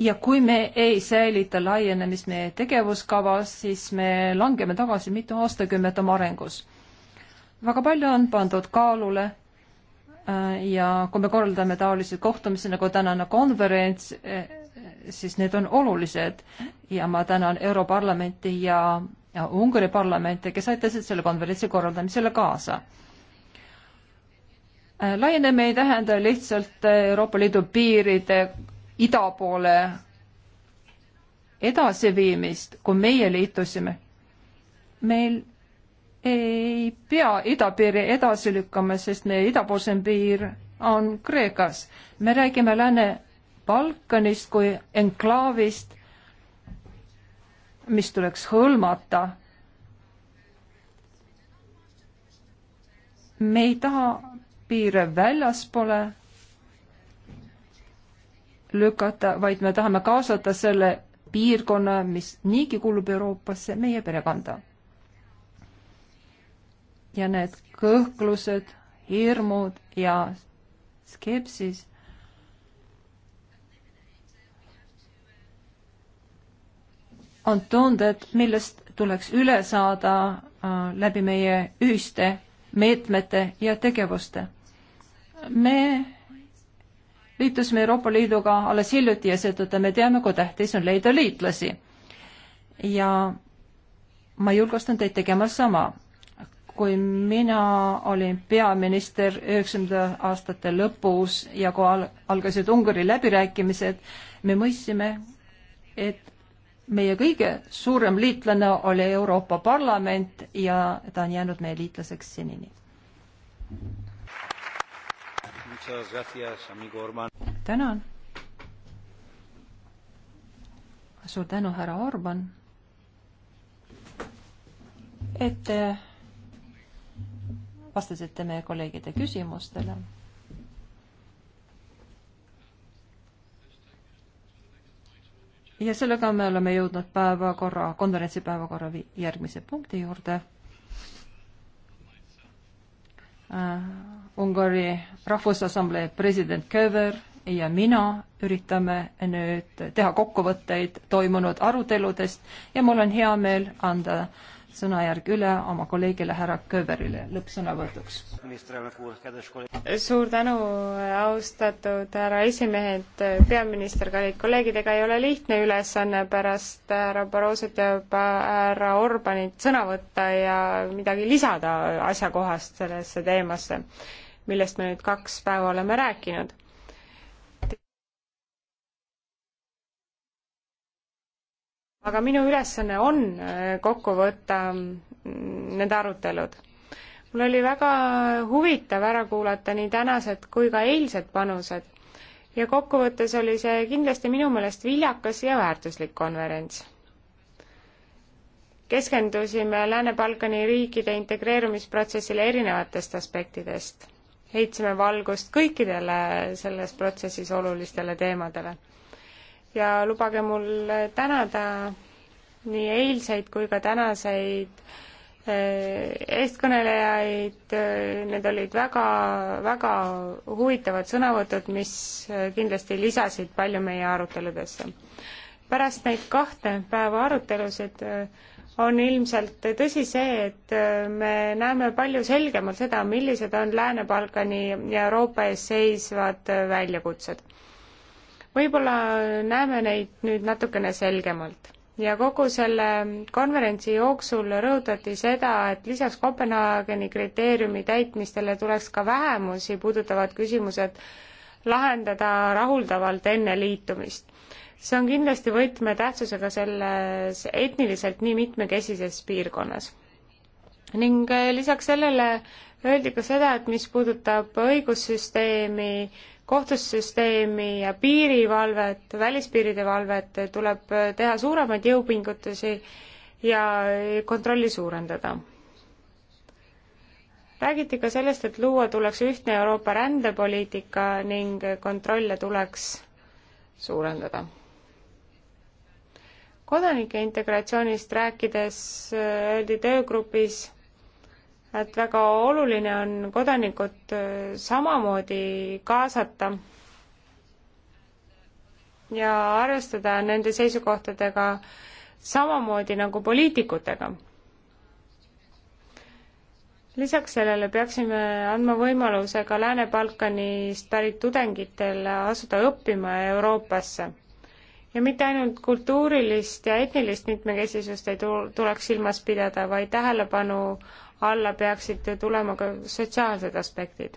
C: ja kui me ei säilita laienemist meie tegevuskavas, siis me langeme tagasi mitu aastakümmet oma arengus. väga palju on pandud kaalule äh, ja kui me korraldame taolisi kohtumisi nagu tänane konverents, äh, siis need on olulised ja ma tänan Europarlamenti ja, ja Ungari parlamente, kes aitasid selle konverentsi korraldamisele kaasa äh, laienemine ei tähenda lihtsalt Euroopa Liidu piiride ida poole edasiviimist, kui meie liitusime, meil ei pea idapiiri edasi lükkama, sest meie idapoolsem piir on Kreekas. me räägime Lääne-Balkanist kui enklaavist, mis tuleks hõlmata. me ei taha piire väljaspoole lükata, vaid me tahame kaasata selle piirkonna, mis niigi kuulub Euroopasse, meie perekonda. ja need kõhklused, hirmud ja skepsis on tunded, millest tuleks üle saada äh, läbi meie ühiste meetmete ja tegevuste. me liitusime Euroopa Liiduga alles hiljuti ja seetõttu me teame, kui tähtis on leida liitlasi. ja ma julgustan teid tegema sama. kui mina olin peaminister üheksakümnenda aastate lõpus ja kui al algasid Ungari läbirääkimised, me mõistsime, et meie kõige suurem liitlane oli Euroopa Parlament ja ta on jäänud meie liitlaseks senini tänan. suur tänu, härra Orban, et te vastasite meie kolleegide küsimustele ja sellega me oleme jõudnud päevakorra, konverentsi päevakorra järgmise punkti juurde äh,. Ungari Rahvusassamblee president Köver ja mina üritame nüüd teha kokkuvõtteid toimunud aruteludest ja mul on hea meel anda sõnajärg üle
B: oma kolleegile härra Köverile lõppsõnavõtuks. suur tänu, austatud härra esimehed, peaminister, kallid kolleegid, ega ei ole lihtne ülesanne pärast härra Barrosot ja härra Orbanit sõna võtta ja midagi lisada asjakohast sellesse teemasse, millest me nüüd kaks päeva oleme rääkinud aga minu ülesanne on äh, kokku võtta mm, need arutelud. mul oli väga huvitav ära kuulata nii tänased kui ka eilsed panused ja kokkuvõttes oli see kindlasti minu meelest viljakas ja väärtuslik konverents. keskendusime Lääne-Balkani riikide integreerumisprotsessile erinevatest aspektidest, heitsime valgust kõikidele selles protsessis olulistele teemadele ja lubage mul tänada nii eilseid kui ka tänaseid eh, eestkõnelejaid, eh, need olid väga, väga huvitavad sõnavõtud, mis eh, kindlasti lisasid palju meie aruteludesse. pärast neid kahte päeva arutelusid on ilmselt tõsi see, et me näeme palju selgemalt seda, millised on Lääne-Balkani ja Euroopa ees seisvad väljakutsed võib-olla näeme neid nüüd natukene selgemalt ja kogu selle konverentsi jooksul rõhutati seda, et lisaks Kopenhaageni kriteeriumi täitmistele tuleks ka vähemusi puudutavad küsimused lahendada rahuldavalt enne liitumist. see on kindlasti võtmetähtsusega selles etniliselt nii mitmekesises piirkonnas. ning eh, lisaks sellele öeldi ka seda, et mis puudutab õigussüsteemi, kohtussüsteemi ja piirivalvet, välispiiride valvet, tuleb teha suuremaid jõupingutusi ja kontrolli suurendada. räägiti ka sellest, et luua tuleks ühtne Euroopa rändepoliitika ning kontrolle tuleks suurendada. kodanike integratsioonist rääkides äh, öeldi töögrupis et väga oluline on kodanikud äh, samamoodi kaasata ja arvestada nende seisukohtadega samamoodi nagu poliitikutega. lisaks sellele peaksime andma võimaluse ka Lääne-Balkanist pärit tudengitel asuda õppima Euroopasse. ja mitte ainult kultuurilist ja etnilist mitmekesisust ei tuleks silmas pidada, vaid tähelepanu alla peaksid tulema ka sotsiaalsed aspektid.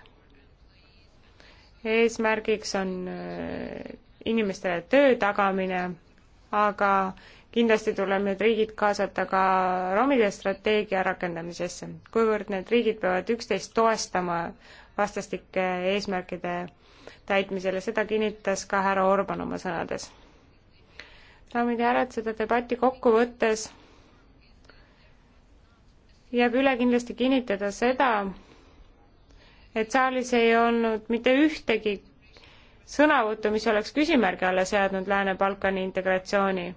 B: eesmärgiks on äh, inimestele töö tagamine, aga kindlasti tuleb need riigid kaasata ka romide strateegia rakendamisesse, kuivõrd need riigid peavad üksteist toestama vastastike eesmärkide täitmisele, seda kinnitas ka härra Orban oma sõnades. daamid ja härrad, seda debatti kokku võttes jääb üle kindlasti kinnitada seda, et saalis ei olnud mitte ühtegi sõnavõttu, mis oleks küsimärgi alla seadnud Lääne-Balkani integratsiooni.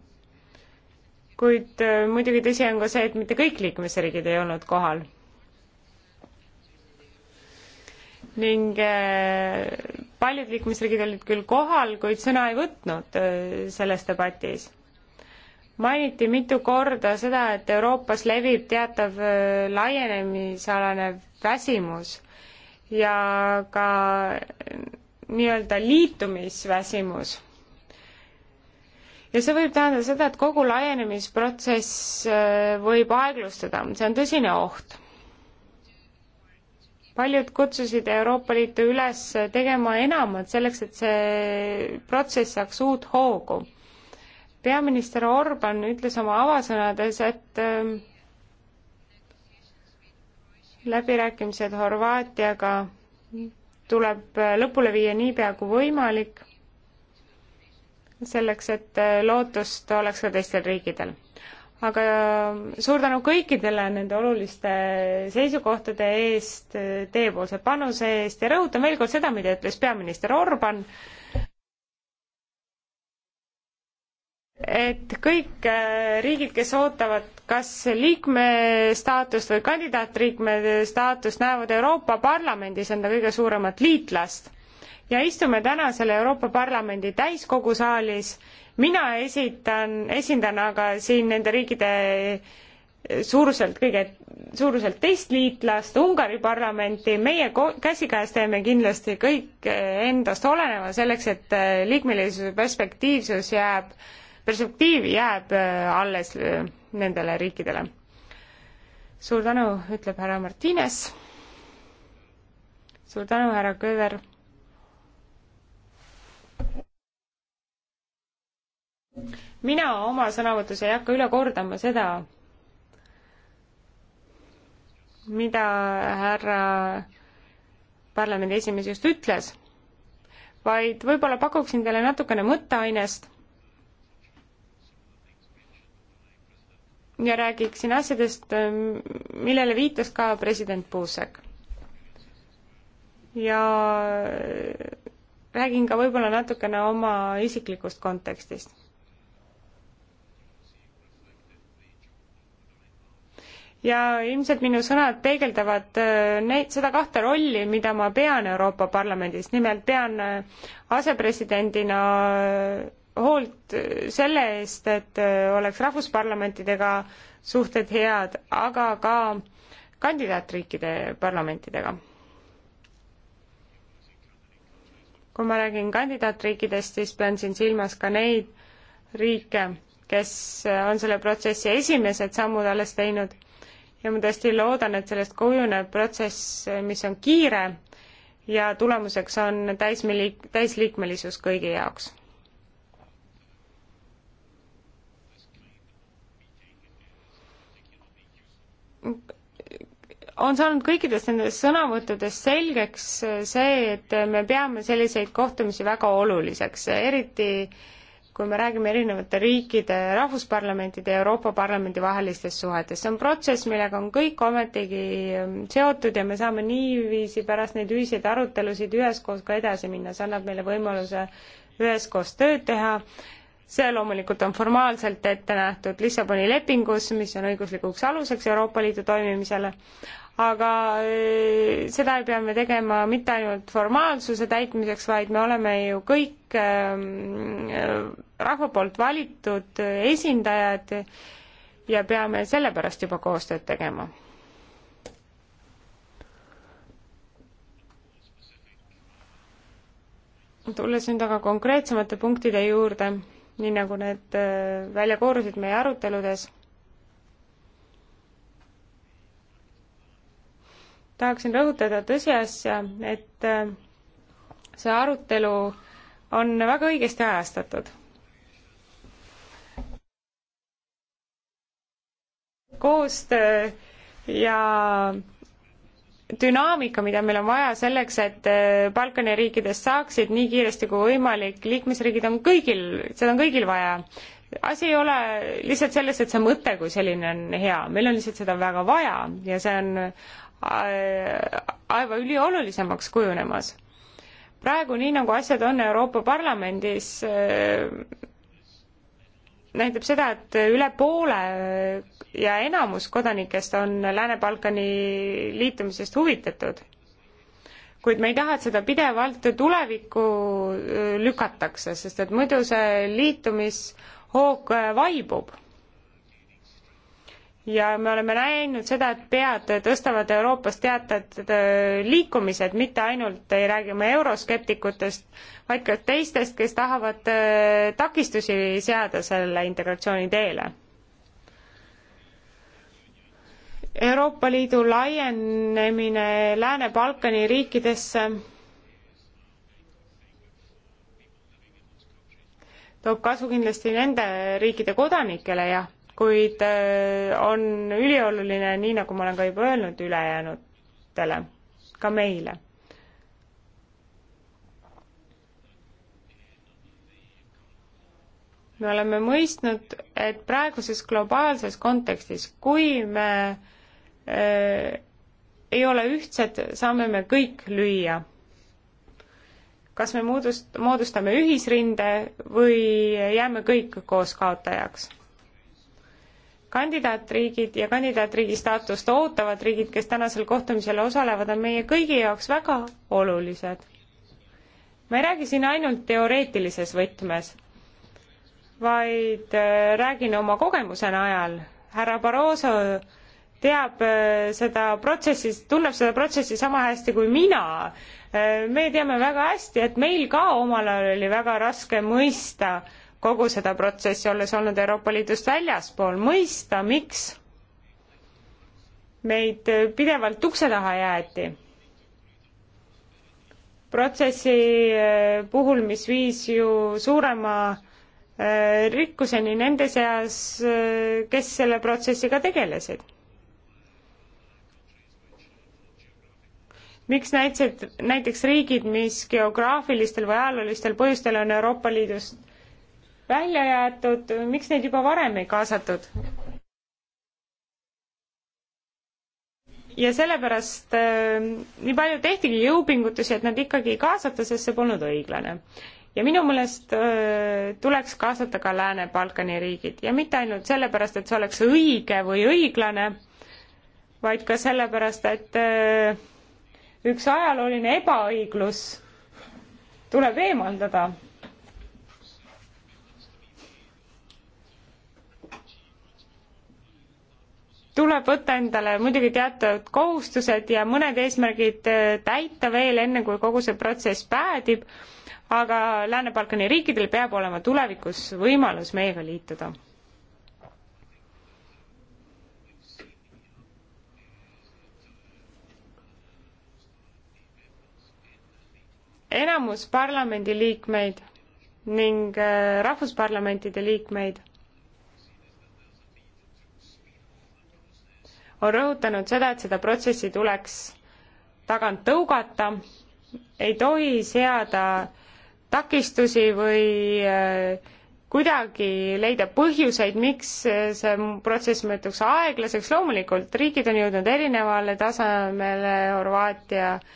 B: kuid äh, muidugi tõsi on ka see, et mitte kõik liikmesriigid ei olnud kohal. ning äh, paljud liikmesriigid olid küll kohal, kuid sõna ei võtnud äh, selles debatis mainiti mitu korda seda, et Euroopas levib teatav laienemisalane väsimus ja ka nii-öelda liitumisväsimus. ja see võib tähendada seda, et kogu laienemisprotsess võib aeglustuda, see on tõsine oht. paljud kutsusid Euroopa Liitu üles tegema enamat selleks, et see protsess saaks uut hoogu peaminister Orban ütles oma avasõnades, et ähm, läbirääkimised Horvaatiaga tuleb äh, lõpule viia niipea kui võimalik, selleks et äh, lootust oleks ka teistel riikidel. aga äh, suur tänu kõikidele nende oluliste seisukohtade eest, teiepoolse panuse eest ja rõhutan veel kord seda, mida ütles peaminister Orban, et kõik äh, riigid, kes ootavad kas liikme staatust või kandidaatriikme staatust, näevad Euroopa Parlamendis enda kõige suuremat liitlast. ja istume täna selle Euroopa Parlamendi täiskogu saalis, mina esitan, esindan aga siin nende riikide äh, suuruselt kõige, suuruselt teist liitlast, Ungari parlamenti, meie käsikäes teeme kindlasti kõik äh, endast oleneva selleks, et liikmelisuse perspektiivsus jääb äh, perspektiiv jääb äh, alles äh, nendele riikidele. suur tänu, ütleb härra Martines. suur tänu, härra Köver. mina oma sõnavõtus ei hakka üle kordama seda, mida härra parlamendi esimees just ütles, vaid võib-olla pakuksin teile natukene mõtteainest ja räägiksin asjadest, ähm, millele viitas ka president Puusek. ja äh, räägin ka võib-olla natukene oma isiklikust kontekstist. ja ilmselt minu sõnad peegeldavad äh, neid, seda kahte rolli, mida ma pean Euroopa Parlamendis, nimelt pean äh, asepresidendina hoolt selle eest, et äh, oleks rahvusparlamentidega suhted head, aga ka kandidaatriikide parlamentidega. kui ma räägin kandidaatriikidest, siis pean siin silmas ka neid riike, kes äh, on selle protsessi esimesed sammud alles teinud ja ma tõesti loodan, et sellest kujuneb protsess, äh, mis on kiire ja tulemuseks on täismili-, täisliikmelisus kõigi jaoks on saanud kõikidest nendest sõnavõttudest selgeks äh, see, et me peame selliseid kohtumisi väga oluliseks, eriti kui me räägime erinevate riikide rahvusparlamentide ja Euroopa Parlamendi vahelistest suhetest. see on protsess, millega on kõik ometigi ähm, seotud ja me saame niiviisi pärast neid ühiseid arutelusid üheskoos ka edasi minna, see annab meile võimaluse üheskoos tööd teha see loomulikult on formaalselt ette nähtud Lissaboni lepingus, mis on õiguslikuks aluseks Euroopa Liidu toimimisele, aga äh, seda ei pea me tegema mitte ainult formaalsuse täitmiseks, vaid me oleme ju kõik ähm, äh, rahva poolt valitud esindajad ja peame sellepärast juba koostööd tegema. tulles nüüd aga konkreetsemate punktide juurde nii nagu need äh, välja koorusid meie aruteludes. tahaksin rõhutada tõsiasja, et äh, see arutelu on väga õigesti ajastatud. koostöö ja dünaamika, mida meil on vaja selleks, et äh, Balkani riikidest saaksid nii kiiresti kui võimalik, liikmesriigid on kõigil, seda on kõigil vaja. asi ei ole lihtsalt selles, et see mõte kui selline on hea, meil on lihtsalt seda väga vaja ja see on äh, aeva üliolulisemaks kujunemas. praegu, nii nagu asjad on Euroopa Parlamendis, äh, näitab seda, et üle poole ja enamus kodanikest on Lääne-Balkani liitumisest huvitatud. kuid me ei taha, et seda pidevalt tulevikku lükatakse, sest et muidu see liitumishoog vaibub. ja me oleme näinud seda, et pead tõstavad Euroopas teatud liikumised, mitte ainult ei räägi me euroskeptikutest, vaid ka teistest, kes tahavad takistusi seada selle integratsiooni teele Euroopa Liidu laienemine Lääne-Balkani riikidesse toob kasu kindlasti nende riikide kodanikele, jah, kuid äh, on ülioluline, nii nagu ma olen ka juba öelnud, ülejäänutele, ka meile me oleme mõistnud, et praeguses globaalses kontekstis, kui me Äh, ei ole ühtsed, saame me kõik lüüa. kas me moodust-, moodustame ühisrinde või jääme kõik koos kaotajaks? kandidaatriigid ja kandidaatriigi staatust ootavad riigid, kes tänasel kohtumisel osalevad, on meie kõigi jaoks väga olulised. ma ei räägi siin ainult teoreetilises võtmes, vaid äh, räägin oma kogemuse najal. härra Barroso äh, teab äh, seda protsessi, tunneb seda protsessi sama hästi kui mina. Äh, me teame väga hästi, et meil ka omal ajal oli väga raske mõista kogu seda protsessi, olles olnud Euroopa Liidust väljaspool, mõista, miks meid pidevalt ukse taha jäeti. protsessi äh, puhul, mis viis ju suurema rikkuseni nende seas, kes selle protsessiga tegelesid miks näiteks, näiteks riigid, mis geograafilistel või ajaloolistel põhjustel on Euroopa Liidust välja jäetud, miks neid juba varem ei kaasatud? ja sellepärast äh, nii palju tehtigi jõupingutusi, et nad ikkagi ei kaasata, sest see polnud õiglane. ja minu meelest äh, tuleks kaasata ka Lääne-Balkani riigid ja mitte ainult sellepärast, et see oleks õige või õiglane, vaid ka sellepärast, et äh, üks ajalooline ebaõiglus tuleb eemaldada. tuleb võtta endale muidugi teatud kohustused ja mõned eesmärgid äh, täita veel enne, kui kogu see protsess päädib, aga Lääne-Balkani riikidel peab olema tulevikus võimalus meiega liituda enamus parlamendiliikmeid ning äh, rahvusparlamentide liikmeid on rõhutanud seda, et seda protsessi tuleks tagant tõugata, ei tohi seada takistusi või äh, kuidagi leida põhjuseid, miks äh, see protsess mõjutuks aeglaseks, loomulikult riigid on jõudnud erinevale tasemele, Horvaatia äh,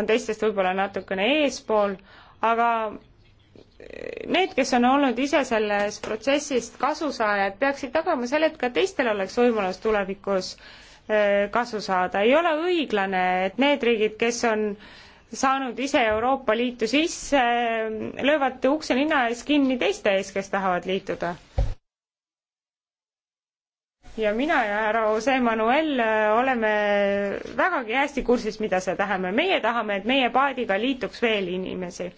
B: on teistest võib-olla natukene eespool, aga need, kes on olnud ise sellest protsessist kasusaajad, peaksid tagama selle, et ka teistel oleks võimalus tulevikus eh, kasu saada. ei ole õiglane, et need riigid, kes on saanud ise Euroopa Liitu sisse, löövad ukse nina ees kinni teiste ees, kes tahavad liituda ja mina ja härra Jose Manuel äh, oleme vägagi hästi kursis, mida see tähendab. meie tahame, et meie paadiga liituks veel inimesi.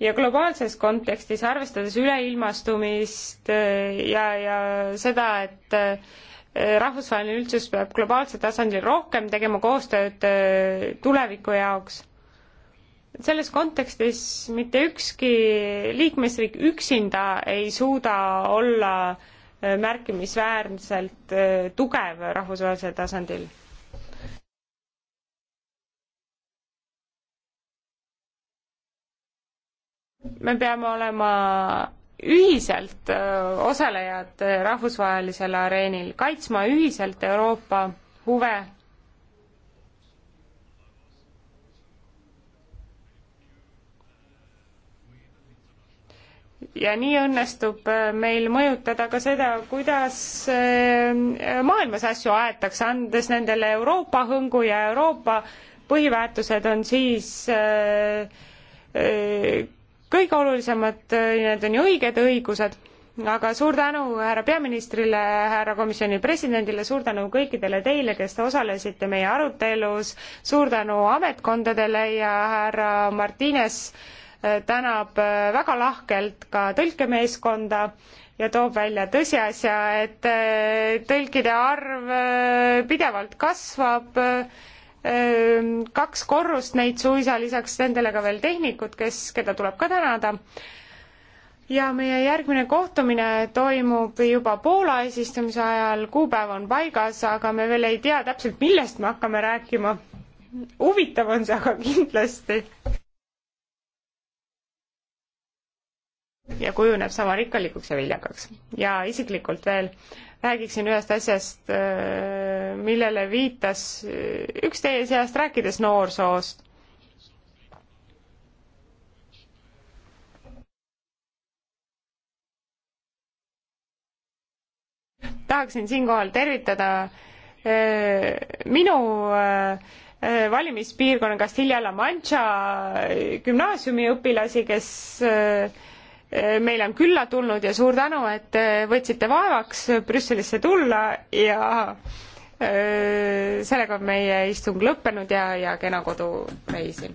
B: ja globaalses kontekstis, arvestades üleilmastumist äh, ja, ja seda, et äh, rahvusvaheline üldsus peab globaalsel tasandil rohkem tegema koostööd tuleviku jaoks selles kontekstis mitte ükski liikmesriik üksinda ei suuda olla äh, märkimisväärselt äh, tugev rahvusvahelisel tasandil me peame olema ühiselt äh, osalejad rahvusvahelisel areenil, kaitsma ühiselt Euroopa huve ja nii õnnestub äh, meil mõjutada ka seda, kuidas äh, maailmas asju aetakse, andes nendele Euroopa hõngu ja Euroopa põhiväärtused on siis äh, kõige olulisemad, need on ju õiged õigused, aga suur tänu härra peaministrile, härra komisjoni presidendile, suur tänu kõikidele teile, kes te osalesite meie arutelus, suur tänu ametkondadele ja härra Martines äh, tänab äh, väga lahkelt ka tõlkemeeskonda ja toob välja tõsiasja, et äh, tõlkide arv äh, pidevalt kasvab, kaks korrust neid suisa, lisaks nendele ka veel tehnikud, kes, keda tuleb ka tänada. ja meie järgmine kohtumine toimub juba Poola eesistumise ajal, kuupäev on paigas, aga me veel ei tea täpselt, millest me hakkame rääkima. huvitav on see aga kindlasti. ja kujuneb sama rikkalikuks ja viljakaks. ja isiklikult veel räägiksin ühest asjast, äh, millele viitas äh, üks teie seast, rääkides noorsoost. tahaksin siinkohal tervitada äh, minu valimispiirkonna Castilla-La Mancha gümnaasiumiõpilasi, kes meile on külla tulnud ja suur tänu, et äh, võtsite vaevaks Brüsselisse tulla ja äh, sellega on meie istung lõppenud ja, ja kena kodureisi!